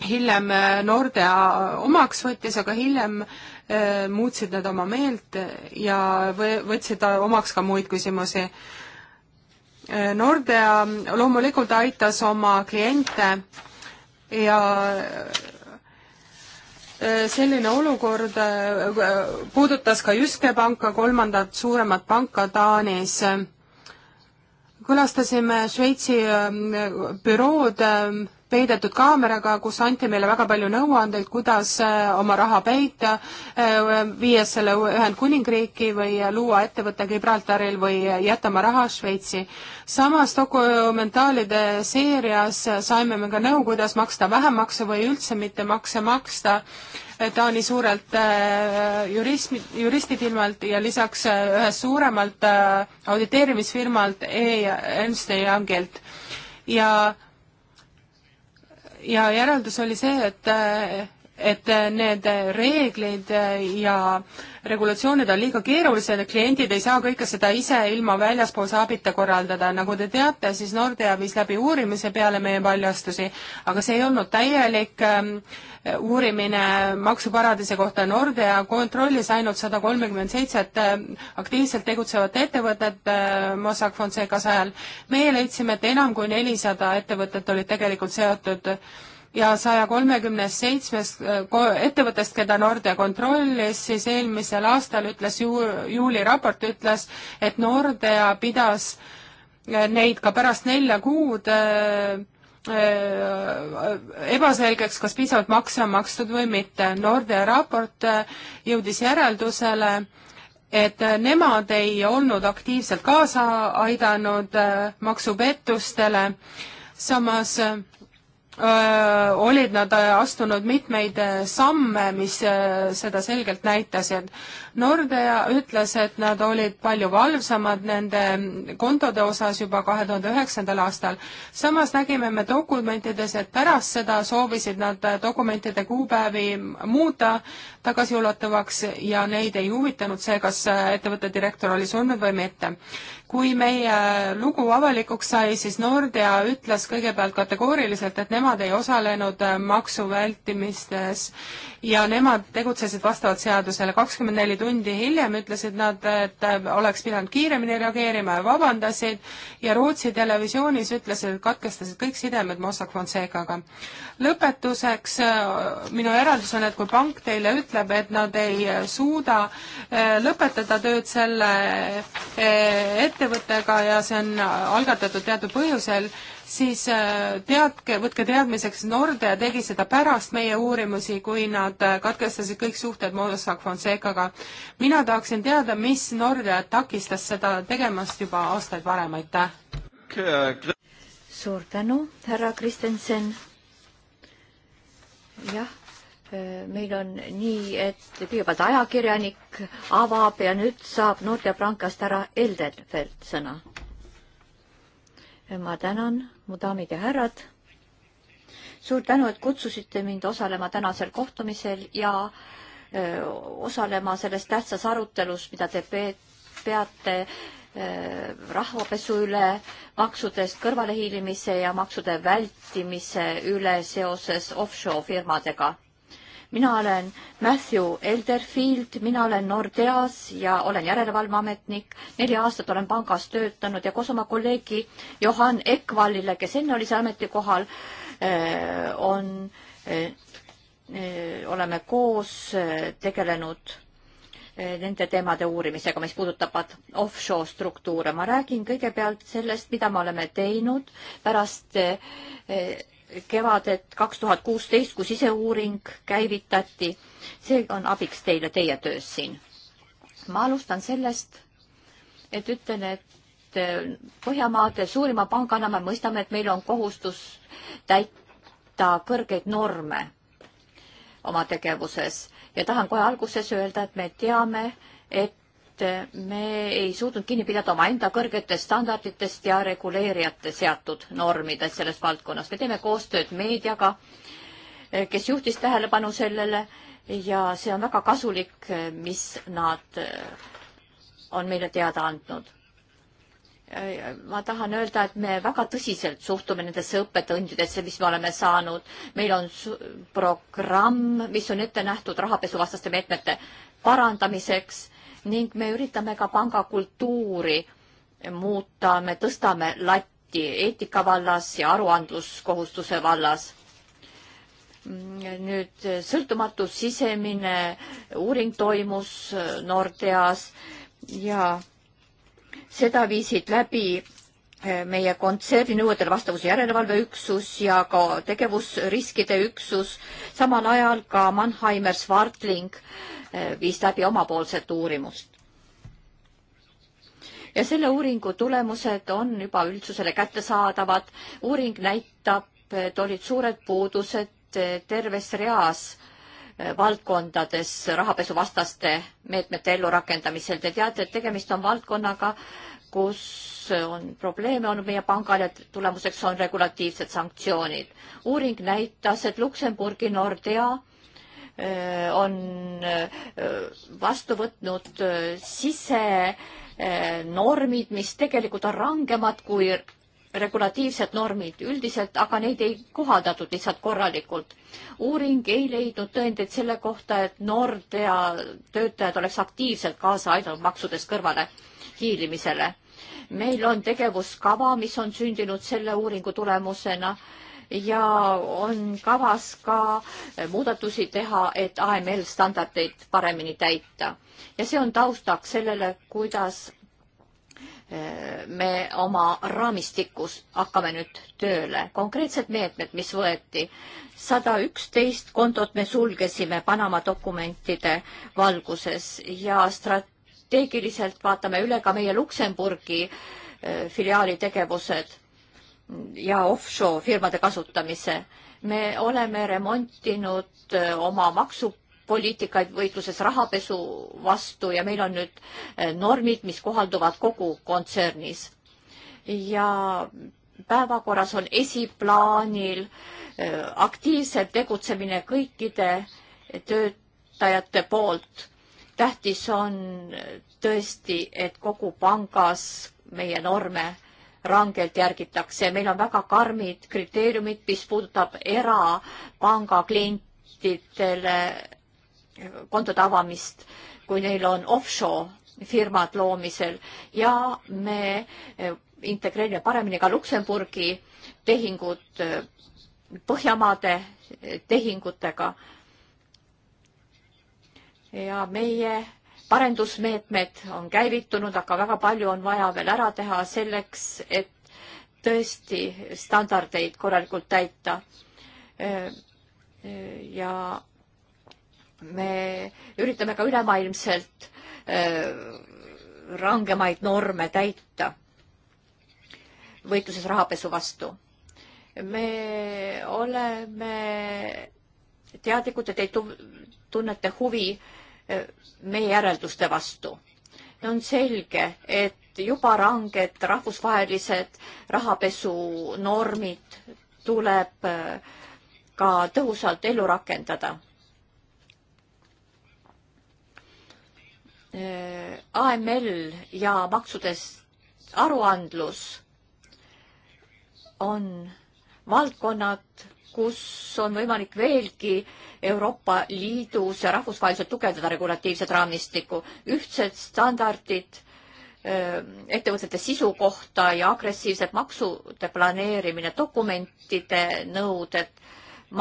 hiljem äh, Nordea äh, omaks võttis, aga hiljem äh, muutsid nad oma meelt ja võtsid omaks ka muid küsimusi. Nordea loomulikult aitas oma kliente ja selline olukord puudutas ka Jyske panka, kolmandat suuremat panka Taanis. külastasime Šveitsi bürood peidetud kaameraga, kus anti meile väga palju nõuandeid, kuidas äh, oma raha peita, äh, viies selle Ühendkuningriiki või luua ettevõte Gibraltaril või jätta oma raha Šveitsi. samas dokumentaalide seerias saime me ka nõu, kuidas maksta vähem makse või üldse mitte makse maksta Taani suurelt äh, jurismi, juristidfirmalt ja lisaks ühest suuremalt auditeerimisfirmalt e Ernst Youngilt. ja ja järeldus oli see, et äh, et äh, need äh, reeglid äh, ja regulatsioonid on liiga keerulised, kliendid ei saa kõike seda ise ilma väljaspoolse abita korraldada, nagu te teate, siis Nordea viis läbi uurimise peale meie paljastusi, aga see ei olnud täielik ähm, uurimine maksuparadiise kohta, Nordea kontrollis ainult sada kolmekümmend seitset ähm, aktiivselt tegutsevat ettevõtet Mossack Fonsecas ajal. meie leidsime, et enam kui nelisada ettevõtet olid tegelikult seotud ja saja kolmekümnest seitsmest eh, ettevõttest, keda Nordea kontrollis, siis eelmisel aastal ütles ju, juuli raport ütles, et Nordea pidas eh, neid ka pärast nelja kuud eh, ebaselgeks, kas piisavalt makse on makstud või mitte. Nordea raport jõudis järeldusele, et nemad ei olnud aktiivselt kaasa aidanud maksupettustele, samas olid nad äh, astunud mitmeid äh, samme, mis äh, seda selgelt näitasid. Nordea ütles, et nad olid palju valvsamad nende kontode osas juba kahe tuhande üheksandal aastal. samas nägime me dokumentides, et pärast seda soovisid nad dokumentide kuupäevi muuta, tagasiulatuvaks ja neid ei huvitanud see, kas äh, ettevõtte direktor oli surnud või mitte. kui meie äh, lugu avalikuks sai, siis Nordea ütles kõigepealt kategooriliselt, et nemad ei osalenud äh, maksu vältimistes ja nemad tegutsesid vastavalt seadusele. kakskümmend neli tundi hiljem ütlesid nad, et oleks pidanud kiiremini reageerima ja vabandasid ja Rootsi televisioonis ütlesid, et katkestasid kõik sidemed Mossack Fonsecaga. lõpetuseks minu järeldus on, et kui pank teile ütleb, ütleb, et nad ei suuda äh, lõpetada tööd selle äh, ettevõttega ja see on algatatud teatud põhjusel, siis äh, teadke, võtke teadmiseks, Nordea tegi seda pärast meie uurimusi, kui nad katkestasid kõik suhted Mossack Fonsecaga. mina tahaksin teada, mis Nordea takistas seda tegemast juba aastaid varem, aitäh! suur tänu, härra Kristensen! jah meil on nii, et kõigepealt ajakirjanik avab ja nüüd saab noorteprankast ära Eldenfeld sõna. ma tänan, mu daamid ja härrad. suur tänu, et kutsusite mind osalema tänasel kohtumisel ja öö, osalema selles tähtsas arutelus, mida te pe peate öö, rahvapesu üle, maksudest kõrvalehiilimise ja maksude vältimise üle seoses offshore firmadega mina olen Matthew Elderfield, mina olen Nordeas ja olen järelevalveametnik. neli aastat olen pangas töötanud ja koos oma kolleegi Johan Ekvallile, kes enne oli seal ametikohal, eh, on, eh, eh, oleme koos tegelenud nende teemade uurimisega, mis puudutavad offshore struktuure. ma räägin kõigepealt sellest, mida me oleme teinud pärast kevadet kaks tuhat kuusteist, kui siseuuring käivitati. see on abiks teile teie töös siin. ma alustan sellest, et ütlen, et äh, Põhjamaade suurima pangana me mõistame, et meil on kohustus täita kõrgeid norme oma tegevuses ja tahan kohe alguses öelda, et me teame, et et me ei suutnud kinni pidada omaenda kõrgetest standarditest ja reguleerijate seatud normidest selles valdkonnas. me teeme koostööd meediaga, kes juhtis tähelepanu sellele ja see on väga kasulik, mis nad eh, on meile teada andnud. ma tahan öelda, et me väga tõsiselt suhtume nendesse õppetundidesse, mis me oleme saanud. meil on programm, mis on ette nähtud rahapesuvastaste meetmete parandamiseks ning me üritame ka pangakultuuri muuta, me tõstame latti eetika vallas ja aruandluskohustuse vallas. nüüd sõltumatu sisemine uuring toimus Nordeas ja seda viisid läbi meie kontserni nõuetele vastavuse järelevalveüksus ja ka tegevusriskide üksus, samal ajal ka Mannheimer Swartling äh, Eh, viis läbi omapoolset uurimust. ja selle uuringu tulemused on juba üldsusele kättesaadavad. uuring näitab, et olid suured puudused eh, terves reas eh, valdkondades rahapesuvastaste meetmete ellurakendamisel. Te teate, et tegemist on valdkonnaga, kus on probleeme olnud meie pangal ja tulemuseks on regulatiivsed sanktsioonid. uuring näitas, et Luksemburgi Nordea Äh, on äh, vastu võtnud äh, sisenormid, mis tegelikult on rangemad kui regulatiivsed normid üldiselt, aga neid ei kohaldatud lihtsalt korralikult. uuring ei leidnud tõendeid selle kohta, et Nordea töötajad oleks aktiivselt kaasa aidanud maksudest kõrvale hiilimisele. meil on tegevuskava, mis on sündinud selle uuringu tulemusena ja on kavas ka muudatusi teha, et AML standardeid paremini täita. ja see on taustaks sellele, kuidas eh, me oma raamistikus hakkame nüüd tööle. konkreetsed meetmed, mis võeti, sada üksteist kontot me sulgesime Panama dokumentide valguses ja strateegiliselt vaatame üle ka meie Luksemburgi eh, filiaali tegevused ja offshore firmade kasutamise. me oleme remontinud äh, oma maksupoliitikaid võitluses rahapesu vastu ja meil on nüüd äh, normid, mis kohalduvad kogu kontsernis. ja päevakorras on esiplaanil äh, aktiivselt tegutsemine kõikide töötajate poolt. tähtis on tõesti, et kogu pangas meie norme rangelt järgitakse. meil on väga karmid kriteeriumid, mis puudutab erapanga klientidele kontode avamist, kui neil on offshore firmad loomisel ja me integreerime paremini ka Luksemburgi tehingud Põhjamaade tehingutega. ja meie parendusmeetmed on käivitunud, aga väga palju on vaja veel ära teha selleks, et tõesti standardeid korralikult täita. ja me üritame ka ülemaailmselt rangemaid norme täita võitluses rahapesu vastu. me oleme teadlikud, et te tunnete huvi äh, meie järelduste vastu. on selge, et juba ranged rahvusvahelised rahapesunormid tuleb äh, ka tõhusalt ellu rakendada. Äh, AML ja maksudest aruandlus on valdkonnad, kus on võimalik veelgi Euroopa Liidus ja rahvusvaheliselt tugevdada regulatiivset raamistikku, ühtsed standardid ähm, ettevõtete sisu kohta ja agressiivsed maksude planeerimine, dokumentide nõuded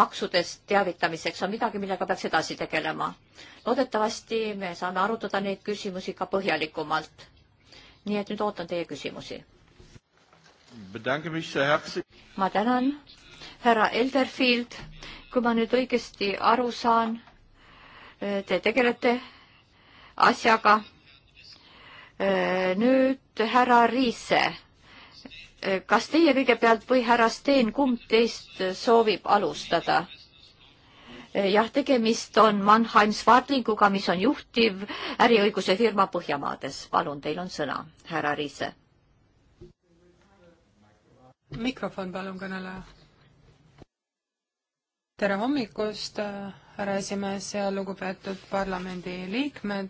maksudest teavitamiseks on midagi, millega peaks edasi tegelema. loodetavasti me saame arutada neid küsimusi ka põhjalikumalt. nii et nüüd ootan teie küsimusi. ma tänan härra Elderfield, kui ma nüüd õigesti aru saan, te tegelete asjaga. nüüd härra Riise, kas teie kõigepealt või härra Steen, kumb teist soovib alustada? jah, tegemist on Mannheim Swartlinguga, mis on juhtiv äriõiguse firma Põhjamaades. palun, teil on sõna, härra Riise. mikrofon palun kõneleja tere hommikust, härra esimees ja lugupeetud parlamendiliikmed.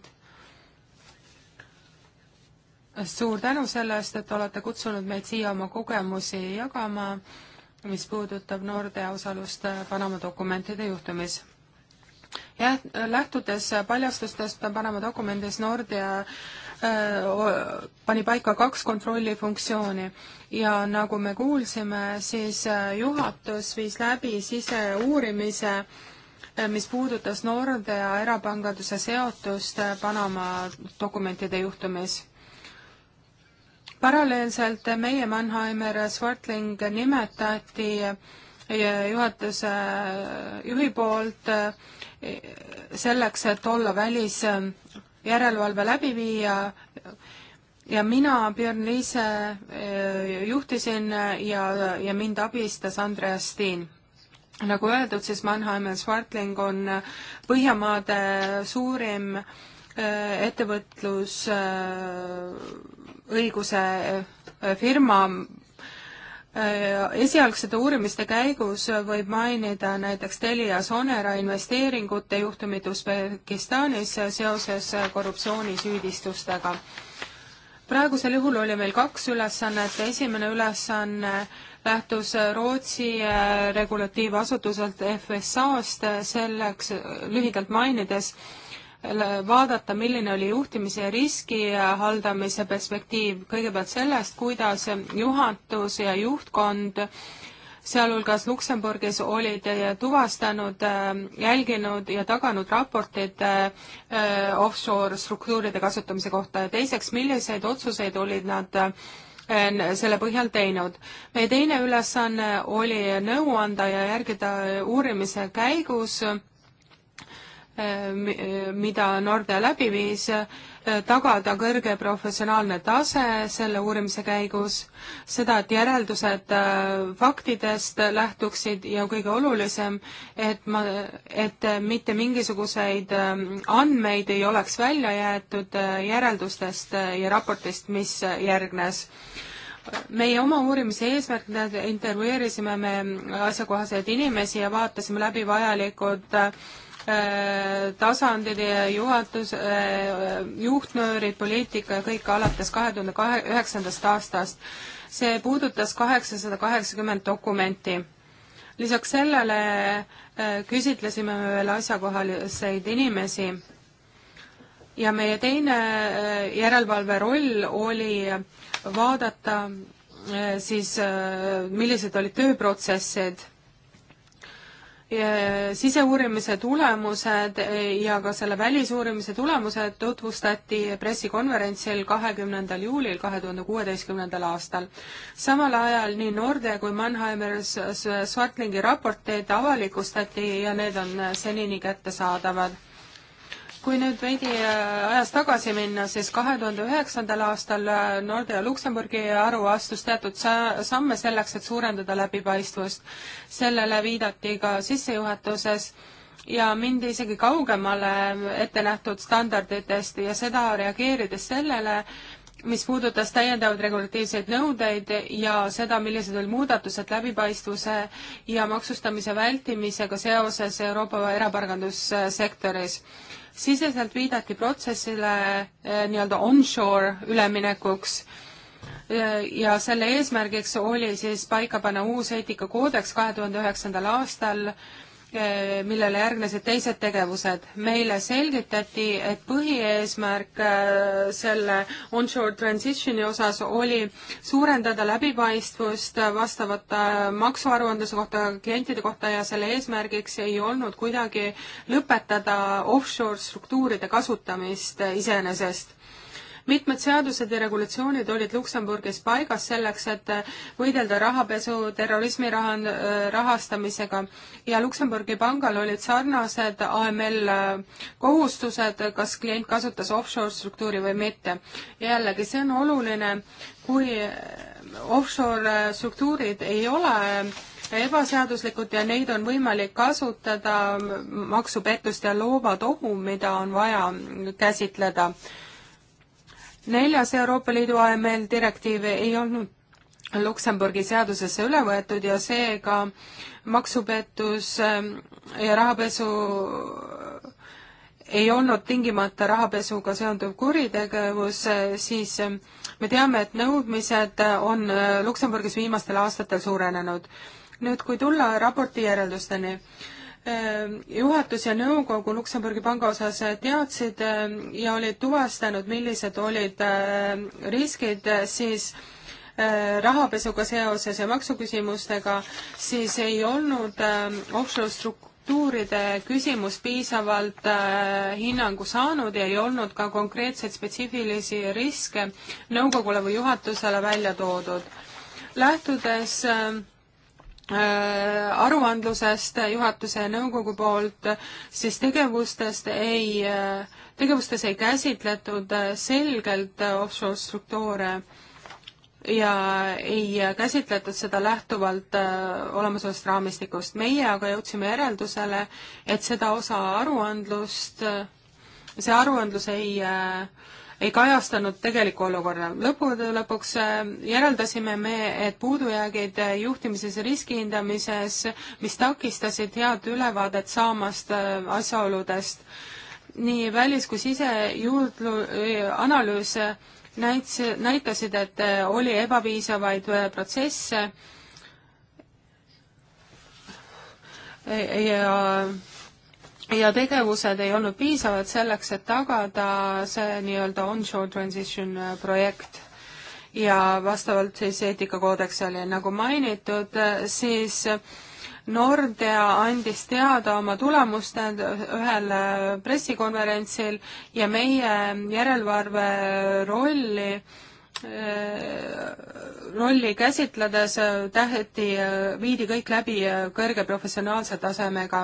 suur tänu selle eest, et olete kutsunud meid siia oma kogemusi jagama, mis puudutab noorte osalust Panama dokumentide juhtumis jah, lähtudes paljastustest Panama dokumendis Nordea Äh, pani paika kaks kontrollifunktsiooni ja nagu me kuulsime, siis äh, juhatus viis läbi siseuurimise, äh, mis puudutas Nordea erapanganduse seotust Panama dokumentide juhtumis paralleelselt meie Mannheimer Swartling nimetati juhatuse juhi poolt selleks, et olla välis järelevalve läbi viia ja mina, Björn Liise, eh, juhtisin eh, ja, ja mind abistas Andreas Stiin. nagu öeldud, siis Mannheim Swartling on eh, Põhjamaade suurim ettevõtlus õiguse firma Äh, esialgsete uurimiste käigus võib mainida näiteks Telia Sonera investeeringute juhtumit Usbekistanis seoses korruptsioonisüüdistustega. praegusel juhul oli meil kaks ülesannet, esimene ülesanne lähtus Rootsi äh, regulatiivasutuselt FSA-st, selleks lühidalt mainides, vaadata, milline oli juhtimise ja riski haldamise perspektiiv, kõigepealt sellest, kuidas juhatus ja juhtkond sealhulgas Luksemburgis olid tuvastanud, jälginud ja taganud raportid äh, offshore struktuuride kasutamise kohta ja teiseks, milliseid otsuseid olid nad äh, selle põhjal teinud. meie teine ülesanne oli nõu anda ja järgida uurimise käigus mida Nordea läbi viis, äh, tagada kõrge professionaalne tase selle uurimise käigus, seda, et järeldused äh, faktidest lähtuksid ja kõige olulisem, et ma, et äh, mitte mingisuguseid ähm, andmeid ei oleks välja jäetud järeldustest ja raportist, mis järgnes meie oma uurimise eesmärkidel intervjueerisime me asjakohaseid inimesi ja vaatasime läbi vajalikud äh, tasandid ja juhatus, äh, juhtnöörid, poliitika ja kõik alates kahe tuhande kahe, üheksandast aastast. see puudutas kaheksasada kaheksakümmend dokumenti. lisaks sellele äh, küsitlesime veel asjakohaliseid inimesi ja meie teine äh, järelevalve roll oli vaadata siis, millised olid tööprotsessid siseuurimise tulemused eh, ja ka selle välisuurimise tulemused tutvustati pressikonverentsil kahekümnendal juulil kahe tuhande kuueteistkümnendal aastal. samal ajal nii Nordea kui Mannheimer Swartlingi raporteid avalikustati ja need on eh, senini kättesaadavad kui nüüd veidi äh, ajas tagasi minna, siis kahe tuhande üheksandal aastal äh, Nordea Luksemburgi aru astus teatud samme selleks, et suurendada läbipaistvust. sellele viidati ka sissejuhatuses ja mindi isegi kaugemale ettenähtud standarditest ja seda reageerides sellele, mis puudutas täiendavaid regulatiivseid nõudeid ja seda, millised olid muudatused läbipaistvuse ja maksustamise vältimisega seoses Euroopa erapangandussektoris siseliselt viidati protsessile eh, nii-öelda onshore üleminekuks eh, ja selle eesmärgiks oli siis paika panna uus eetikakoodeks kahe tuhande üheksandal aastal Äh, millele järgnesid teised tegevused. meile selgitati, et põhieesmärk äh, selle onshore transition'i osas oli suurendada läbipaistvust vastavate äh, maksuaruandluse kohta, klientide kohta ja selle eesmärgiks ei olnud kuidagi lõpetada offshore struktuuride kasutamist iseenesest mitmed seadused ja regulatsioonid olid Luksemburgis paigas selleks, et äh, võidelda rahapesu, terrorismi raha, äh, rahastamisega ja Luksemburgi pangal olid sarnased AML äh, kohustused, kas klient kasutas offshore struktuuri või mitte. jällegi, see on oluline, kui offshore struktuurid ei ole ebaseaduslikud ja neid on võimalik kasutada maksupettust ja loovad ohu, mida on vaja mm, käsitleda neljas Euroopa Liidu AML direktiiv ei olnud Luksemburgi seadusesse üle võetud ja seega maksupettus ähm, ja rahapesu ei olnud tingimata rahapesuga seonduv kuritegevus, äh, siis ähm, me teame, et nõudmised on äh, Luksemburgis viimastel aastatel suurenenud. nüüd, kui tulla raporti järeldusteni, Ehm, juhatus ja nõukogu Luksemburgi panga osas teadsid ehm, ja olid tuvastanud, millised olid ehm, riskid eh, siis eh, rahapesuga seoses ja maksuküsimustega, siis ei olnud offshore struktuuride küsimus piisavalt eh, hinnangu saanud ja ei olnud ka konkreetseid spetsiifilisi riske nõukogule või juhatusele välja toodud. lähtudes äh, Äh, aruandlusest juhatuse ja nõukogu poolt, siis tegevustest ei, äh, tegevustes ei käsitletud äh, selgelt offshore struktuure ja ei käsitletud seda lähtuvalt olemasolevast raamistikust. meie aga jõudsime järeldusele, et seda osa aruandlust, see aruandlus ei äh, ei kajastanud tegelikku olukorda. lõppude lõpuks äh, järeldasime me, et puudujäägid äh, juhtimises ja riskihindamises, mis takistasid head ülevaadet saamast äh, asjaoludest, nii välis- kui sisejuurdlu-, analüüs näits-, näitasid, et oli ebapiisavaid protsesse ja ja tegevused ei olnud piisavad selleks, et tagada see nii-öelda onshore transition äh, projekt ja vastavalt siis eetikakoodeksile, nagu mainitud, äh, siis Nordea andis teada oma tulemust ühel äh, pressikonverentsil ja meie järelevalve rolli rolli käsitledes täheti, viidi kõik läbi kõrge professionaalse tasemega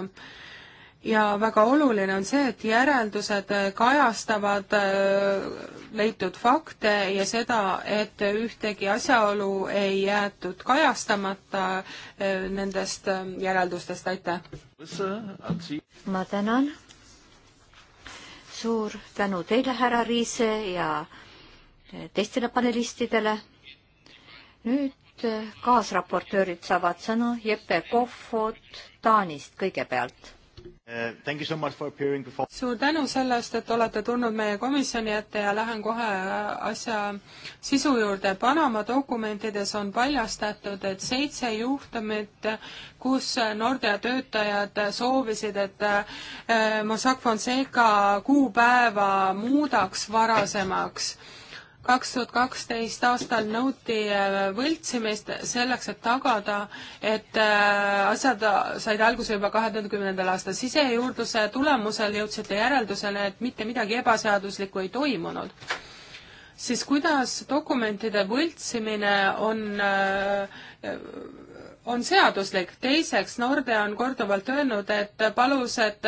ja väga oluline on see, et järeldused kajastavad äh, leitud fakte ja seda, et ühtegi asjaolu ei jäetud kajastamata äh, nendest äh, järeldustest, aitäh! ma tänan, suur tänu teile, härra Riise ja teistele panelistidele. nüüd kaasraportöörid saavad sõna, Jeppe Kohvod Taanist kõigepealt Uh, suur tänu selle eest, et olete tulnud meie komisjoni ette ja lähen kohe äh, asja sisu juurde. Panama dokumentides on paljastatud, et seitse juhtumit, kus Nordea töötajad soovisid, et äh, Mossack Fonseca kuupäeva muudaks varasemaks kaks tuhat kaksteist aastal nõuti äh, võltsimist selleks, et tagada, et äh, asjad said alguse juba kahe tuhande kümnendal aastal. sisejuurdluse tulemusel jõudsite järeldusele, et mitte midagi ebaseaduslikku ei toimunud. siis kuidas dokumentide võltsimine on äh, on seaduslik, teiseks Nordea on korduvalt öelnud, et palus, et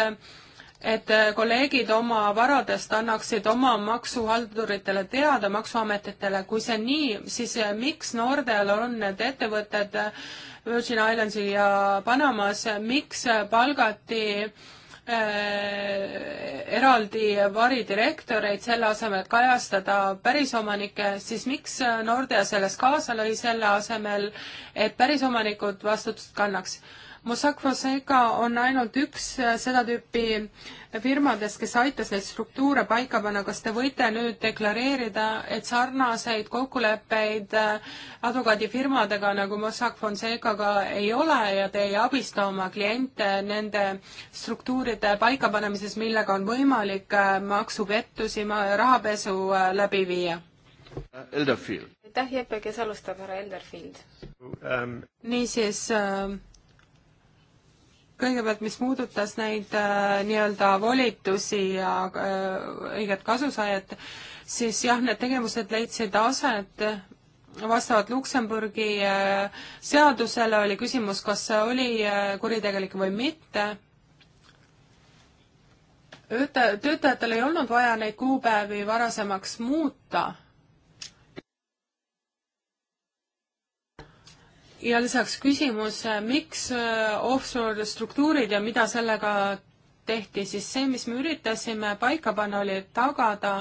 et äh, kolleegid oma varadest annaksid oma maksuhalduritele teada, maksuametitele, kui see nii, siis äh, miks Nordeal on need ettevõtted äh, Virgin Islandsi ja Panamas, miks palgati äh, eraldi varidirektoreid selle asemel, et kajastada pärisomanikke, siis miks Nordea selles kaasa lõi, selle asemel, et pärisomanikud vastutust kannaks? Mossack Fonseca on ainult üks äh, seda tüüpi firmadest, kes aitas neid struktuure paika panna. kas te võite nüüd deklareerida, et sarnaseid kokkuleppeid äh, advokaadifirmadega nagu Mossack Fonsecaga ei ole ja te ei abista oma kliente nende struktuuride paikapanemises, millega on võimalik äh, maksupettusi, rahapesu läbi viia? Elderfield aitäh, Jeppe, kes alustab, härra Elderfield um...? niisiis äh, kõigepealt, mis puudutas neid äh, nii-öelda volitusi ja äh, õiget kasusaajat, siis jah, need tegevused leidsid aset vastavalt Luksemburgi äh, seadusele oli küsimus, kas see oli äh, kuritegelik või mitte. töötajal ei olnud vaja neid kuupäevi varasemaks muuta ja lisaks küsimus, äh, miks äh, offshore struktuurid ja mida sellega tehti, siis see, mis me üritasime paika panna, oli tagada,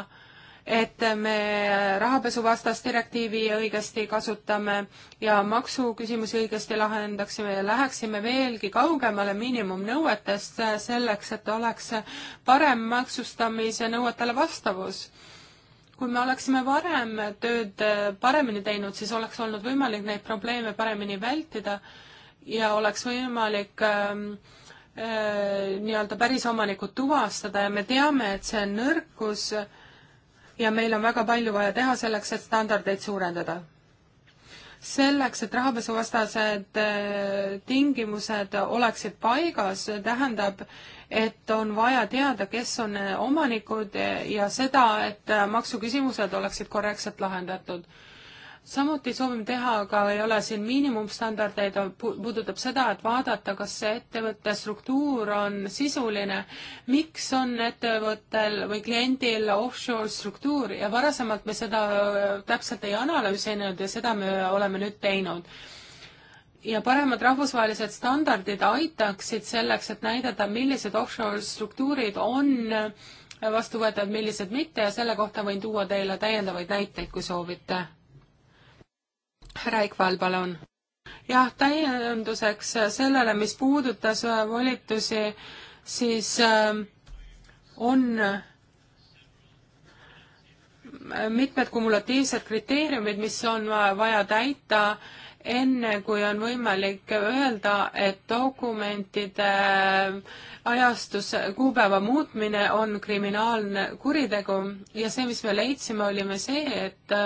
et me äh, rahapesuvastast direktiivi õigesti kasutame ja maksuküsimusi õigesti lahendaksime ja läheksime veelgi kaugemale miinimumnõuetest selleks, et oleks parem maksustamise nõuetele vastavus kui me oleksime varem tööd äh, paremini teinud, siis oleks olnud võimalik neid probleeme paremini vältida ja oleks võimalik äh, äh, nii-öelda päris omanikud tuvastada ja me teame, et see on nõrkus ja meil on väga palju vaja teha selleks, et standardeid suurendada. selleks, et rahapesuvastased äh, tingimused oleksid paigas, tähendab, et on vaja teada, kes on omanikud ja seda, et maksuküsimused oleksid korrektselt lahendatud. samuti soovime teha, aga ei ole siin miinimumstandardeid, puudutab seda, et vaadata, kas see ettevõtte struktuur on sisuline, miks on ettevõttel või kliendil offshore struktuur ja varasemalt me seda äh, täpselt ei analüüsinud ja seda me oleme nüüd teinud ja paremad rahvusvahelised standardid aitaksid selleks, et näidata, millised offshore struktuurid on vastuvõetavad, millised mitte ja selle kohta võin tuua teile täiendavaid näiteid, kui soovite. härra Ikval, palun. jah, täienduseks sellele, mis puudutas volitusi, siis äh, on äh, mitmed kumulatiivsed kriteeriumid, mis on vaja täita enne kui on võimalik öelda, et dokumentide ajastus, kuupäeva muutmine on kriminaalne kuritegu ja see, mis me leidsime, olime see, et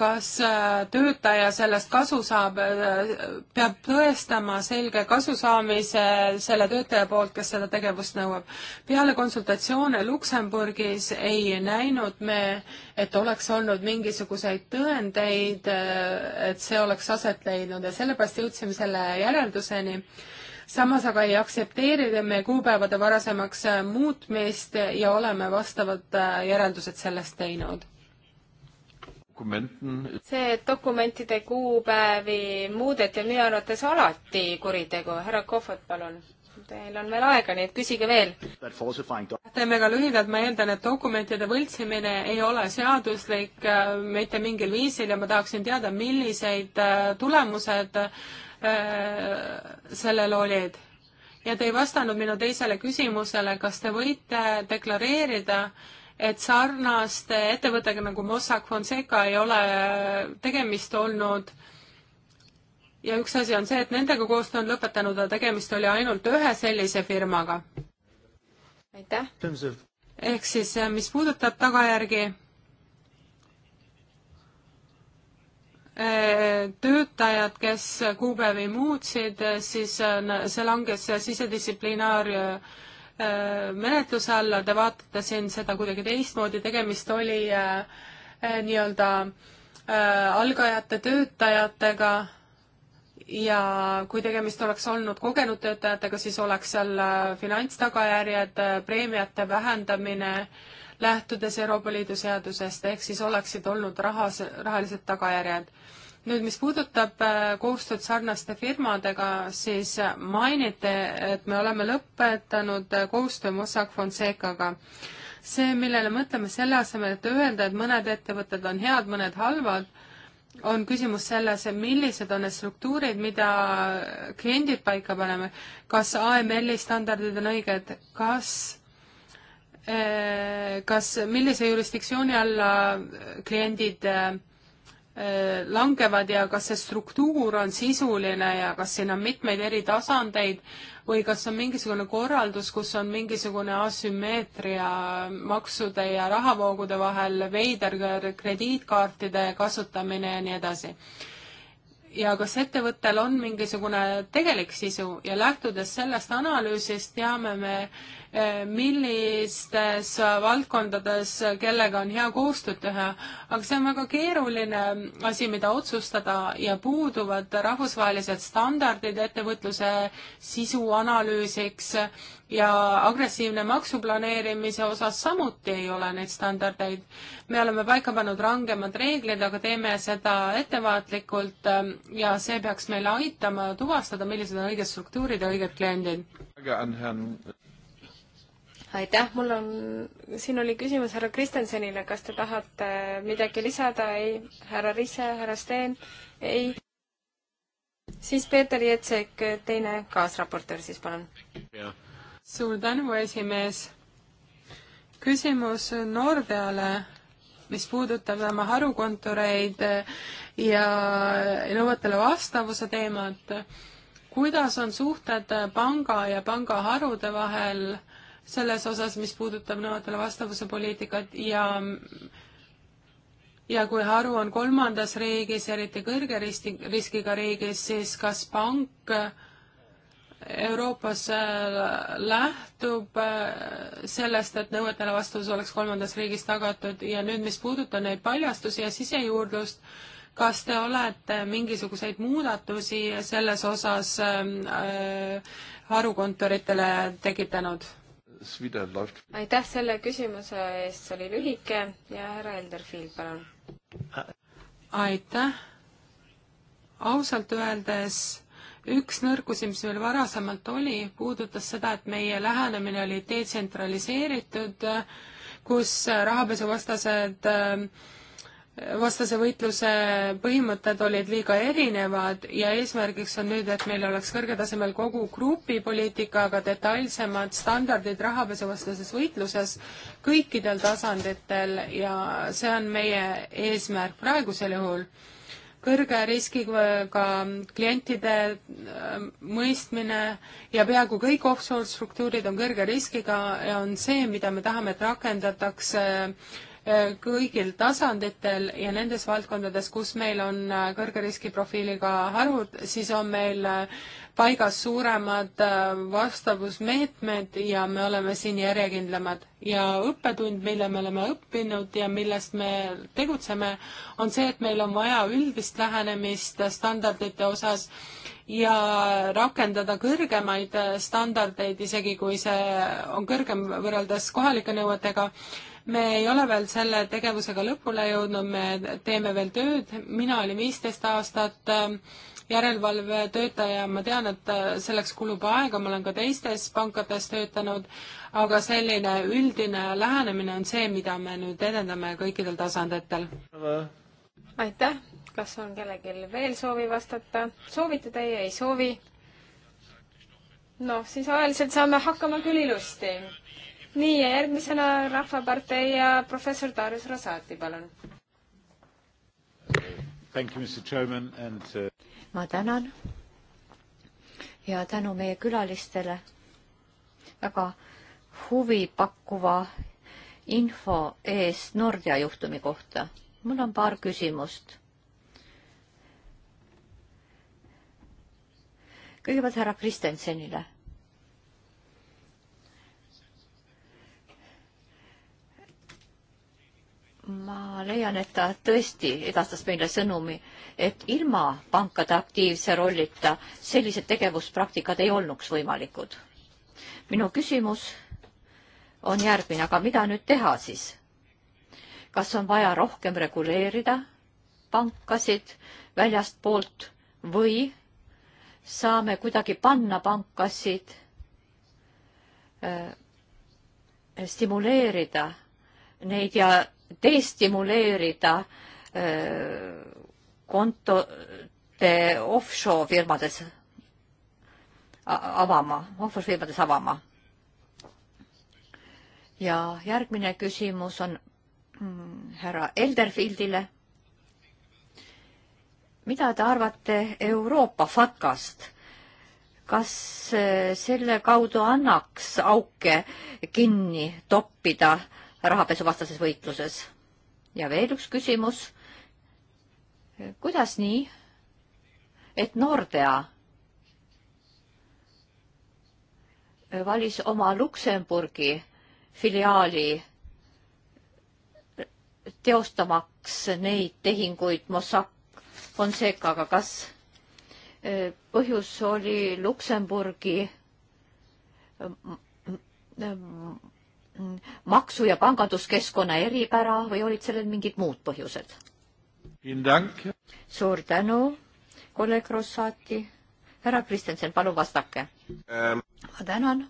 kas äh, töötaja sellest kasu saab, äh, peab tõestama selge kasusaamise selle töötaja poolt, kes seda tegevust nõuab. peale konsultatsioone Luksemburgis ei näinud me, et oleks olnud mingisuguseid tõendeid, äh, et see oleks aset leidnud ja sellepärast jõudsime selle järelduseni samas aga ei aktsepteeri me kuupäevade varasemaks muutmist ja oleme vastavad järeldused sellest teinud see, et dokumentide kuupäevi muudeti, on minu arvates alati kuritegu. härra Kohvat, palun. Teil on veel aega, nii et küsige veel. teeme ka lühidalt, ma eeldan, et dokumentide võltsimine ei ole seaduslik äh, mitte mingil viisil ja ma tahaksin teada, milliseid äh, tulemused äh, sellel olid. ja te ei vastanud minu teisele küsimusele, kas te võite deklareerida, et sarnaste ettevõttega nagu Mossack Fonseca ei ole tegemist olnud ja üks asi on see, et nendega koostöö on lõpetanud, aga tegemist oli ainult ühe sellise firmaga. aitäh! ehk siis, eh, mis puudutab tagajärgi, eh, töötajad, kes kuupäevi muutsid, eh, siis see langes sisedistsiplinaar Äh, menetluse alla, te vaatate siin seda kuidagi teistmoodi, tegemist oli äh, äh, nii-öelda algajate töötajatega ja kui tegemist oleks olnud kogenud töötajatega, siis oleks seal finantstagajärjed, preemiate vähendamine, lähtudes Euroopa Liidu seadusest, ehk siis oleksid olnud rahas, rahalised tagajärjed nüüd, mis puudutab äh, koostööd sarnaste firmadega, siis äh, mainiti, et me oleme lõpetanud äh, koostöö Mossack Fonsecaga. see, millele mõtleme selle asemel, et öelda, et mõned ettevõtted on head, mõned halvad, on küsimus selles, millised on need struktuurid, mida kliendid paika paneme. kas AML-i standardid on õiged, kas kas, millise jurisdiktsiooni alla kliendid äh, Äh, langevad ja kas see struktuur on sisuline ja kas siin on mitmeid eri tasandeid või kas on mingisugune korraldus, kus on mingisugune asümmeetria maksude ja rahavoogude vahel, veider krediitkaartide kasutamine ja nii edasi. ja kas ettevõttel on mingisugune tegelik sisu ja lähtudes sellest analüüsist teame me, Eh, millistes eh, valdkondades eh, kellega on hea koostööd teha, aga see on väga keeruline mm, asi, mida otsustada ja puuduvad rahvusvahelised standardid ettevõtluse sisu analüüsiks ja agressiivne maksuplaneerimise osas samuti ei ole neid standardeid. me oleme paika pannud rangemad reeglid, aga teeme seda ettevaatlikult ja see peaks meile aitama tuvastada, millised on õiged struktuurid ja õiged kliendid aitäh, mul on, siin oli küsimus härra Kristensonile, kas te tahate midagi lisada, ei? härra Risse, härra Steen, ei? siis Peeter Jetsek, teine kaasraportöör siis, palun. suur tänu, esimees. küsimus Nordeale, mis puudutab tema harukontoreid ja nõuetele vastavuse teemat. kuidas on suhted panga ja pangaharude vahel äh, selles osas, mis puudutab nõuetele vastavuse poliitikat ja ja kui haru on kolmandas riigis, eriti kõrge risti, riskiga riigis, siis kas pank Euroopas äh, lähtub äh, sellest, et nõuetele vastavus oleks kolmandas riigis tagatud ja nüüd, mis puudutab neid paljastusi ja sisejuurdlust, kas te olete mingisuguseid muudatusi selles osas ähm, äh, harukontoritele tekitanud? aitäh selle küsimuse eest, see oli lühike ja härra Elderfield, palun. aitäh. ausalt öeldes üks nõrgusi, mis meil varasemalt oli, puudutas seda, et meie lähenemine oli detsentraliseeritud, kus rahapesuvastased äh, vastase võitluse põhimõtted olid liiga erinevad ja eesmärgiks on nüüd, et meil oleks kõrgel tasemel kogu grupi poliitika, aga detailsemad standardid rahapesuvastases võitluses kõikidel tasanditel ja see on meie eesmärk praegusel juhul. kõrge riskiga klientide äh, mõistmine ja peaaegu kõik offshore struktuurid on kõrge riskiga ja on see, mida me tahame, et rakendatakse äh, Äh, kõigil tasanditel ja nendes valdkondades, kus meil on äh, kõrge riskiprofiiliga harud, siis on meil äh, paigas suuremad vastavusmeetmed ja me oleme siin järjekindlamad. ja õppetund, mille me oleme õppinud ja millest me tegutseme, on see, et meil on vaja üldist lähenemist standardite osas ja rakendada kõrgemaid standardeid, isegi kui see on kõrgem võrreldes kohalike nõuetega me ei ole veel selle tegevusega lõpule jõudnud, me teeme veel tööd, mina olin viisteist aastat ähm, järelevalvetöötaja, ma tean, et äh, selleks kulub aega, ma olen ka teistes pankades töötanud, aga selline üldine lähenemine on see, mida me nüüd edendame kõikidel tasanditel. aitäh, kas on kellelgi veel soovi vastata, soovite teie, ei soovi? noh, siis ajaliselt saame hakkama küll ilusti nii ja järgmisena Rahvapartei ja professor Darius Rosati, palun. Uh... ma tänan ja tänu meie külalistele väga huvipakkuva info eest Nordea juhtumi kohta. mul on paar küsimust. kõigepealt härra Kristensenile. ma leian, et ta tõesti edastas meile sõnumi, et ilma pankade aktiivse rollita sellised tegevuspraktikad ei olnuks võimalikud. minu küsimus on järgmine, aga mida nüüd teha siis? kas on vaja rohkem reguleerida pankasid väljastpoolt või saame kuidagi panna pankasid äh, stimuleerida neid ja destimuleerida äh, kontode offshore firmades avama, offshore firmades avama. ja järgmine küsimus on mm, härra Elderfieldile. mida te arvate Euroopa FATCast? kas äh, selle kaudu annaks auke kinni toppida äh, rahapesuvastases võitluses. ja veel üks küsimus. kuidas nii, et Nordea valis oma Luksemburgi filiaali teostamaks neid tehinguid Mossack Fonsecaga, kas e, põhjus oli Luksemburgi Mm, maksu- ja panganduskeskkonna eripära või olid sellel mingid muud põhjused? suur tänu, kolleeg Rossati. härra Kristjanson, palun vastake ähm.. ma tänan.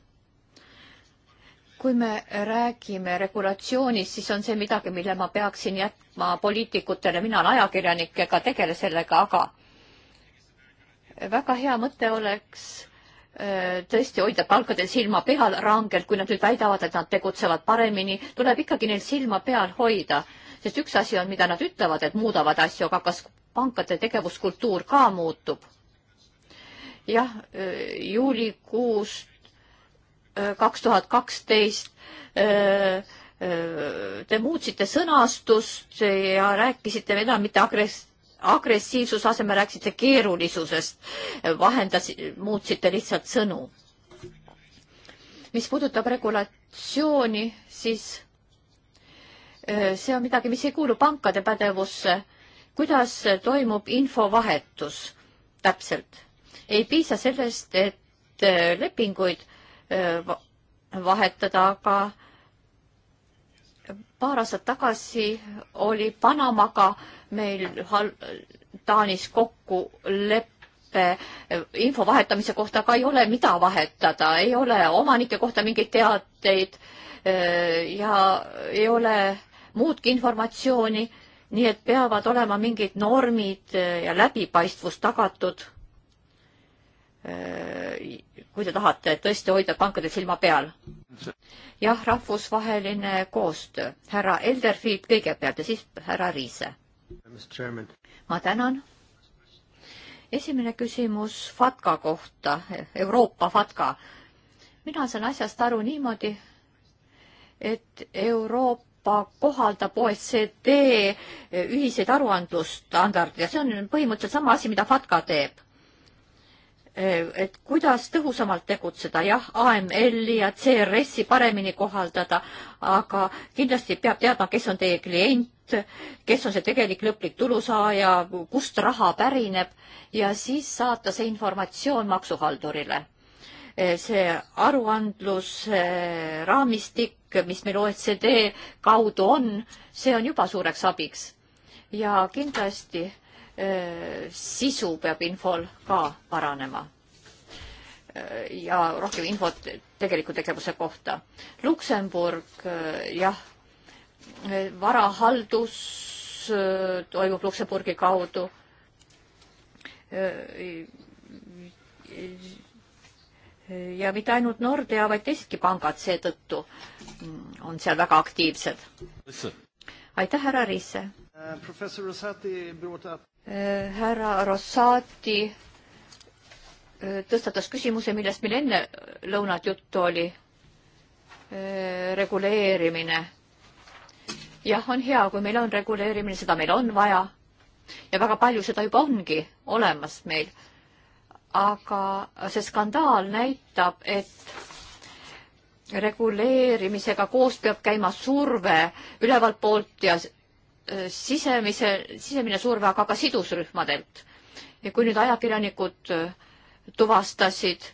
kui me räägime regulatsioonist, siis on see midagi, mille ma peaksin jätma poliitikutele, mina olen ajakirjanik ega tegele sellega, aga väga hea mõte oleks Äh, tõesti hoida palkadel silma peal rangelt, kui nad nüüd väidavad, et nad tegutsevad paremini, tuleb ikkagi neil silma peal hoida, sest üks asi on, mida nad ütlevad, et muudavad asju, aga kas pankade tegevuskultuur ka muutub? jah, äh, juulikuust äh, kaks tuhat kaksteist te muutsite sõnastust ja rääkisite enam mitte agress-, agressiivsuse asemel rääkisite keerulisusest, vahendas, muutsite lihtsalt sõnu. mis puudutab regulatsiooni, siis see on midagi, mis ei kuulu pankade pädevusse. kuidas toimub infovahetus täpselt? ei piisa sellest, et lepinguid vahetada, aga paar aastat tagasi oli Panamaga meil Taanis kokkulepe info vahetamise kohta, aga ei ole, mida vahetada, ei ole omanike kohta mingeid teateid eh, ja ei ole muudki informatsiooni, nii et peavad olema mingid normid eh, ja läbipaistvus tagatud eh, kui te tahate tõesti hoida pankadel silma peal. jah, rahvusvaheline koostöö. härra Elderfield kõigepealt ja siis härra Riise. ma tänan. esimene küsimus FATKA kohta, Euroopa FATKA. mina saan asjast aru niimoodi, et Euroopa Euroopa kohaldab OECD ühiseid aruandlusstandardeid ja see on põhimõtteliselt sama asi, mida FATKA teeb. Eh, et kuidas tõhusamalt tegutseda, jah, AML-i ja CRS-i paremini kohaldada, aga kindlasti peab teadma, kes on teie klient, kes on see tegelik lõplik tulusaaja, kust raha pärineb ja siis saata see informatsioon maksuhaldurile. Eh, see aruandlusraamistik, eh, mis meil OECD kaudu on, see on juba suureks abiks ja kindlasti sisu peab infol ka paranema. ja rohkem infot tegeliku tegevuse kohta. Luksemburg, jah, varahaldus toimub Luksemburgi kaudu ja mitte ainult Nordea, vaid teisedki pangad seetõttu mm, on seal väga aktiivsed. aitäh, härra Riise! professor Rosati brought up. Eh, härra Rosati eh, tõstatas küsimuse, millest meil enne lõunat juttu oli. Eh, reguleerimine. jah, on hea, kui meil on reguleerimine, seda meil on vaja. ja väga palju seda juba ongi olemas meil. aga see skandaal näitab, et reguleerimisega koos peab käima surve ülevalt poolt ja Äh, sisemise, sisemine surve, aga ka sidusrühmadelt. ja kui nüüd ajakirjanikud äh, tuvastasid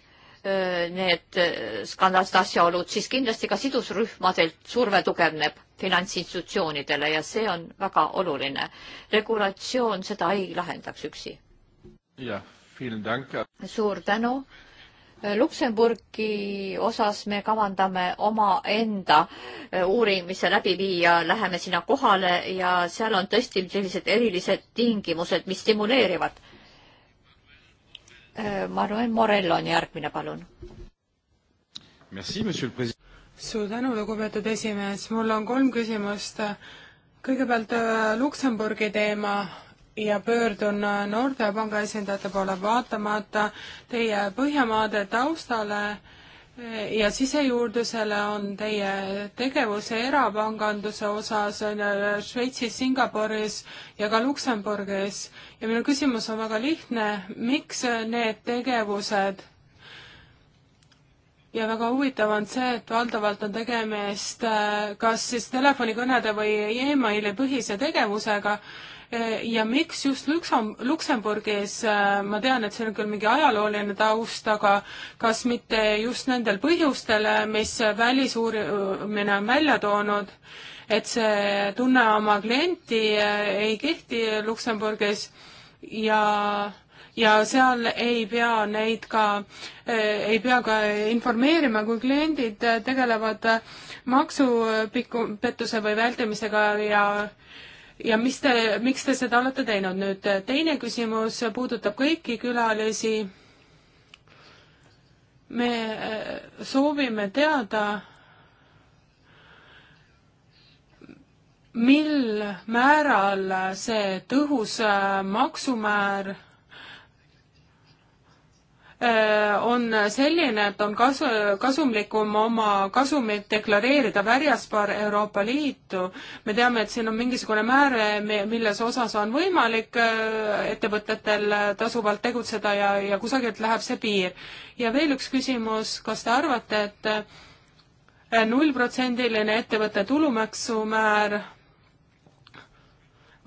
äh, need skandaalsed asjaolud, siis kindlasti ka sidusrühmadelt surve tugevneb finantsinstitutsioonidele ja see on väga oluline. regulatsioon seda ei lahendaks üksi. jah, suur tänu Äh, Luksemburgi osas me kavandame omaenda äh, uurimise läbi viia, läheme sinna kohale ja seal on tõesti sellised erilised tingimused, mis stimuleerivad. Äh, Manuel Morello on järgmine, palun. suur tänu, lugupeetud esimees, mul on kolm küsimust. kõigepealt Luksemburgi teema ja pöördun äh, Nordea panga esindajate poole, vaatamata teie Põhjamaade taustale äh, ja sisejuurdlusele on teie tegevus erapanganduse osas äh, Šveitsis, Singapuris ja ka Luksemburgis. ja minu küsimus on väga lihtne, miks need tegevused ja väga huvitav on see, et valdavalt on tegemist kas siis telefonikõnede või emaili põhise tegevusega ja miks just Lüksam-, Luksemburgis, äh, ma tean, et see on küll mingi ajalooline taust, aga kas mitte just nendel põhjustel, äh, mis välisuurimine on välja toonud, et see tunne oma klienti äh, ei kehti Luksemburgis ja ja seal ei pea neid ka, ei pea ka informeerima, kui kliendid tegelevad maksupikku, pettuse või vältimisega ja ja mis te, miks te seda olete teinud nüüd? Äh, teine küsimus puudutab kõiki külalisi. me äh, soovime teada, mil määral see tõhus äh, maksumäär Äh, on selline, et on kasu, kasumlikum oma kasumit deklareerida väljaspool Euroopa Liitu. me teame, et siin on mingisugune määr, milles osas on võimalik äh, ettevõtetel tasuvalt tegutseda ja, ja kusagilt läheb see piir. ja veel üks küsimus, kas te arvate et, et äh, nullprotsendiline ettevõtte tulumaksumäär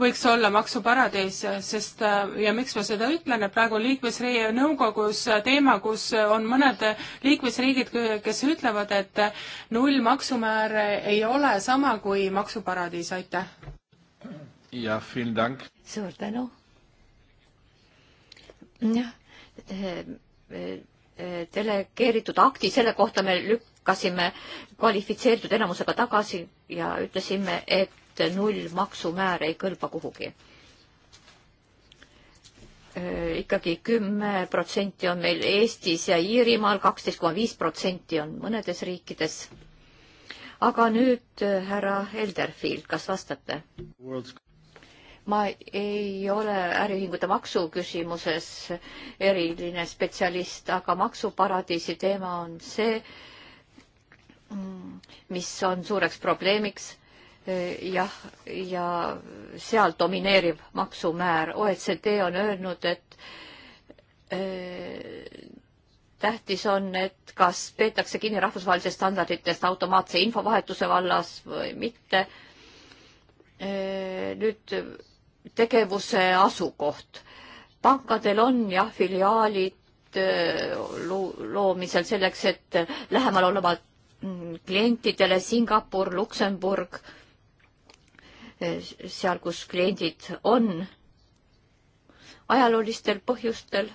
võiks olla maksuparadiis, sest äh, ja miks ma seda ütlen, et praegu liikmesriigi nõukogus äh, teema, kus äh, on mõned liikmesriigid, kes ütlevad, et null maksumäär ei ole sama kui maksuparadiis, aitäh. jah, suur tänu. jah, eh, eh, delegeeritud akti, selle kohta me lükkasime kvalifitseeritud enamusega tagasi ja ütlesime, et et null maksumäär ei kõlba kuhugi. ikkagi kümme protsenti on meil Eestis ja Iirimaal, kaksteist koma viis protsenti on mõnedes riikides. aga nüüd härra Elderfield, kas vastate? ma ei ole äriühingute maksuküsimuses eriline spetsialist, aga maksuparadiisi teema on see, mm, mis on suureks probleemiks jah, ja seal domineeriv maksumäär. OECD on öelnud, et äh, tähtis on, et kas peetakse kinni rahvusvahelistest standarditest automaatse infovahetuse vallas või mitte. Äh, nüüd tegevuse asukoht. pankadel on jah, filiaalid äh, loomisel selleks, et lähemal olema mm, klientidele Singapur, Luksemburg seal, kus kliendid on ajaloolistel põhjustel.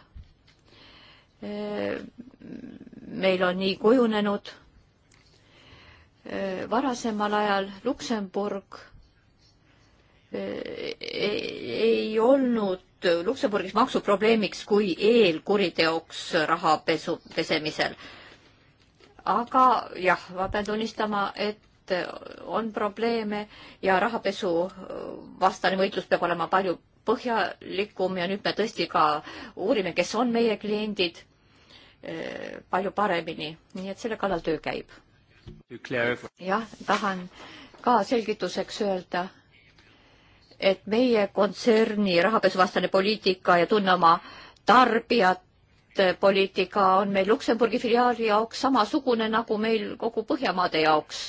meil on nii kujunenud. varasemal ajal Luksemburg e, e, ei olnud Luksemburgis maksuprobleemiks kui eelkuriteoks rahapesu, pesemisel. aga jah, ma pean tunnistama, et et on probleeme ja rahapesu vastane võitlus peab olema palju põhjalikum ja nüüd me tõesti ka uurime, kes on meie kliendid eh, palju paremini, nii et selle kallal töö käib. jah, tahan ka selgituseks öelda, et meie kontserni rahapesuvastane poliitika ja tunne oma tarbijat poliitika on meil Luksemburgi filiaali jaoks samasugune nagu meil kogu Põhjamaade jaoks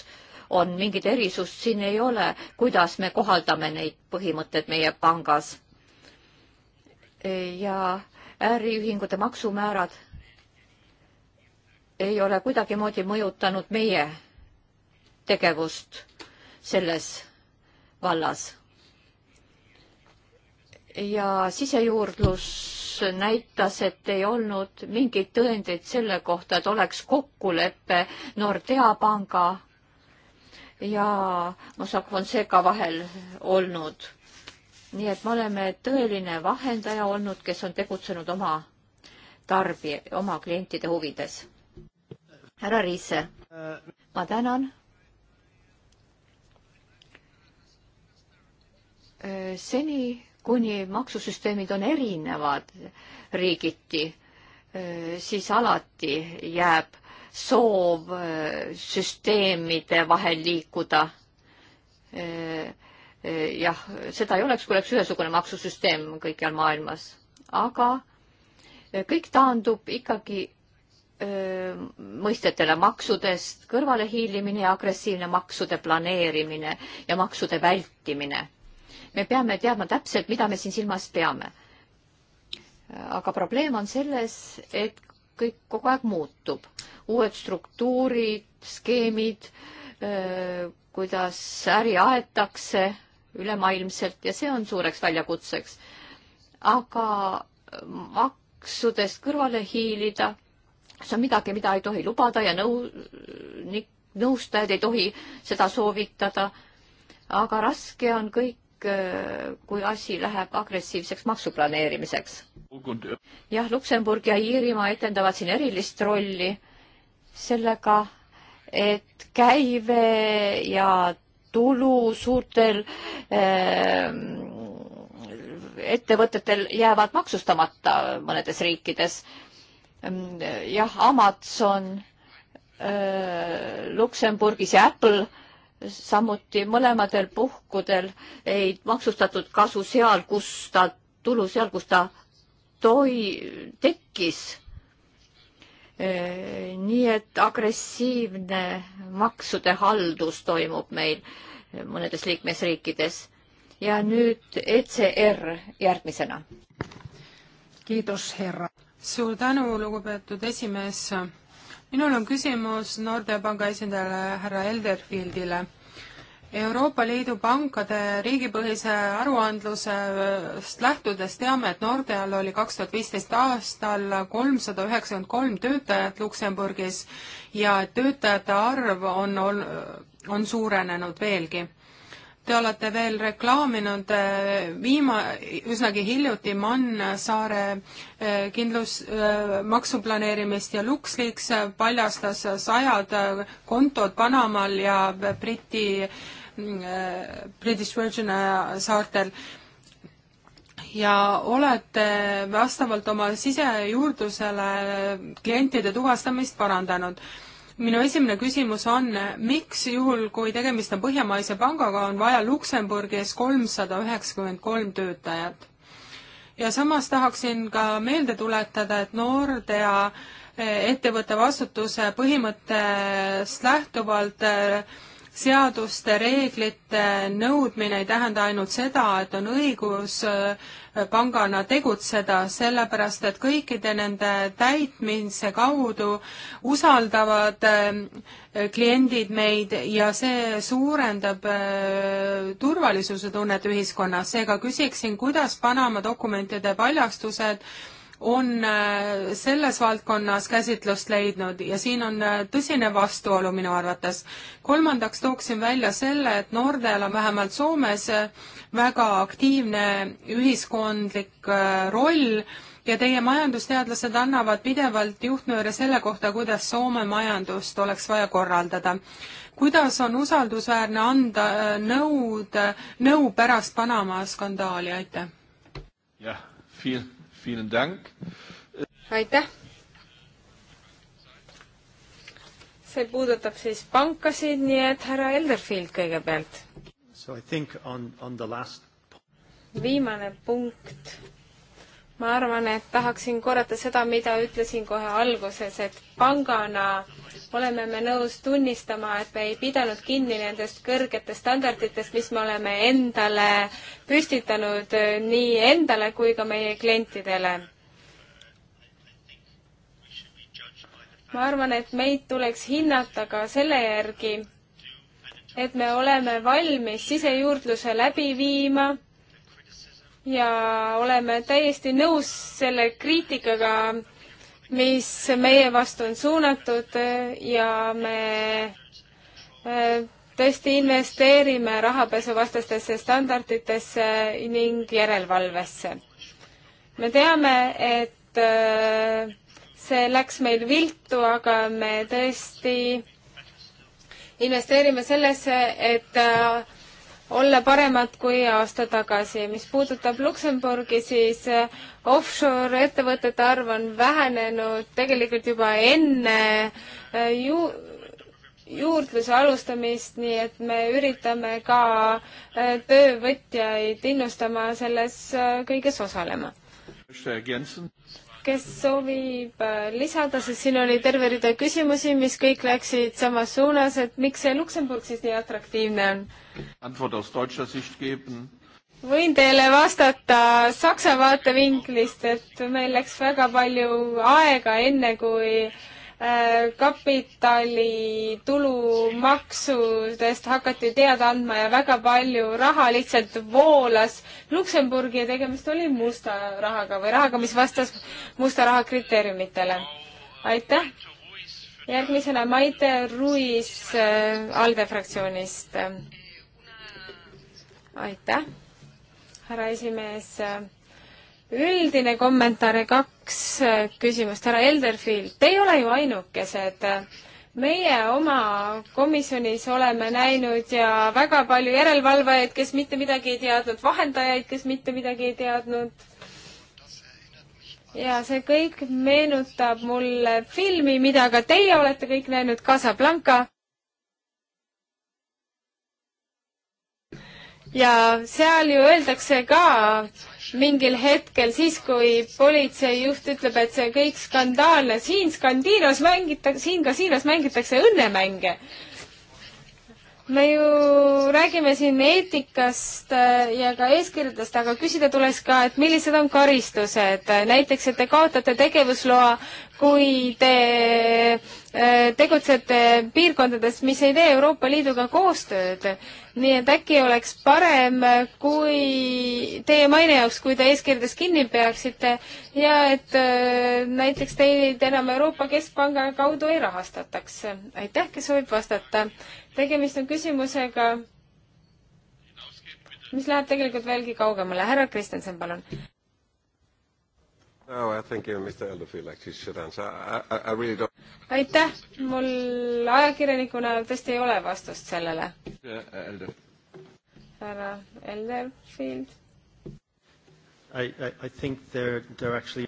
on, mingit erisust siin ei ole, kuidas me kohaldame neid põhimõtteid meie pangas. ja äriühingute maksumäärad ei ole kuidagimoodi mõjutanud meie tegevust selles vallas. ja sisejuurdlus näitas, et ei olnud mingeid tõendeid selle kohta, et oleks kokkulepe Nordea panga ja Mossack Fonseca vahel olnud. nii et me oleme tõeline vahendaja olnud, kes on tegutsenud oma tarbi, oma klientide huvides. härra Riise, ma tänan. seni, kuni maksusüsteemid on erinevad riigiti, siis alati jääb soov eh, süsteemide vahel liikuda. Eh, eh, jah, seda ei oleks, kui oleks ühesugune maksusüsteem kõikjal maailmas, aga kõik taandub ikkagi mõistetele maksudest kõrvalehiilimine ja agressiivne maksude planeerimine ja maksude vältimine. me peame teadma täpselt, mida me siin silmas peame. aga probleem on selles, et kõik kogu aeg muutub. uued struktuurid, skeemid, kuidas äri aetakse ülemaailmselt ja see on suureks väljakutseks. aga maksudest kõrvale hiilida, see on midagi, mida ei tohi lubada ja nõu-, nõustajad ei tohi seda soovitada. aga raske on kõik Äh, kui asi läheb agressiivseks maksuplaneerimiseks. jah, Luksemburg ja Iirimaa etendavad siin erilist rolli sellega, et käive ja tulu suurtel äh, ettevõtetel jäävad maksustamata mõnedes riikides. jah, Amazon äh, Luksemburgis ja Apple samuti mõlemadel puhkudel ei maksustatud kasu seal, kus ta, tulu seal, kus ta toi-, tekkis. nii et agressiivne maksude haldus toimub meil mõnedes liikmesriikides. ja nüüd ECR järgmisena. kiidus, härra. suur tänu, lugupeetud esimees minul on küsimus Nordea esindajale härra Elderfieldile Euroopa Liidu pankade riigipõhise aruandlusest lähtudes teame, et Nordeal oli kaks tuhat viisteist aastal kolmsada üheksakümmend kolm töötajat Luksemburgis ja töötajate arv on, on, on suurenenud veelgi. Te olete veel reklaaminud äh, viima-, üsnagi hiljuti Mann saare äh, kindlus, äh, maksuplaneerimist ja LuxLeaks paljastas sajad kontod Panamaal ja Briti, mm, British Virgin saartel ja olete vastavalt oma sisejuurdlusele klientide tuvastamist parandanud minu esimene küsimus on, miks juhul, kui tegemist on Põhjamaise pangaga, on vaja Luksemburgis kolmsada üheksakümmend kolm töötajat? ja samas tahaksin ka meelde tuletada, et Nordea eh, ettevõtte vastutuse põhimõttest lähtuvalt äh, seaduste, reeglite nõudmine ei tähenda ainult seda, et on õigus äh, pangana tegutseda, sellepärast et kõikide nende täitmise kaudu usaldavad äh, kliendid meid ja see suurendab äh, turvalisuse tunnet ühiskonnas. seega küsiksin, kuidas Panama dokumentide paljastused on äh, selles valdkonnas käsitlust leidnud ja siin on äh, tõsine vastuolu minu arvates. kolmandaks tooksin välja selle, et Nordel on vähemalt Soomes äh, väga aktiivne ühiskondlik roll ja teie majandusteadlased annavad pidevalt juhtnööre selle kohta, kuidas Soome majandust oleks vaja korraldada. kuidas on usaldusväärne anda nõud, nõu pärast Panama skandaali, aitäh! jah, Phil aitäh! see puudutab siis pankasid, nii et härra Elderfield kõigepealt. Last... viimane punkt. ma arvan, et tahaksin korrata seda, mida ütlesin kohe alguses, et pangana äh, oleme me nõus tunnistama, et me ei pidanud kinni nendest kõrgetest standarditest, mis me oleme endale püstitanud eh, nii endale kui ka meie klientidele. ma arvan, et meid tuleks hinnata ka selle järgi, et me oleme valmis sisejuurdluse läbi viima ja oleme täiesti nõus selle kriitikaga, mis meie vastu on suunatud ja me äh, tõesti investeerime rahapesuvastastesse standarditesse ning järelevalvesse. me teame, et äh, see läks meil viltu, aga me tõesti investeerime sellesse, et äh, olla paremad kui aasta tagasi. mis puudutab Luksemburgi, siis eh, offshore ettevõtete arv on vähenenud tegelikult juba enne eh, ju-, juurdluse alustamist, nii et me üritame ka eh, töövõtjaid innustama selles kõiges osalema. kes soovib lisada, sest siin oli terve rida küsimusi, mis kõik läksid samas suunas, et miks see Luksemburg siis nii atraktiivne on võin teile vastata Saksa vaatevinklist, et meil läks väga palju aega, enne kui äh, kapitali tulumaksudest hakati teada andma ja väga palju raha lihtsalt voolas Luksemburgi ja tegemist oli musta rahaga või rahaga, mis vastas musta raha kriteeriumitele. aitäh! järgmisena Maite Ruis äh, ALDE fraktsioonist aitäh, härra esimees. üldine kommentaar ja kaks äh, küsimust. härra Elderfield, te ei ole ju ainukesed. meie oma komisjonis oleme näinud ja väga palju järelevalvajaid, kes mitte midagi ei teadnud, vahendajaid, kes mitte midagi ei teadnud ja see kõik meenutab mulle filmi, mida ka teie olete kõik näinud, Casablanca ja seal ju öeldakse ka mingil hetkel, siis kui politseijuht ütleb, et see kõik skandaalne, siin Skandiinas mängitakse, siin kasiinos mängitakse õnnemänge. me ju räägime siin eetikast äh, ja ka eeskirjadest, aga küsida tuleks ka, et millised on karistused, näiteks, et te kaotate tegevusloa, kui te Äh, tegutsete piirkondades, mis ei tee Euroopa Liiduga koostööd. nii et äkki oleks parem, äh, kui teie maine jaoks, kui te eeskirjades kinni peaksite ja et äh, näiteks teid enam Euroopa Keskpanga kaudu ei rahastataks. aitäh, kes soovib vastata. tegemist on küsimusega, mis läheb tegelikult veelgi kaugemale. härra Kristjanson, palun No, oh, I think uh, Mr. Elderfield actually should answer. I, I, I really don't... aitäh, mul ajakirjanikuna tõesti ei ole vastust sellele. härra Elderfield. I, I, I think they're, they're actually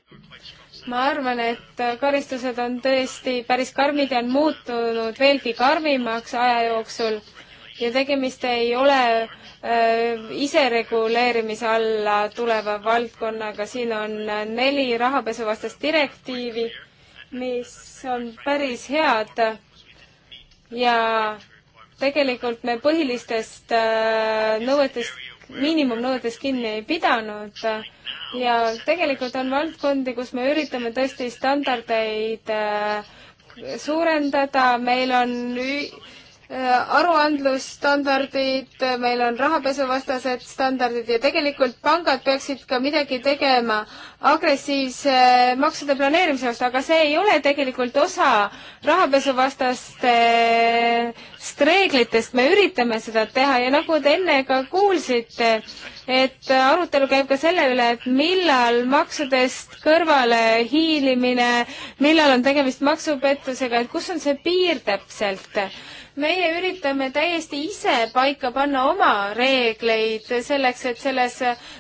ma arvan, et karistused on tõesti päris karmid ja on muutunud veelgi karmimaks aja jooksul ja tegemist ei ole äh, isereguleerimise alla tuleva valdkonnaga, siin on neli rahapesuvastast direktiivi, mis on päris head ja tegelikult me põhilistest äh, nõuetest, miinimumnõuetest kinni ei pidanud ja tegelikult on valdkondi, kus me üritame tõesti standardeid äh, suurendada, meil on Äh, aruandlusstandardid, äh, meil on rahapesuvastased standardid ja tegelikult pangad peaksid ka midagi tegema agressiivse maksude planeerimise vastu, aga see ei ole tegelikult osa rahapesuvastastest äh, reeglitest, me üritame seda teha ja nagu te enne ka kuulsite, et arutelu käib ka selle üle, et millal maksudest kõrvale hiilimine, millal on tegemist maksupettusega, et kus on see piir täpselt meie üritame täiesti ise paika panna oma reegleid selleks, et selles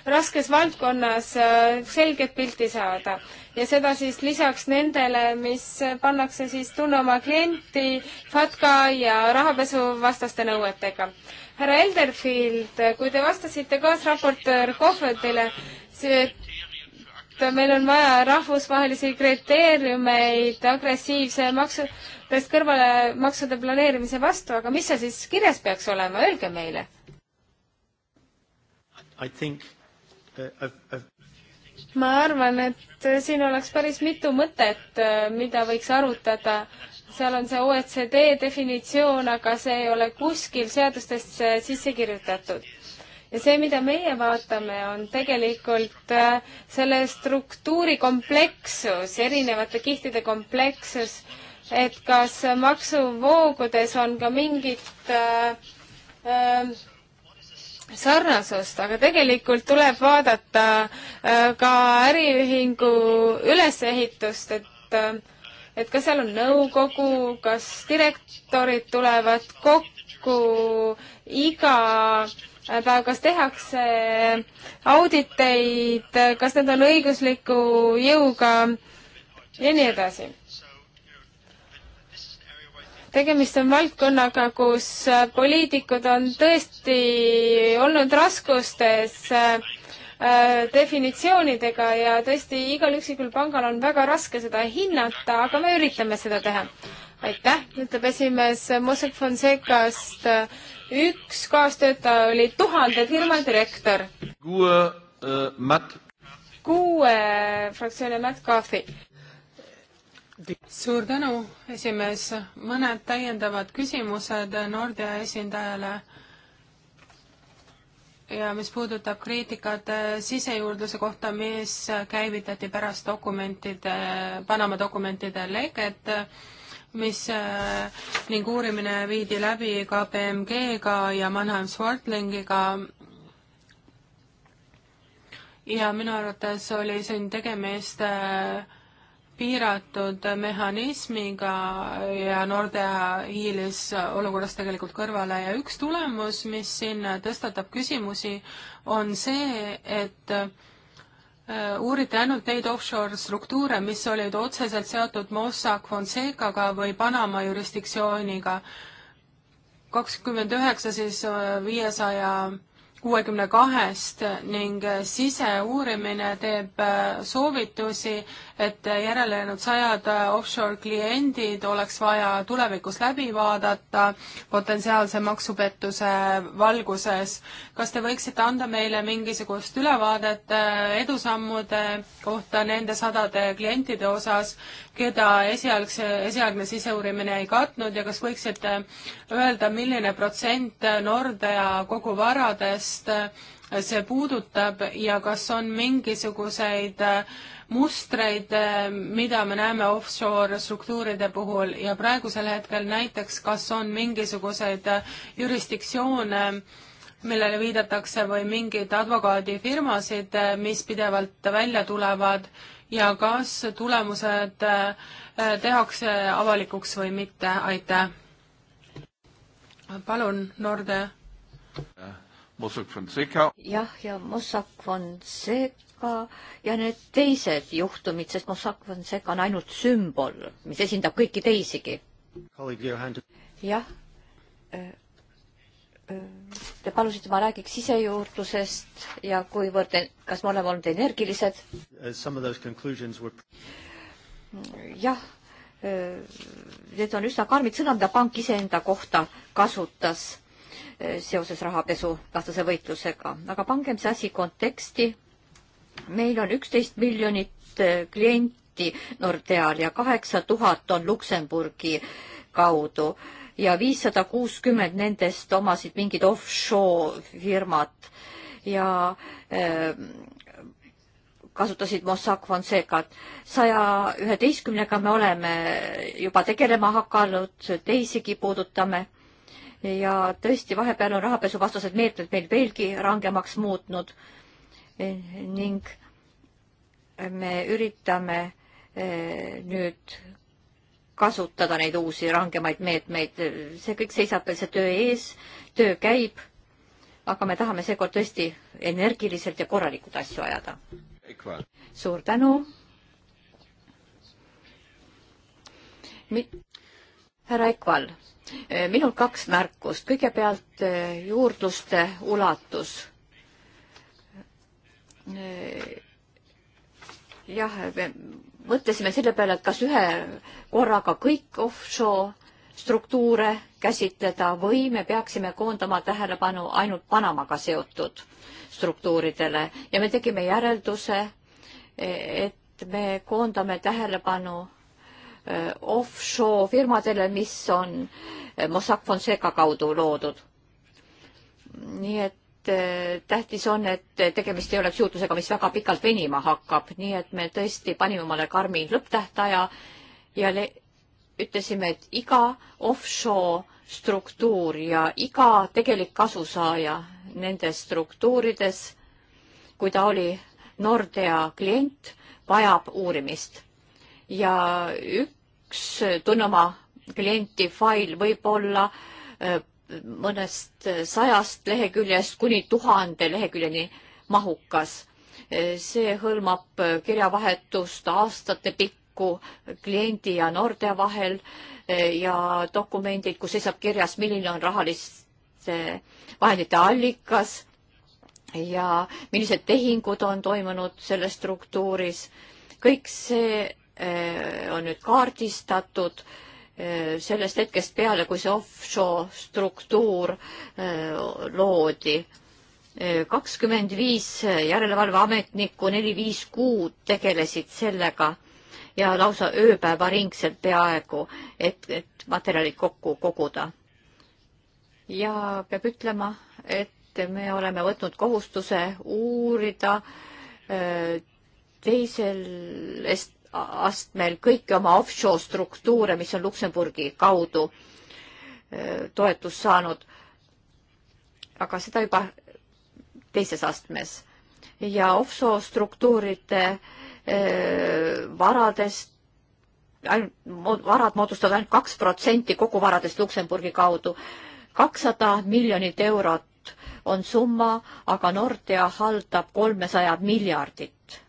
raskes valdkonnas äh, selget pilti saada. ja seda siis lisaks nendele, mis pannakse siis tunne oma klienti FATKA ja rahapesuvastaste nõuetega. härra Elderfield, kui te vastasite kaasraportöör Kohvetile, see et meil on vaja rahvusvahelisi kriteeriumeid agressiivse maksudest kõrvale maksude planeerimise vastu, aga mis seal siis kirjas peaks olema, öelge meile. Uh, ma arvan, et siin oleks päris mitu mõtet, uh, mida võiks arutada seal on see OECD definitsioon, aga see ei ole kuskil seadustesse sisse kirjutatud ja see, mida meie vaatame, on tegelikult äh, selle struktuuri komplekssus, erinevate kihtide komplekssus, et kas maksuvoogudes on ka mingit äh, äh, sarnasust, aga tegelikult tuleb vaadata äh, ka äriühingu ülesehitust, et äh, et kas seal on nõukogu, kas direktorid tulevad kokku iga äh, aga kas tehakse auditeid, kas need on õigusliku jõuga ja nii edasi. tegemist on valdkonnaga, kus poliitikud on tõesti olnud raskustes äh, definitsioonidega ja tõesti igal üksikul pangal on väga raske seda hinnata, aga me üritame seda teha aitäh, ütleb esimees Mosek Fonsecast üks kaastöötaja oli tuhande firma direktor. kuue äh, Matt. kuue fraktsiooni Matt Kahvi. suur tänu, esimees. mõned täiendavad küsimused Nordea esindajale ja mis puudutab kriitikat sisejuurdluse kohta, mis käivitati pärast dokumentide, Panama dokumentide leket, mis äh, ning uurimine viidi läbi ka BMG-ga ja Mannheim Swartlingiga ja minu arvates oli siin tegemist äh, piiratud mehhanismiga ja Nordea hiilis olukorrast tegelikult kõrvale ja üks tulemus, mis siin tõstatab küsimusi, on see, et Äh, uuriti ainult neid offshore struktuure, mis olid otseselt seotud Mossack Fonsecaga või Panama jurisdiktsiooniga. kakskümmend üheksa siis äh, viiesaja kuuekümne kahest ning äh, siseuurimine teeb soovitusi, et järelejäänud sajad äh, offshore kliendid oleks vaja tulevikus läbi vaadata potentsiaalse maksupettuse valguses. kas te võiksite anda meile mingisugust ülevaadet äh, edusammude kohta nende sadade klientide osas, keda esialgse, esialgne siseuurimine ei katnud ja kas võiksite öelda, milline protsent Nordea kogu varadest äh, see puudutab ja kas on mingisuguseid äh, mustreid, eh, mida me näeme offshore struktuuride puhul ja praegusel hetkel näiteks, kas on mingisuguseid eh, jurisdiktsioone, millele viidatakse või mingeid advokaadifirmasid, eh, mis pidevalt välja tulevad ja kas tulemused tehakse avalikuks või mitte, aitäh. palun, Norde. jah, ja Mossack Fonseca Fonseca ja need teised juhtumid, sest Mossack Fonseca on ainult sümbol, mis esindab kõiki teisigi. jah. Te palusite, ma räägiks sisejuurdlusest ja kuivõrd, kas me oleme olnud energilised? Uh, jah, need on üsna karmid sõnad, mida pank iseenda kohta kasutas seoses rahapesu vastase võitlusega, aga pangem see asi konteksti meil on üksteist miljonit äh, klienti Nordeal ja kaheksa tuhat on Luksemburgi kaudu ja viissada kuuskümmend nendest omasid mingid offshore firmad ja äh, kasutasid Mossack Fonsecat. saja üheteistkümnega me oleme juba tegelema hakanud, teisigi puudutame ja tõesti, vahepeal on rahapesuvastased meetmed meil veelgi rangemaks muutnud ning me üritame eh, nüüd kasutada neid uusi rangemaid meetmeid. see kõik seisab veel see töö ees, töö käib, aga me tahame seekord tõesti energiliselt ja korralikult asju ajada. suur tänu. härra Ekval, eh, minul kaks märkust. kõigepealt eh, juurdluste ulatus jah, me mõtlesime selle peale, et kas ühe korraga kõik offshore struktuure käsitleda või me peaksime koondama tähelepanu ainult Panamaga seotud struktuuridele ja me tegime järelduse, et me koondame tähelepanu e, offshore firmadele, mis on Mossack Fonseca kaudu loodud. nii et Eh, tähtis on, et tegemist ei oleks juhtusega, mis väga pikalt venima hakkab, nii et me tõesti panime omale karmi lõpptähtaja ja ütlesime, et iga offshore struktuur ja iga tegelik kasusaaja nendes struktuurides, kui ta oli Nordea klient, vajab uurimist. ja üks tunne oma klienti fail võib olla eh, mõnest sajast leheküljest kuni tuhande leheküljeni mahukas. see hõlmab kirjavahetust aastate pikku kliendi ja noorte vahel ja dokumendid, kus seisab kirjas, milline on rahaliste vahendite allikas ja millised tehingud on toimunud selles struktuuris. kõik see eh, on nüüd kaardistatud Äh, sellest hetkest peale, kui see offshore struktuur äh, loodi. Äh, kakskümmend viis järelevalveametnikku neli-viis kuud tegelesid sellega ja lausa ööpäevaringselt peaaegu, et, et materjalid kokku koguda. ja peab ütlema, et me oleme võtnud kohustuse uurida teisel, astmel kõiki oma offshore struktuure, mis on Luksemburgi kaudu äh, toetust saanud. aga seda juba teises astmes ja offshore struktuuride äh, varadest ainult varad moodustavad ainult kaks protsenti kogu varadest Luksemburgi kaudu. kakssada miljonit eurot on summa, aga Nordea haldab kolmesaja miljardit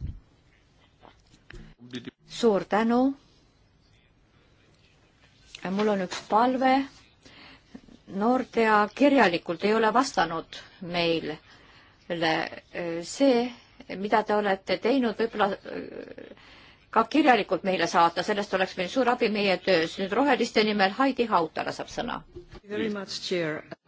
suur tänu. mul on üks palve. Nordea kirjalikult ei ole vastanud meile eh, see, mida te olete teinud, võib-olla eh, ka kirjalikult meile saata, sellest oleks meil suur abi meie töös. nüüd Roheliste nimel Heidi Hautala saab sõna.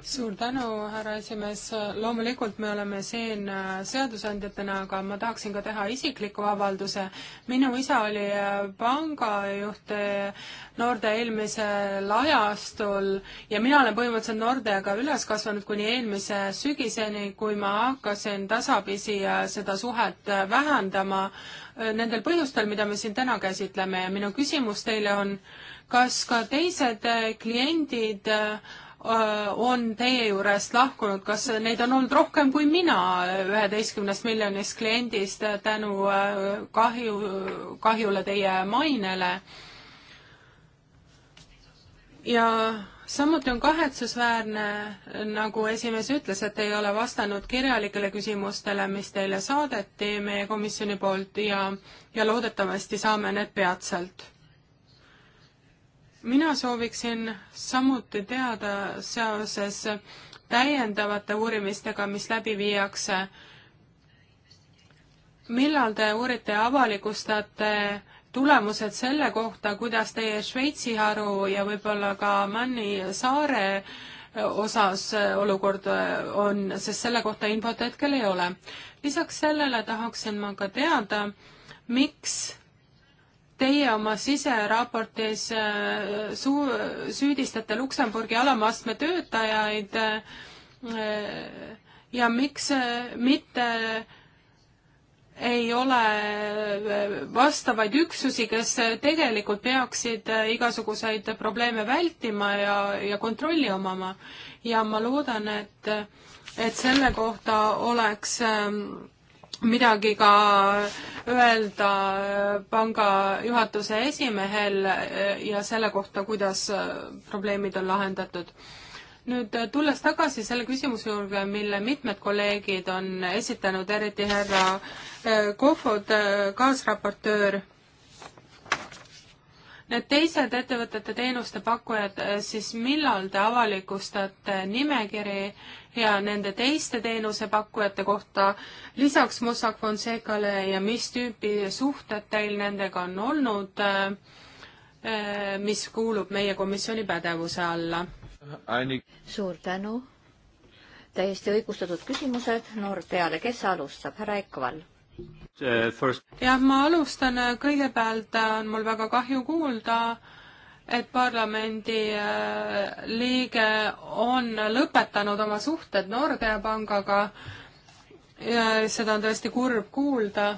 suur tänu, härra esimees. loomulikult me oleme siin äh, seadusandjatena, aga ma tahaksin ka teha isikliku avalduse. minu isa oli äh, pangajuht äh, Norde eelmisel ajastul ja mina olen põhimõtteliselt Nordega üles kasvanud kuni eelmise sügiseni, kui ma hakkasin tasapisi seda suhet vähendama Äh, nendel põhjustel, mida me siin täna käsitleme ja minu küsimus teile on, kas ka teised äh, kliendid äh, on teie juurest lahkunud, kas neid on olnud rohkem kui mina üheteistkümnest miljonist kliendist tänu kahju, kahjule teie mainele? ja samuti on kahetsusväärne, nagu esimees ütles, et ei ole vastanud kirjalikele küsimustele, mis teile saadeti meie komisjoni poolt ja, ja loodetavasti saame need peatselt. mina sooviksin samuti teada seoses täiendavate uurimistega, mis läbi viiakse, millal te uurite ja avalikustate äh, tulemused selle kohta, kuidas teie Šveitsi haru ja võib-olla ka Manni saare osas olukord on, sest selle kohta infot hetkel ei ole. lisaks sellele tahaksin ma ka teada, miks teie oma siseraportis suu-, süüdistate Luksemburgi alamastme töötajaid ja miks mitte ei ole äh, vastavaid üksusi, kes tegelikult peaksid äh, igasuguseid probleeme vältima ja, ja kontrolli omama. ja ma loodan, et, et selle kohta oleks ähm, midagi ka öelda äh, panga juhatuse esimehel ja selle kohta, kuidas probleemid on lahendatud nüüd äh, tulles tagasi selle küsimuse juurde, mille mitmed kolleegid on esitanud, eriti härra äh, Kohvod, äh, kaasraportöör, need teised ettevõtete teenuste pakkujad, siis millal te avalikustate nimekiri ja nende teiste teenusepakkujate kohta lisaks Mossack Fonsecale ja mis tüüpi suhted teil nendega on olnud, mis kuulub meie komisjoni pädevuse alla? suur tänu. täiesti õigustatud küsimused, noor peale, kes alustab, härra Ekval? Eh, jah, ma alustan, kõigepealt on mul väga kahju kuulda, et parlamendi eh, liige on lõpetanud oma suhted Nordea pangaga. seda on tõesti kurb kuulda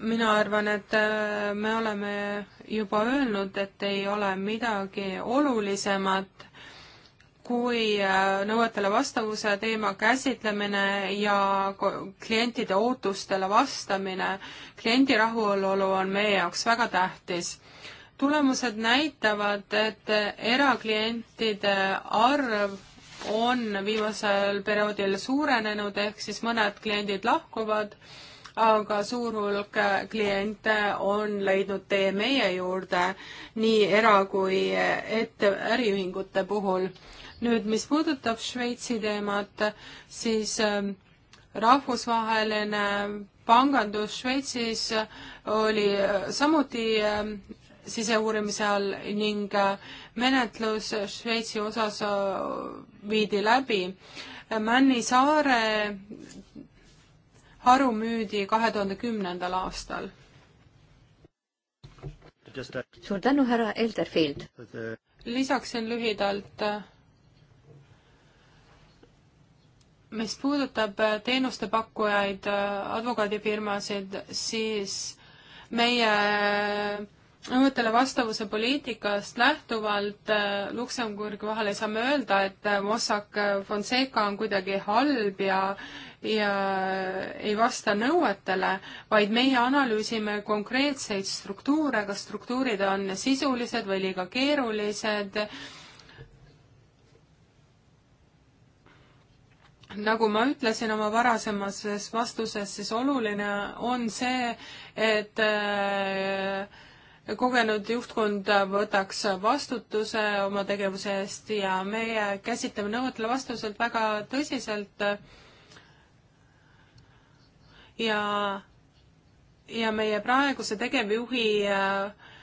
mina arvan, et äh, me oleme juba öelnud, et ei ole midagi olulisemat kui äh, nõuetele vastavuse teema käsitlemine ja klientide ootustele vastamine. kliendi rahulolu on meie jaoks väga tähtis. tulemused näitavad, et eraklientide arv on viimasel perioodil suurenenud, ehk siis mõned kliendid lahkuvad aga suur hulk kliente on leidnud tee meie juurde nii era- kui ette, äriühingute puhul. nüüd, mis puudutab Šveitsi teemat, siis ähm, rahvusvaheline pangandus Šveitsis oli äh, samuti ähm, siseuurimise all ning äh, menetlus Šveitsi osas äh, viidi läbi. Männi saare haru müüdi kahe tuhande kümnendal aastal. suur tänu, härra Elderfield! lisaksin lühidalt, mis puudutab teenustepakkujaid, advokaadifirmasid, siis meie nõuetele vastavuse poliitikast lähtuvalt eh, Luksemburgi vahel ei saa me öelda, et Mossack Fonseca on kuidagi halb ja ja ei vasta nõuetele, vaid meie analüüsime konkreetseid struktuure, kas struktuurid on sisulised või liiga keerulised. nagu ma ütlesin oma varasemas vastuses, siis oluline on see, et äh, kogenud juhtkond võtaks vastutuse oma tegevuse eest ja meie käsitleme nõuetele vastuselt väga tõsiselt ja, ja meie praeguse tegevjuhi äh,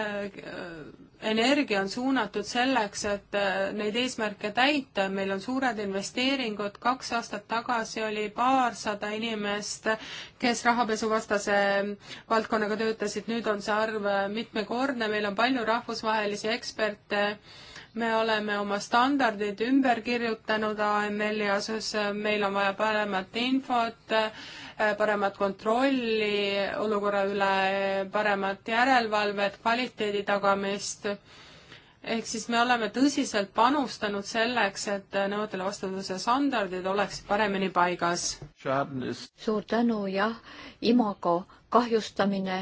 äh energia on suunatud selleks, et äh, neid eesmärke täita, meil on suured investeeringud, kaks aastat tagasi oli paarsada inimest, kes rahapesuvastase ähm, valdkonnaga töötasid, nüüd on see arv äh, mitmekordne, meil on palju rahvusvahelisi eksperte äh, me oleme oma standardid ümber kirjutanud AML-i osas, meil on vaja paremat infot, paremat kontrolli olukorra üle, paremat järelevalvet, kvaliteedi tagamist, ehk siis me oleme tõsiselt panustanud selleks, et nõuetele vastavuse standardid oleksid paremini paigas. suur tänu, jah, imago kahjustamine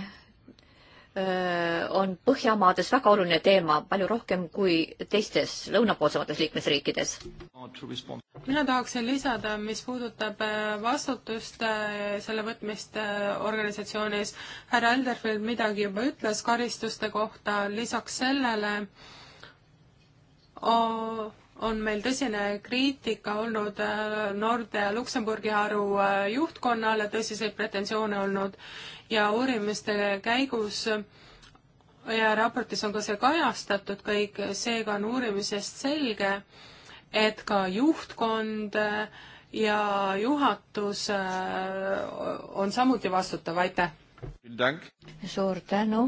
on Põhjamaades väga oluline teema, palju rohkem kui teistes lõunapoolsemates liikmesriikides. mina tahaksin lisada, mis puudutab äh, vastutust, äh, selle võtmist äh, organisatsioonis. härra Elderfield midagi juba ütles karistuste kohta, lisaks sellele on meil tõsine kriitika olnud Nordea Luksemburgi haru juhtkonnale, tõsiseid pretensioone olnud ja uurimiste käigus ja raportis on ka see kajastatud kõik, seega on uurimisest selge, et ka juhtkond ja juhatus äh, on samuti vastutav, aitäh! suur tänu,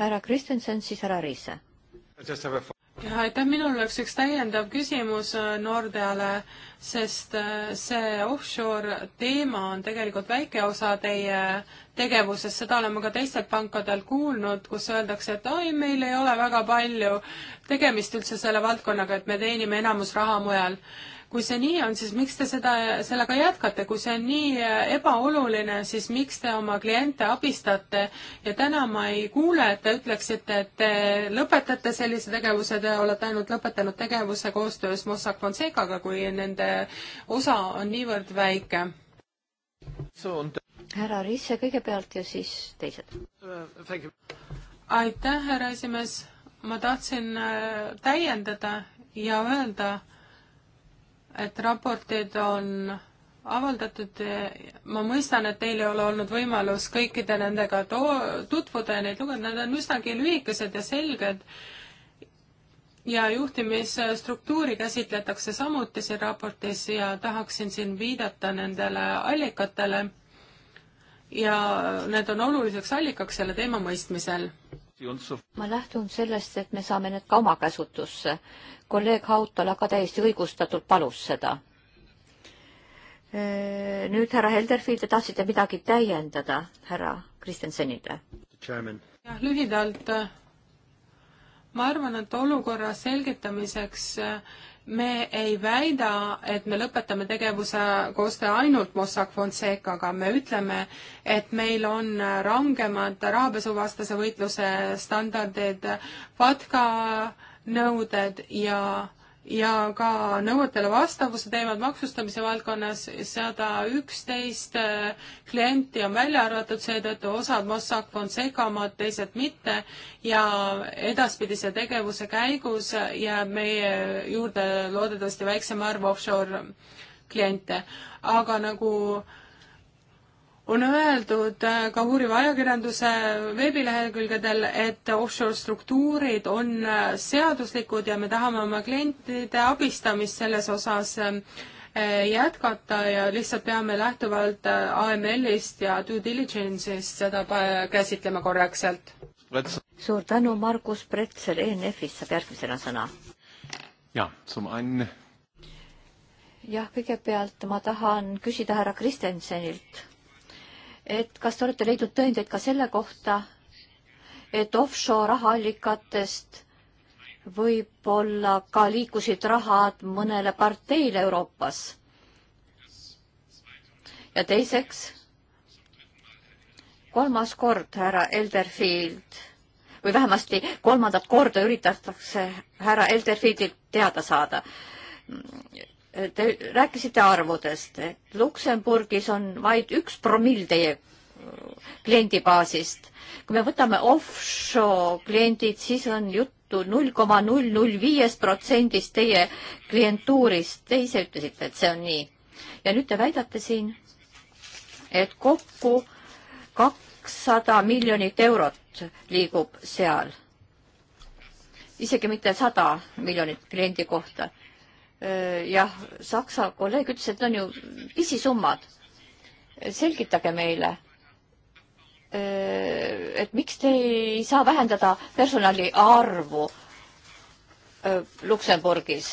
härra Kristjanson, siis härra Riise jah, aitäh, minul oleks üks täiendav küsimus äh, Nordeale, sest äh, see offshore teema on tegelikult väike osa teie tegevusest, seda oleme ka teistelt pankadelt kuulnud, kus öeldakse, et oi, meil ei ole väga palju tegemist üldse selle valdkonnaga, et me teenime enamus raha mujal kui see nii on, siis miks te seda, sellega jätkate, kui see on nii eh, ebaoluline, siis miks te oma kliente abistate ja täna ma ei kuule, et te ütleksite, et te lõpetate sellise tegevuse, te olete ainult lõpetanud tegevuse koostöös Mossack Fonsecaga, kui nende osa on niivõrd väike. härra Risse kõigepealt ja siis teised. aitäh, härra esimees ma tahtsin eh, täiendada ja öelda, et raportid on avaldatud, ma mõistan, et teil ei ole olnud võimalus kõikide nendega too-, tutvuda ja neid lugeda, nad on üsnagi lühikesed ja selged ja juhtimisstruktuuri käsitletakse samuti siin raportis ja tahaksin siin viidata nendele allikatele ja need on oluliseks allikaks selle teema mõistmisel. ma lähtun sellest, et me saame need ka oma käsutusse kolleeg Hautala ka täiesti õigustatult palus seda. Äh, nüüd härra Helderfield, te tahtsite midagi täiendada härra Kristensenile? jah, lühidalt. Äh, ma arvan, et olukorra selgitamiseks äh, me ei väida, et me lõpetame tegevuse koostöö ainult Mossack Fonsecaga, me ütleme, et meil on rangemad rahapesuvastase võitluse standardid FATCA nõuded ja ja ka nõuetele vastavuse teemad maksustamise valdkonnas, sada üksteist äh, klienti on välja arvatud, seetõttu osad Mossack Fonseca omad, teised mitte ja edaspidise tegevuse käigus jääb meie juurde loodetavasti väiksem arv offshore kliente. aga nagu äh, on öeldud äh, ka uuriva ajakirjanduse veebilehekülgedel, et offshore struktuurid on äh, seaduslikud ja me tahame oma klientide abistamist selles osas äh, jätkata ja lihtsalt peame lähtuvalt AML-ist ja due diligence'ist seda käsitlema korrektselt. suur tänu, Margus Pretzel ENF-ist saab järgmisena sõna. jah, jah, kõigepealt ma tahan küsida härra Kristjansenilt et kas te olete leidnud tõendeid ka selle kohta, et offshore rahaallikatest võib-olla ka liikusid rahad mõnele parteile Euroopas. ja teiseks, kolmas kord härra Elderfield või vähemasti kolmandat korda üritatakse härra Elderfieldilt teada saada Te rääkisite arvudest, et Luksemburgis on vaid üks promill teie kliendibaasist. kui me võtame offshore kliendid, siis on juttu null koma null null viiest protsendist teie klientuurist. Te ise ütlesite, et see on nii. ja nüüd te väidate siin, et kokku kakssada miljonit eurot liigub seal. isegi mitte sada miljonit kliendi kohta Äh, jah, Saksa kolleeg ütles, et need on ju pisisummad. selgitage meile, äh, et miks te ei saa vähendada personali arvu äh, Luksemburgis?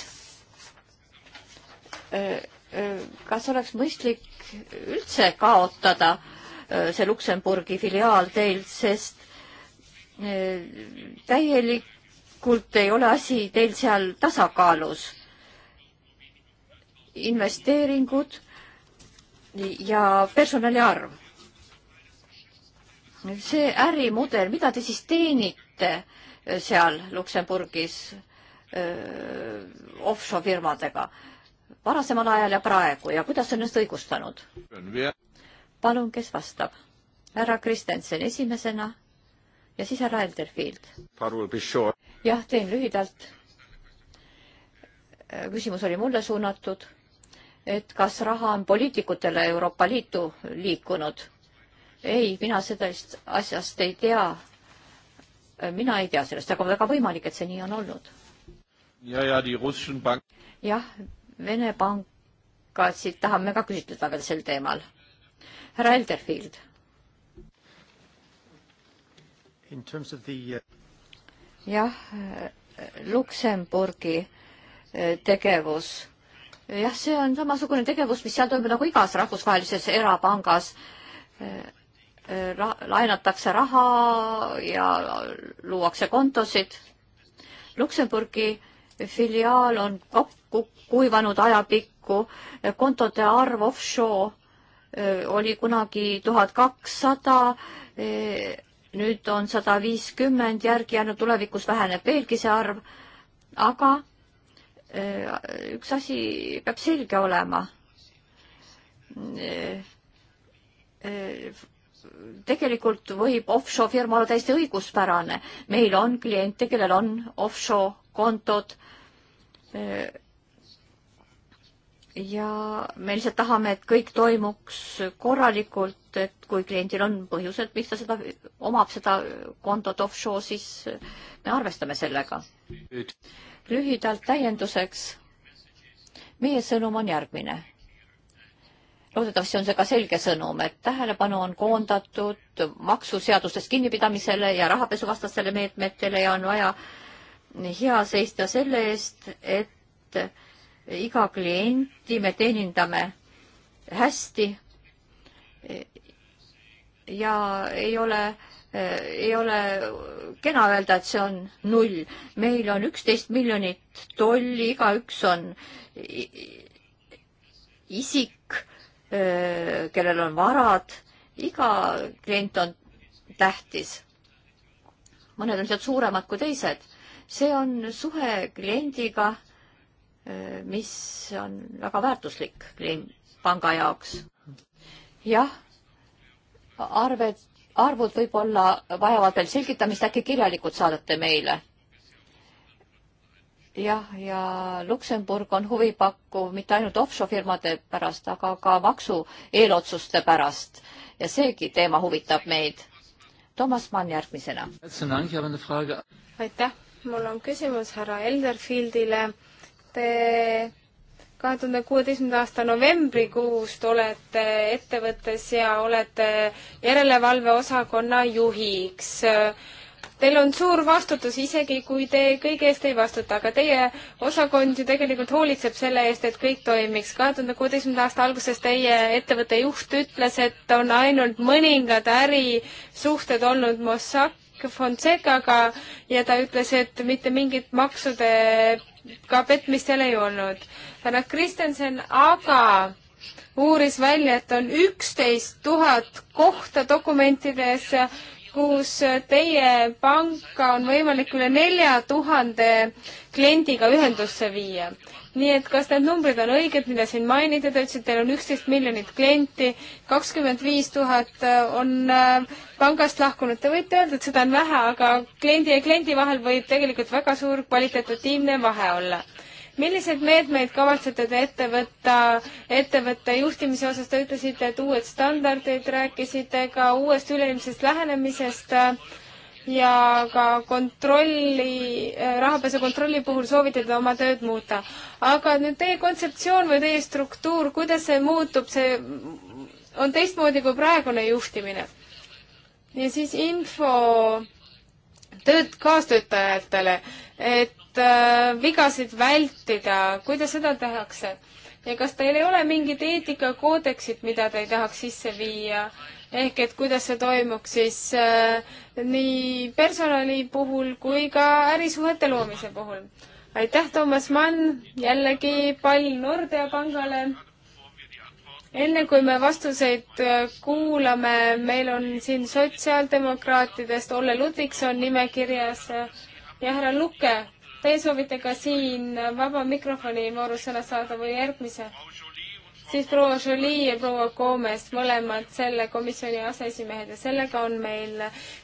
kas oleks mõistlik üldse kaotada see Luksemburgi filiaal teil, sest täielikult ei ole asi teil seal tasakaalus investeeringud ja personali arv. see ärimudel, mida te siis teenite seal Luksemburgis offshore firmadega varasemal ajal ja praegu ja kuidas ennast õigustanud? palun, kes vastab? härra Kristensen esimesena ja siis härra Elderfield. jah, teen lühidalt. küsimus oli mulle suunatud et kas raha on poliitikutele Euroopa Liitu liikunud. ei, mina sellest asjast ei tea. mina ei tea sellest, aga väga võimalik, et see nii on olnud. ja, ja Bank... jah, Vene pankasid tahame ka küsitleda veel sel teemal. härra Elderfield. The... Uh, jah, Luksemburgi äh, tegevus jah, see on samasugune tegevus, mis seal toimub nagu igas rahvusvahelises erapangas Ra. laenatakse raha ja luuakse kontosid. Luksemburgi filiaal on kokku kuivanud ajapikku, kontode arv offshore eh, oli kunagi tuhat kakssada, eh, nüüd on sada viiskümmend, järgi jäänud tulevikus väheneb veelgi see arv, aga Äh, üks asi peab selge olema. Äh, äh, tegelikult võib offshore firma olla täiesti õiguspärane. meil on kliente, kellel on offshore kontod. ja me lihtsalt tahame, et kõik toimuks korralikult, et kui kliendil on põhjused, miks ta seda, omab seda kontot offshore, siis me arvestame sellega lühidalt täienduseks. meie sõnum on järgmine. loodetavasti on see ka selge sõnum, et tähelepanu on koondatud maksuseadustest kinnipidamisele ja rahapesuvastastele meetmetele ja on vaja hea seista selle eest, et iga klienti me teenindame hästi ja ei ole Äh, ei ole kena öelda, et see on null. meil on üksteist miljonit tolli, igaüks on isik, äh, kellel on varad, iga klient on tähtis. mõned on lihtsalt suuremad kui teised. see on suhe kliendiga, äh, mis on väga väärtuslik klient, panga jaoks. jah, arved arvud võib-olla vajavad veel selgitamist, äkki kirjalikult saadate meile? jah, ja Luksemburg on huvipakkuv mitte ainult offshore firmade pärast, aga ka maksu eelotsuste pärast ja seegi teema huvitab meid. Toomas Mann järgmisena. aitäh, mul on küsimus härra Elderfieldile. Te kahe tuhande kuueteistkümnenda aasta novembrikuust olete ettevõttes ja olete järelevalveosakonna juhiks. Teil on suur vastutus, isegi kui te kõige eest ei vastuta, aga teie osakond ju tegelikult hoolitseb selle eest, et kõik toimiks. kahe tuhande kuueteistkümnenda aasta alguses teie ettevõtte juht ütles, et on ainult mõningad ärisuhted olnud Mossack Fonsecaga ja ta ütles, et mitte mingit maksudega petmist seal ei olnud. härra Kristensen aga uuris välja, et on üksteist tuhat kohta dokumentides kus teie panka on võimalik üle nelja tuhande kliendiga ühendusse viia. nii et kas need numbrid on õiged, mida siin mainiti, te ütlesite, teil on üksteist miljonit klienti, kakskümmend viis tuhat on äh, pangast lahkunud, te võite öelda, et seda on vähe, aga kliendi ja kliendi vahel võib tegelikult väga suur kvalitatiivne vahe olla milliseid meetmeid kavatsete te ette võtta ettevõtte juhtimise osas? Te ütlesite, et uued standardid, rääkisite ka uuest üleilmsest lähenemisest ja ka kontrolli, rahapesu kontrolli puhul soovite te oma tööd muuta. aga nüüd teie kontseptsioon või teie struktuur, kuidas see muutub, see on teistmoodi kui praegune juhtimine? ja siis info tööd kaastöötajatele, et Äh, vigasid vältida, kuidas seda tehakse? ja kas teil ei ole mingit eetikakoodeksit, mida te ei tahaks sisse viia? ehk et kuidas see toimuks siis äh, nii personali puhul kui ka ärisuhete loomise puhul? aitäh, Toomas Mann, jällegi pall Nordea pangale. enne kui me vastuseid äh, kuulame, meil on siin sotsiaaldemokraatidest Olle Ludvikson nimekirjas äh, ja härra Luke Teie soovite ka siin vaba mikrofoni voorus sõna saada või järgmise? siis proua Jolie ja proua Gomes, mõlemad selle komisjoni aseesimehed ja sellega on meil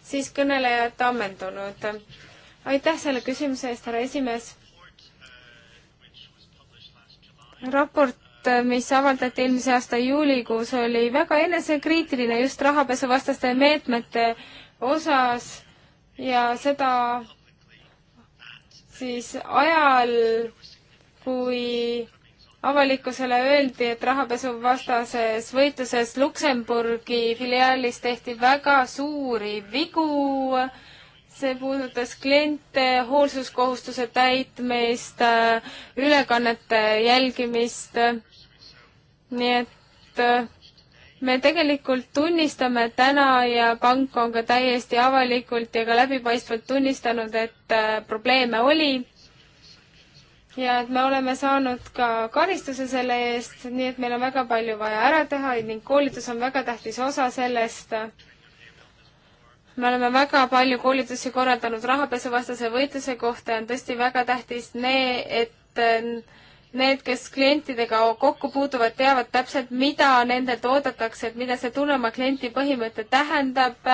siis kõnelejad ammendunud. aitäh selle küsimuse eest, härra esimees. raport, mis avaldati eelmise aasta juulikuus, oli väga enesekriitiline just rahapesuvastaste meetmete osas ja seda siis ajal, kui avalikkusele öeldi, et rahapesuvastases võitluses Luksemburgi filiaalis tehti väga suuri vigu, see puudutas kliente, hoolsuskohustuse täitmist, ülekannete jälgimist, nii et me tegelikult tunnistame täna ja pank on ka täiesti avalikult ja ka läbipaistvalt tunnistanud, et äh, probleeme oli. ja et me oleme saanud ka karistuse selle eest, nii et meil on väga palju vaja ära teha ning koolitus on väga tähtis osa sellest. me oleme väga palju koolitusi korraldanud rahapesuvastase võitluse kohta ja on tõesti väga tähtis, et äh, need, kes klientidega kokku puutuvad, teavad täpselt, mida nendelt oodatakse, et mida see tunnema kliendi põhimõte tähendab,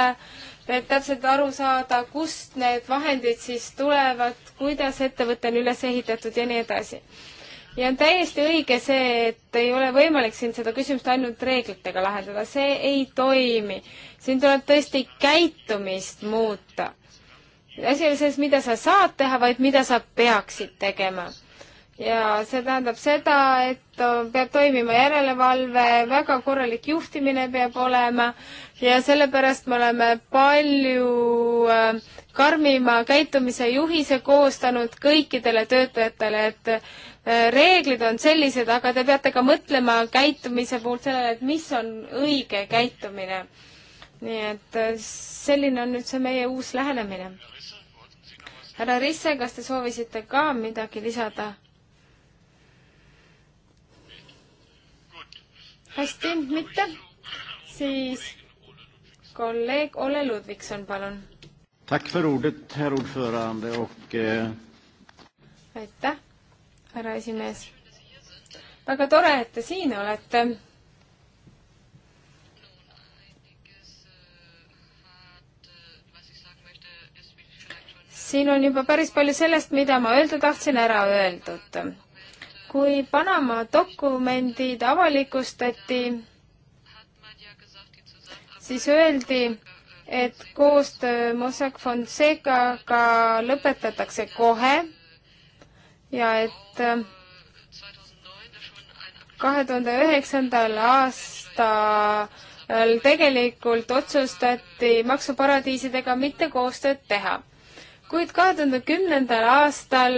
et täpselt aru saada, kust need vahendid siis tulevad, kuidas ettevõte on üles ehitatud ja nii edasi. ja on täiesti õige see, et ei ole võimalik siin seda küsimust ainult reeglitega lahendada, see ei toimi. siin tuleb tõesti käitumist muuta. asi ei ole selles, mida sa saad teha, vaid mida sa peaksid tegema ja see tähendab seda, et peab toimima järelevalve, väga korralik juhtimine peab olema ja sellepärast me oleme palju äh, karmima käitumise juhise koostanud kõikidele töötajatele, et äh, reeglid on sellised, aga te peate ka mõtlema käitumise poolt sellele, et mis on õige käitumine. nii et äh, selline on nüüd see meie uus lähenemine. härra Risse, kas te soovisite ka midagi lisada? hästi, mitte? siis kolleeg Olle Ludvigson, palun. Eh, aitäh, härra esimees. väga tore, et te siin olete siin on juba päris palju sellest, mida ma öelda tahtsin, ära öeldud kui Panama dokumendid avalikustati, siis öeldi, et koostöö Mossack Fonsecaga lõpetatakse kohe ja et kahe tuhande üheksandal aastal tegelikult otsustati maksuparadiisidega mitte koostööd teha. kuid kahe tuhande kümnendal aastal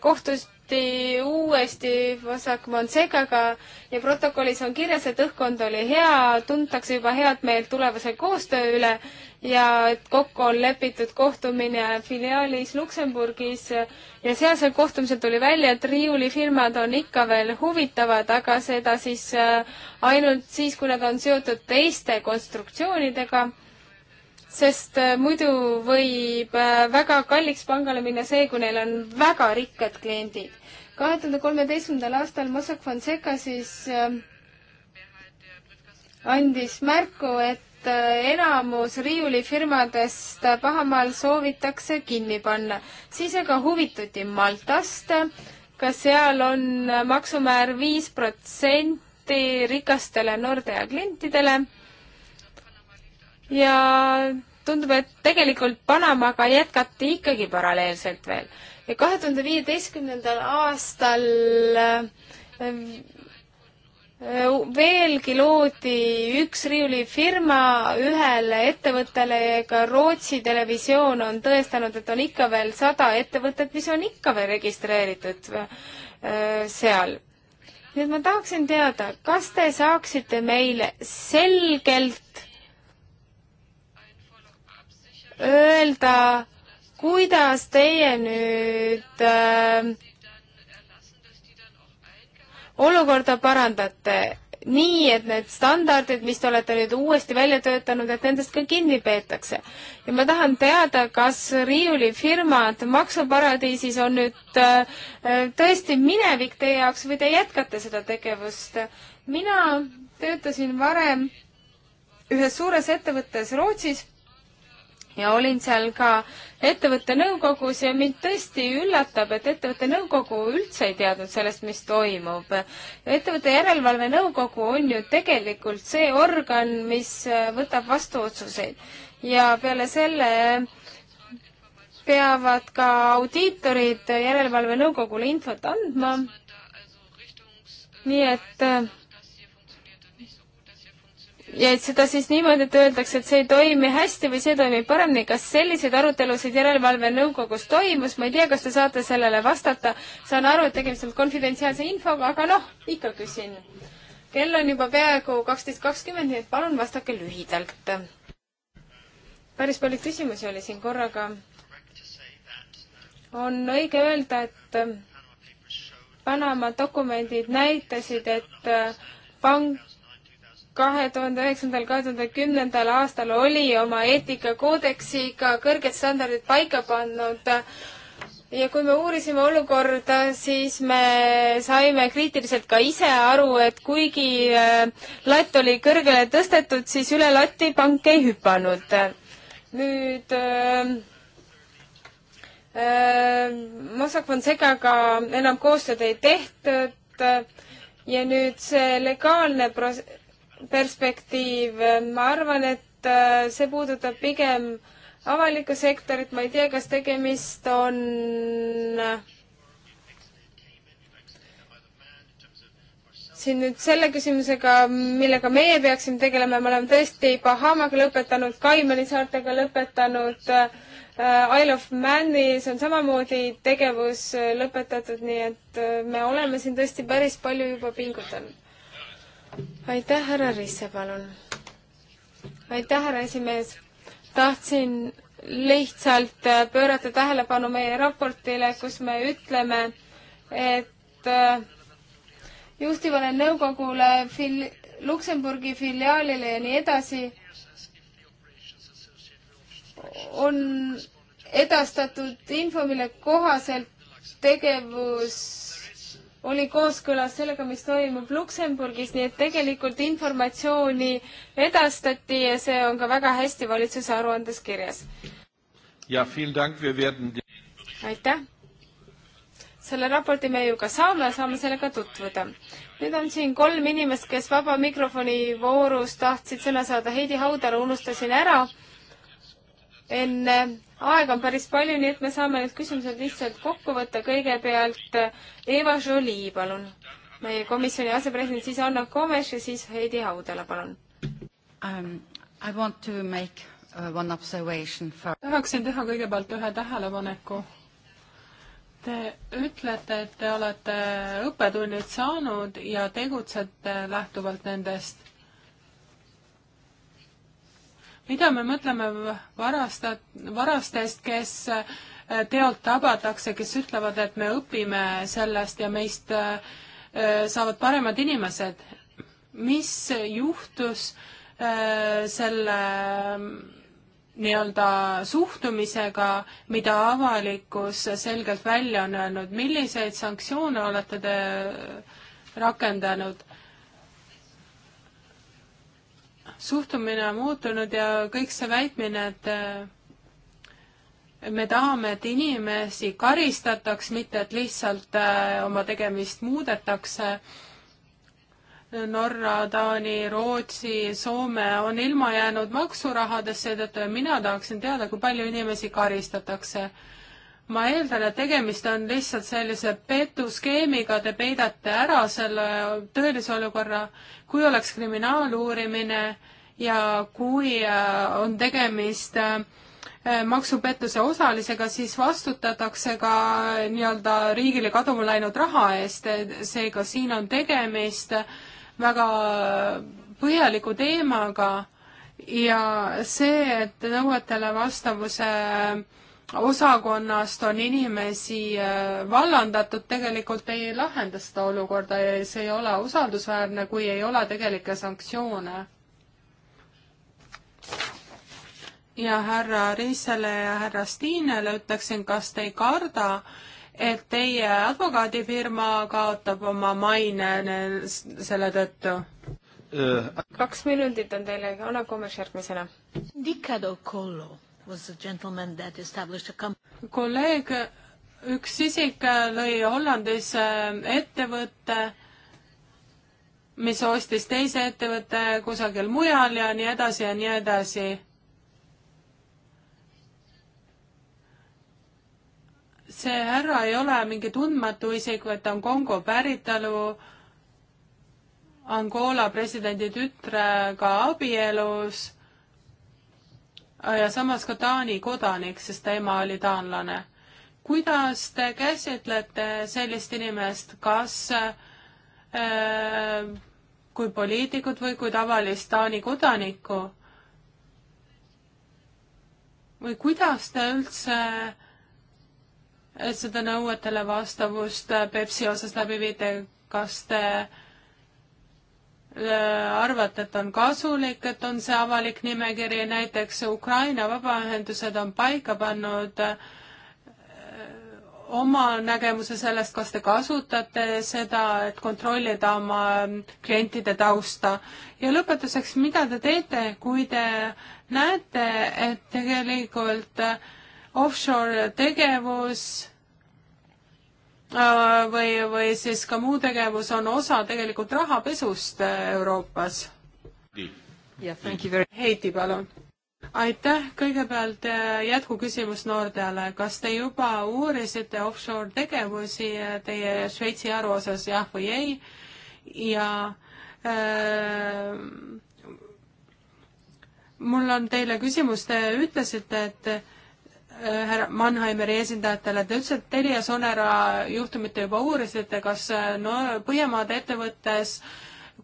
kohtus kohtuti uuesti Vasak Monsegaga ja protokollis on kirjas, et õhkkond oli hea, tuntakse juba head meelt tulevase koostöö üle ja et kokku on lepitud kohtumine filiaalis Luksemburgis ja sealsel kohtumisel tuli välja, et riiulifirmad on ikka veel huvitavad, aga seda siis äh, ainult siis, kui nad on seotud teiste konstruktsioonidega sest äh, muidu võib äh, väga kalliks pangale minna see, kui neil on väga rikkad kliendid. kahe tuhande kolmeteistkümnendal aastal Mossack Fonseca siis äh, andis märku, et enamus riiulifirmadest pahamaal soovitakse kinni panna. siis aga huvituti Maltast, ka seal on maksumäär viis protsenti rikastele Nordea klientidele ja tundub, et tegelikult Panamaga jätkati ikkagi paralleelselt veel. ja kahe tuhande viieteistkümnendal aastal äh, äh, veelgi loodi üks riiulifirma ühele ettevõttele ja ka Rootsi televisioon on tõestanud, et on ikka veel sada ettevõtet, mis on ikka veel registreeritud äh, seal. nii et ma tahaksin teada, kas te saaksite meile selgelt öelda, kuidas teie nüüd äh, olukorda parandate nii, et need standardid, mis te olete nüüd uuesti välja töötanud, et nendest ka kinni peetakse. ja ma tahan teada, kas riiulifirmad maksuparadiisis on nüüd äh, tõesti minevik teie jaoks või te jätkate seda tegevust? mina töötasin varem ühes suures ettevõttes Rootsis ja olin seal ka ettevõtte nõukogus ja mind tõesti üllatab, et ettevõtte nõukogu üldse ei teadnud sellest, mis toimub. ettevõtte järelevalve nõukogu on ju tegelikult see organ, mis äh, võtab vastu otsuseid ja peale selle peavad ka audiitorid järelevalve nõukogule infot andma. nii et äh, ja et seda siis niimoodi, et öeldakse, et see ei toimi hästi või see toimib paremini, kas selliseid arutelusid Järelevalvenõukogus toimus, ma ei tea, kas te saate sellele vastata, saan aru, et tegemist on konfidentsiaalse infoga, aga noh, ikka küsin. kell on juba peaaegu kaksteist kakskümmend, nii et palun vastake lühidalt. päris palju küsimusi oli siin korraga. on õige öelda, et Panama dokumendid näitasid, et pank kahe tuhande üheksandal, kahe tuhande kümnendal aastal oli oma eetikakoodeksiga kõrged standardid paika pannud ja kui me uurisime olukorda, siis me saime kriitiliselt ka ise aru, et kuigi äh, latt oli kõrgele tõstetud, siis üle latti pank ei hüpanud. nüüd äh, äh, Mossack Fonsecaga enam koostööd ei tehtud ja nüüd see legaalne pros-, perspektiiv, ma arvan, et äh, see puudutab pigem avalikku sektorit, ma ei tea, kas tegemist on äh, siin nüüd selle küsimusega, millega meie peaksime tegelema, me oleme tõesti Bahamaga lõpetanud, Kaimani saartega lõpetanud äh,, Isle of Manis on samamoodi tegevus äh, lõpetatud, nii et me oleme siin tõesti päris palju juba pingutanud aitäh, härra Risse, palun. aitäh, härra esimees. tahtsin lihtsalt äh, pöörata tähelepanu meie raportile, kus me ütleme, et äh, juhtivale nõukogule fil-, Luksemburgi filiaalile ja nii edasi on edastatud info, mille kohaselt tegevus oli kooskõlas sellega, mis toimub Luksemburgis, nii et tegelikult informatsiooni edastati ja see on ka väga hästi valitsuse aruandes kirjas. Werden... aitäh! selle raporti me ju ka saame, saame sellega tutvuda. nüüd on siin kolm inimest, kes vaba mikrofoni voorus tahtsid sõna saada. Heidi Haudala unustasin ära enne aega on päris palju, nii et me saame need küsimused lihtsalt kokku võtta. kõigepealt Eva Jolie, palun. meie komisjoni asepresident, siis Anna Komes ja siis Heidi Haudela, palun um,. I want to make uh, one observation for tahaksin teha kõigepealt ühe tähelepaneku. Te ütlete, et te olete õppetunnid saanud ja tegutsete lähtuvalt nendest mida me mõtleme varasta, varastest, kes äh, teolt tabatakse, kes ütlevad, et me õpime sellest ja meist äh, äh, saavad paremad inimesed. mis juhtus selle mm, nii-öelda suhtumisega, mida avalikkus selgelt välja on öelnud, milliseid sanktsioone olete te rakendanud? suhtumine on muutunud ja kõik see väitmine, et me tahame, et inimesi karistataks, mitte et lihtsalt oma tegemist muudetakse. Norra, Taani, Rootsi, Soome on ilma jäänud maksurahadest, seetõttu mina tahaksin teada, kui palju inimesi karistatakse ma eeldan, et tegemist on lihtsalt sellise petuskeemiga, te peidate ära selle tõelise olukorra, kui oleks kriminaaluurimine ja kui äh, on tegemist äh, maksupettuse osalisega, siis vastutatakse ka äh, nii-öelda riigile kaduma läinud raha eest, seega siin on tegemist väga põhjaliku teemaga ja see, et nõuetele vastavuse äh, osakonnast on inimesi äh, vallandatud, tegelikult ei lahenda seda olukorda ja see ei ole usaldusväärne, kui ei ole tegelikke sanktsioone. ja härra Riisele ja härra Stiinele ütleksin, kas te ei karda, et teie advokaadifirma kaotab oma maine selle tõttu? Äh, kaks minutit on teile, Anna Komes järgmisena. Dicado Collo kolleeg, üks isik äh, lõi Hollandis äh, ettevõtte, mis ostis teise ettevõtte kusagil mujal ja nii edasi ja nii edasi. see härra ei ole mingi tundmatu isik, vaid ta on Kongo päritolu Angola presidendi tütrega abielus Ah, ja samas ka Taani kodanik, sest ta ema oli taanlane. kuidas te käsitlete sellist inimest, kas äh, kui poliitikut või kui tavalist Taani kodanikku? või kuidas te üldse äh, seda nõuetele vastavust äh, Pepsi osas läbi viite, kas te äh, Äh, arvate, et on kasulik, et on see avalik nimekiri, näiteks Ukraina vabaühendused on paika pannud äh, oma nägemuse sellest, kas te kasutate seda, et kontrollida oma ähm, klientide tausta. ja lõpetuseks, mida te teete, kui te näete, et tegelikult äh, offshore tegevus Äh, või, või siis ka muu tegevus on osa tegelikult rahapesust äh, Euroopas. Heidi, palun. aitäh, kõigepealt äh, jätkuküsimus Nordeale, kas te juba uurisite offshore tegevusi teie Šveitsi aruosas, jah või ei? ja äh, mul on teile küsimus, te ütlesite, et Äh, härra Mannheimeri esindajatele, te ütlesite, et Telia Sonera juhtumit te juba uurisite, kas äh, no Põhjamaade ettevõttes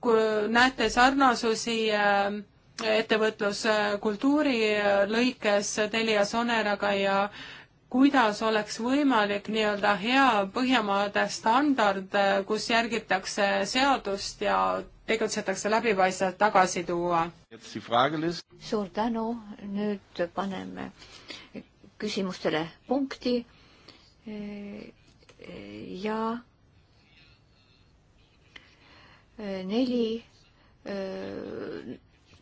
kui näete sarnasusi äh, ettevõtluskultuuri lõikes Telia Soneraga ja kuidas oleks võimalik nii-öelda hea Põhjamaade standard, kus järgitakse seadust ja tegutsetakse läbipaistvalt tagasi tuua? suur tänu, nüüd paneme küsimustele punkti ja neli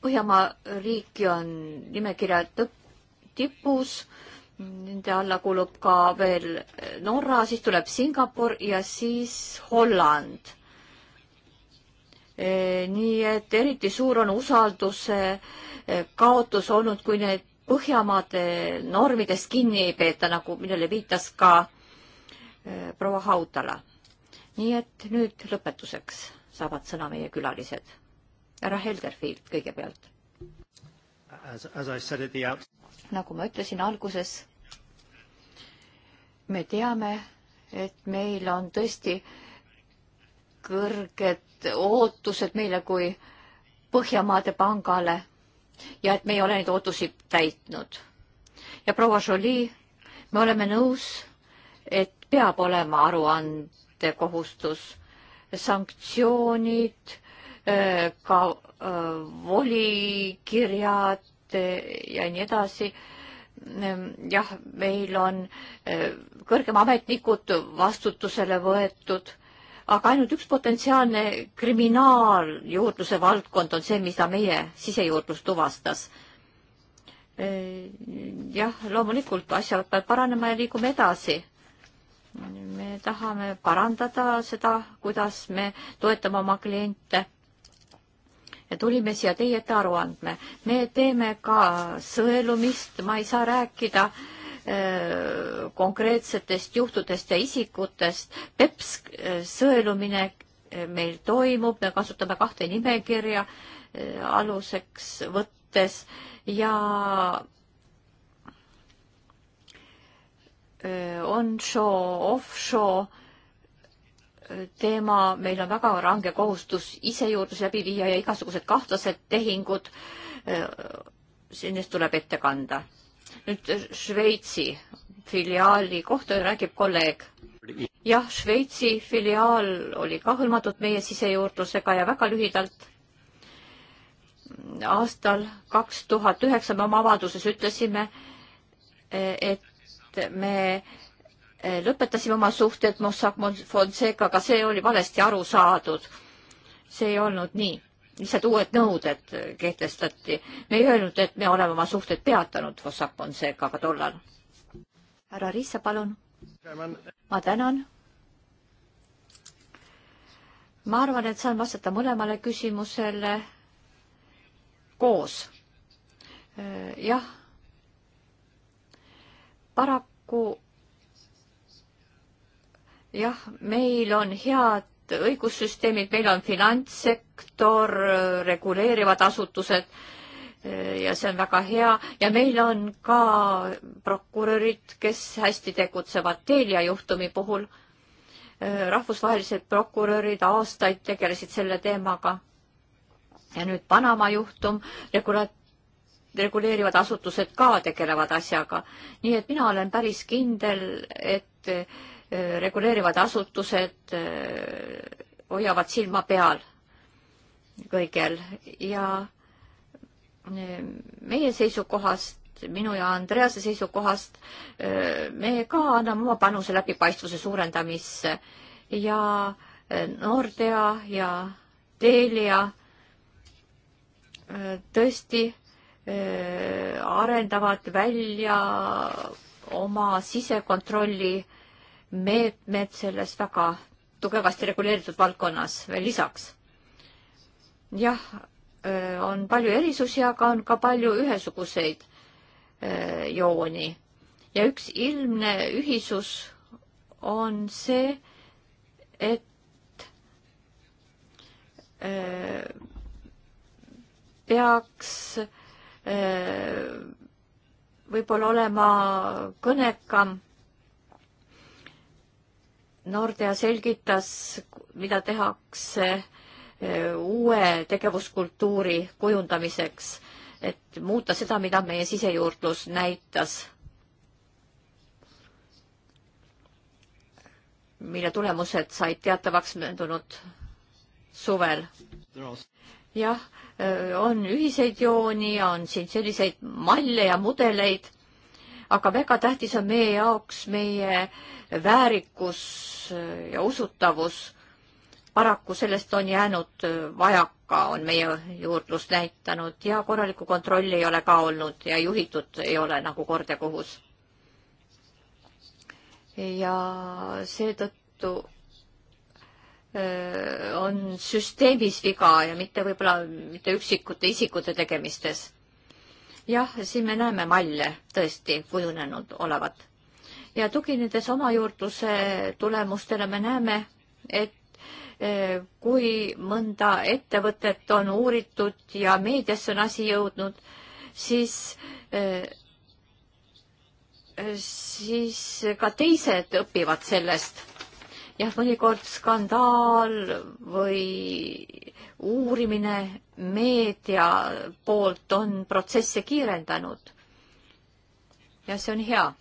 Põhjamaa riiki on nimekirja tipus, nende alla kuulub ka veel Norra, siis tuleb Singapur ja siis Holland. nii et eriti suur on usalduse kaotus olnud, kui need Põhjamaade normidest kinni ei peeta, nagu millele viitas ka äh, proua Haudala. nii et nüüd lõpetuseks saavad sõna meie külalised. härra Helderfield kõigepealt. nagu ma ütlesin alguses, me teame, et meil on tõesti kõrged ootused meile kui Põhjamaade Pangale ja et me ei ole neid ootusi täitnud. ja proua Jolie, me oleme nõus, et peab olema aruandekohustus, sanktsioonid, äh, ka äh, volikirjad äh, ja nii edasi. Ähm, jah, meil on kõrgem ametnikud vastutusele võetud aga ainult üks potentsiaalne kriminaaljuurdluse valdkond on see, mida meie sisejuurdlus tuvastas. Äh, jah, loomulikult asjad peavad paranema ja liigume edasi. me tahame parandada seda, kuidas me toetame oma kliente ja tulime siia teie ette aru andma. me teeme ka sõelumist, ma ei saa rääkida äh, Äh, konkreetsetest juhtudest ja isikutest. PEPS äh, sõelumine äh, meil toimub, me kasutame kahte nimekirja aluseks võttes ja onshore, offshore teema, meil on väga range kohustus ise juurdlus läbi viia ja igasugused kahtlased tehingud, nendest tuleb ette kanda nüüd Šveitsi filiaali kohta räägib kolleeg. jah, Šveitsi filiaal oli ka hõlmatud meie sisejuurdlusega ja väga lühidalt aastal kaks tuhat üheksa me oma avalduses ütlesime, et me lõpetasime oma suhted Mossack Fonsecaga, see oli valesti aru saadud. see ei olnud nii lihtsalt uued nõuded kehtestati. me ei öelnud, et me oleme oma suhted peatanud Fossack Fonsecaga tollal. härra Rissa, palun. ma tänan. ma arvan, et saan vastata mõlemale küsimusele koos. Äh, jah. paraku jah, meil on head erinevad õigussüsteemid, meil on finantssektor, reguleerivad asutused eh, ja see on väga hea ja meil on ka prokurörid, kes hästi tegutsevad Telia juhtumi puhul. Eh, rahvusvahelised prokurörid aastaid tegelesid selle teemaga. ja nüüd Panama juhtum, regula-, reguleerivad asutused ka tegelevad asjaga. nii et mina olen päris kindel, et Äh, reguleerivad asutused äh, hoiavad silma peal kõigel ja äh, meie seisukohast, minu ja Andrease seisukohast, me ka anname oma panuse läbipaistvuse suurendamisse ja Nordea ja Telia tõesti arendavad välja oma sisekontrolli äh, meetmed selles väga tugevasti reguleeritud valdkonnas veel lisaks. jah, on palju erisusi, aga on ka palju ühesuguseid jooni ja üks ilmne ühisus on see, et peaks võib-olla olema kõnekam Nordea selgitas, mida tehakse eh, uue tegevuskultuuri kujundamiseks, et muuta seda, mida meie sisejuurdlus näitas. mille tulemused said teatavaks möödunud suvel. jah, eh, on ühiseid jooni, on siin selliseid malle ja mudeleid aga väga tähtis on meie jaoks meie väärikus ja usutavus. paraku sellest on jäänud vajaka, on meie juurdlus näitanud ja korralikku kontrolli ei ole ka olnud ja juhitud ei ole nagu kord ja kohus. ja seetõttu on süsteemis viga ja mitte võib-olla mitte üksikute isikute tegemistes jah, siin me näeme malle tõesti kujunenud olevat. ja tuginedes oma juurdluse tulemustele me näeme, et e, kui mõnda ettevõtet on uuritud ja meediasse on asi jõudnud, siis, e, siis ka teised õpivad sellest. jah, mõnikord skandaal või uurimine meedia poolt on protsesse kiirendanud. ja see on hea.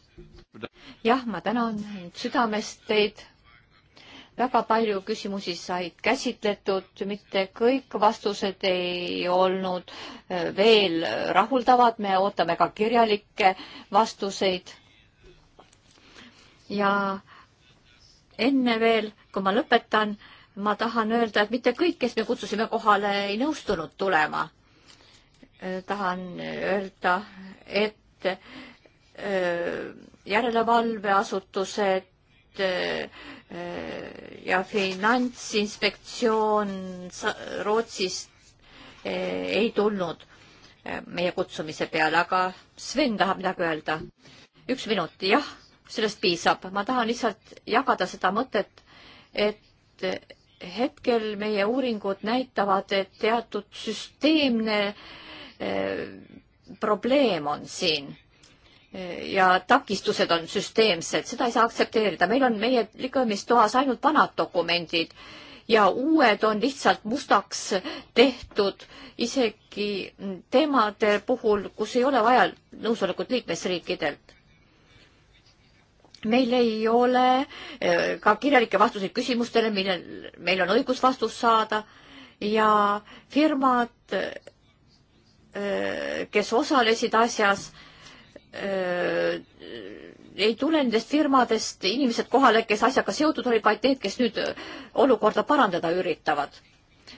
jah, ma tänan südamest teid. väga palju küsimusi said käsitletud, mitte kõik vastused ei olnud äh, veel rahuldavad, me ootame ka kirjalikke vastuseid. ja enne veel, kui ma lõpetan ma tahan öelda, et mitte kõik, kes me kutsusime kohale, ei nõustunud tulema. Äh, tahan öelda, et äh, järelevalveasutused äh, ja Finantsinspektsioon Rootsist ei tulnud meie kutsumise peale, aga Sven tahab midagi öelda. üks minut, jah, sellest piisab. ma tahan lihtsalt jagada seda mõtet, et hetkel meie uuringud näitavad, et teatud süsteemne eh, probleem on siin eh, ja takistused on süsteemsed, seda ei saa aktsepteerida. meil on meie lükkamistoas ainult vanad dokumendid ja uued on lihtsalt mustaks tehtud isegi teemade puhul, kus ei ole vaja nõusolekut liikmesriikidelt meil ei ole eh, ka kirjalikke vastuseid küsimustele, millel meil on õigus vastust saada ja firmad, eh, kes osalesid asjas, eh, ei tule nendest firmadest inimesed kohale, kes asjaga seotud olid, vaid need, kes nüüd olukorda parandada üritavad.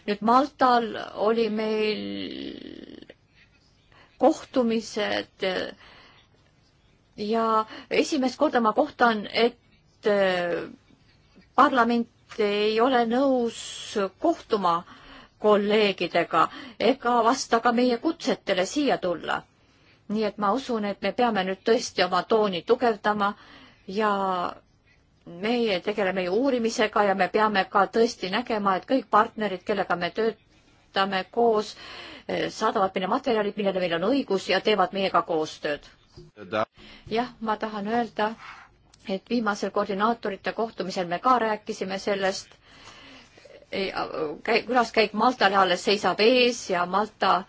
nüüd Maltal oli meil kohtumised äh, ja esimest korda ma kohtan, et äh, parlament ei ole nõus kohtuma kolleegidega ega vasta ka meie kutsetele siia tulla. nii et ma usun, et me peame nüüd tõesti oma tooni tugevdama ja meie tegeleme ju uurimisega ja me peame ka tõesti nägema, et kõik partnerid, kellega me töötame koos, äh, saadavad meile materjalid, millele meil on õigus ja teevad meiega koostööd jah, ma tahan öelda, et viimasel koordinaatorite kohtumisel me ka rääkisime sellest, äh, külaskäik Maltale alles seisab ees ja Malta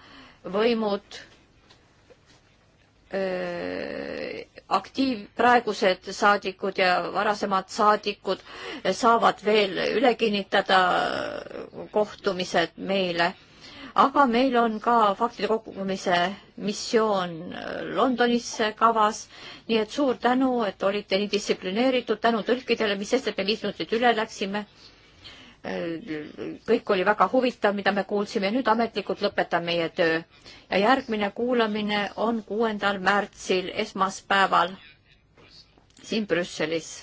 võimud öö, aktiiv, praegused saadikud ja varasemad saadikud saavad veel üle kinnitada kohtumised meile aga meil on ka faktide kokkumise missioon äh, Londonis kavas, nii et suur tänu, et olite nii distsiplineeritud, tänu tõlkidele, mis sest, et me viis minutit üle läksime. Äh, kõik oli väga huvitav, mida me kuulsime ja nüüd ametlikult lõpetab meie töö ja järgmine kuulamine on kuuendal märtsil esmaspäeval siin Brüsselis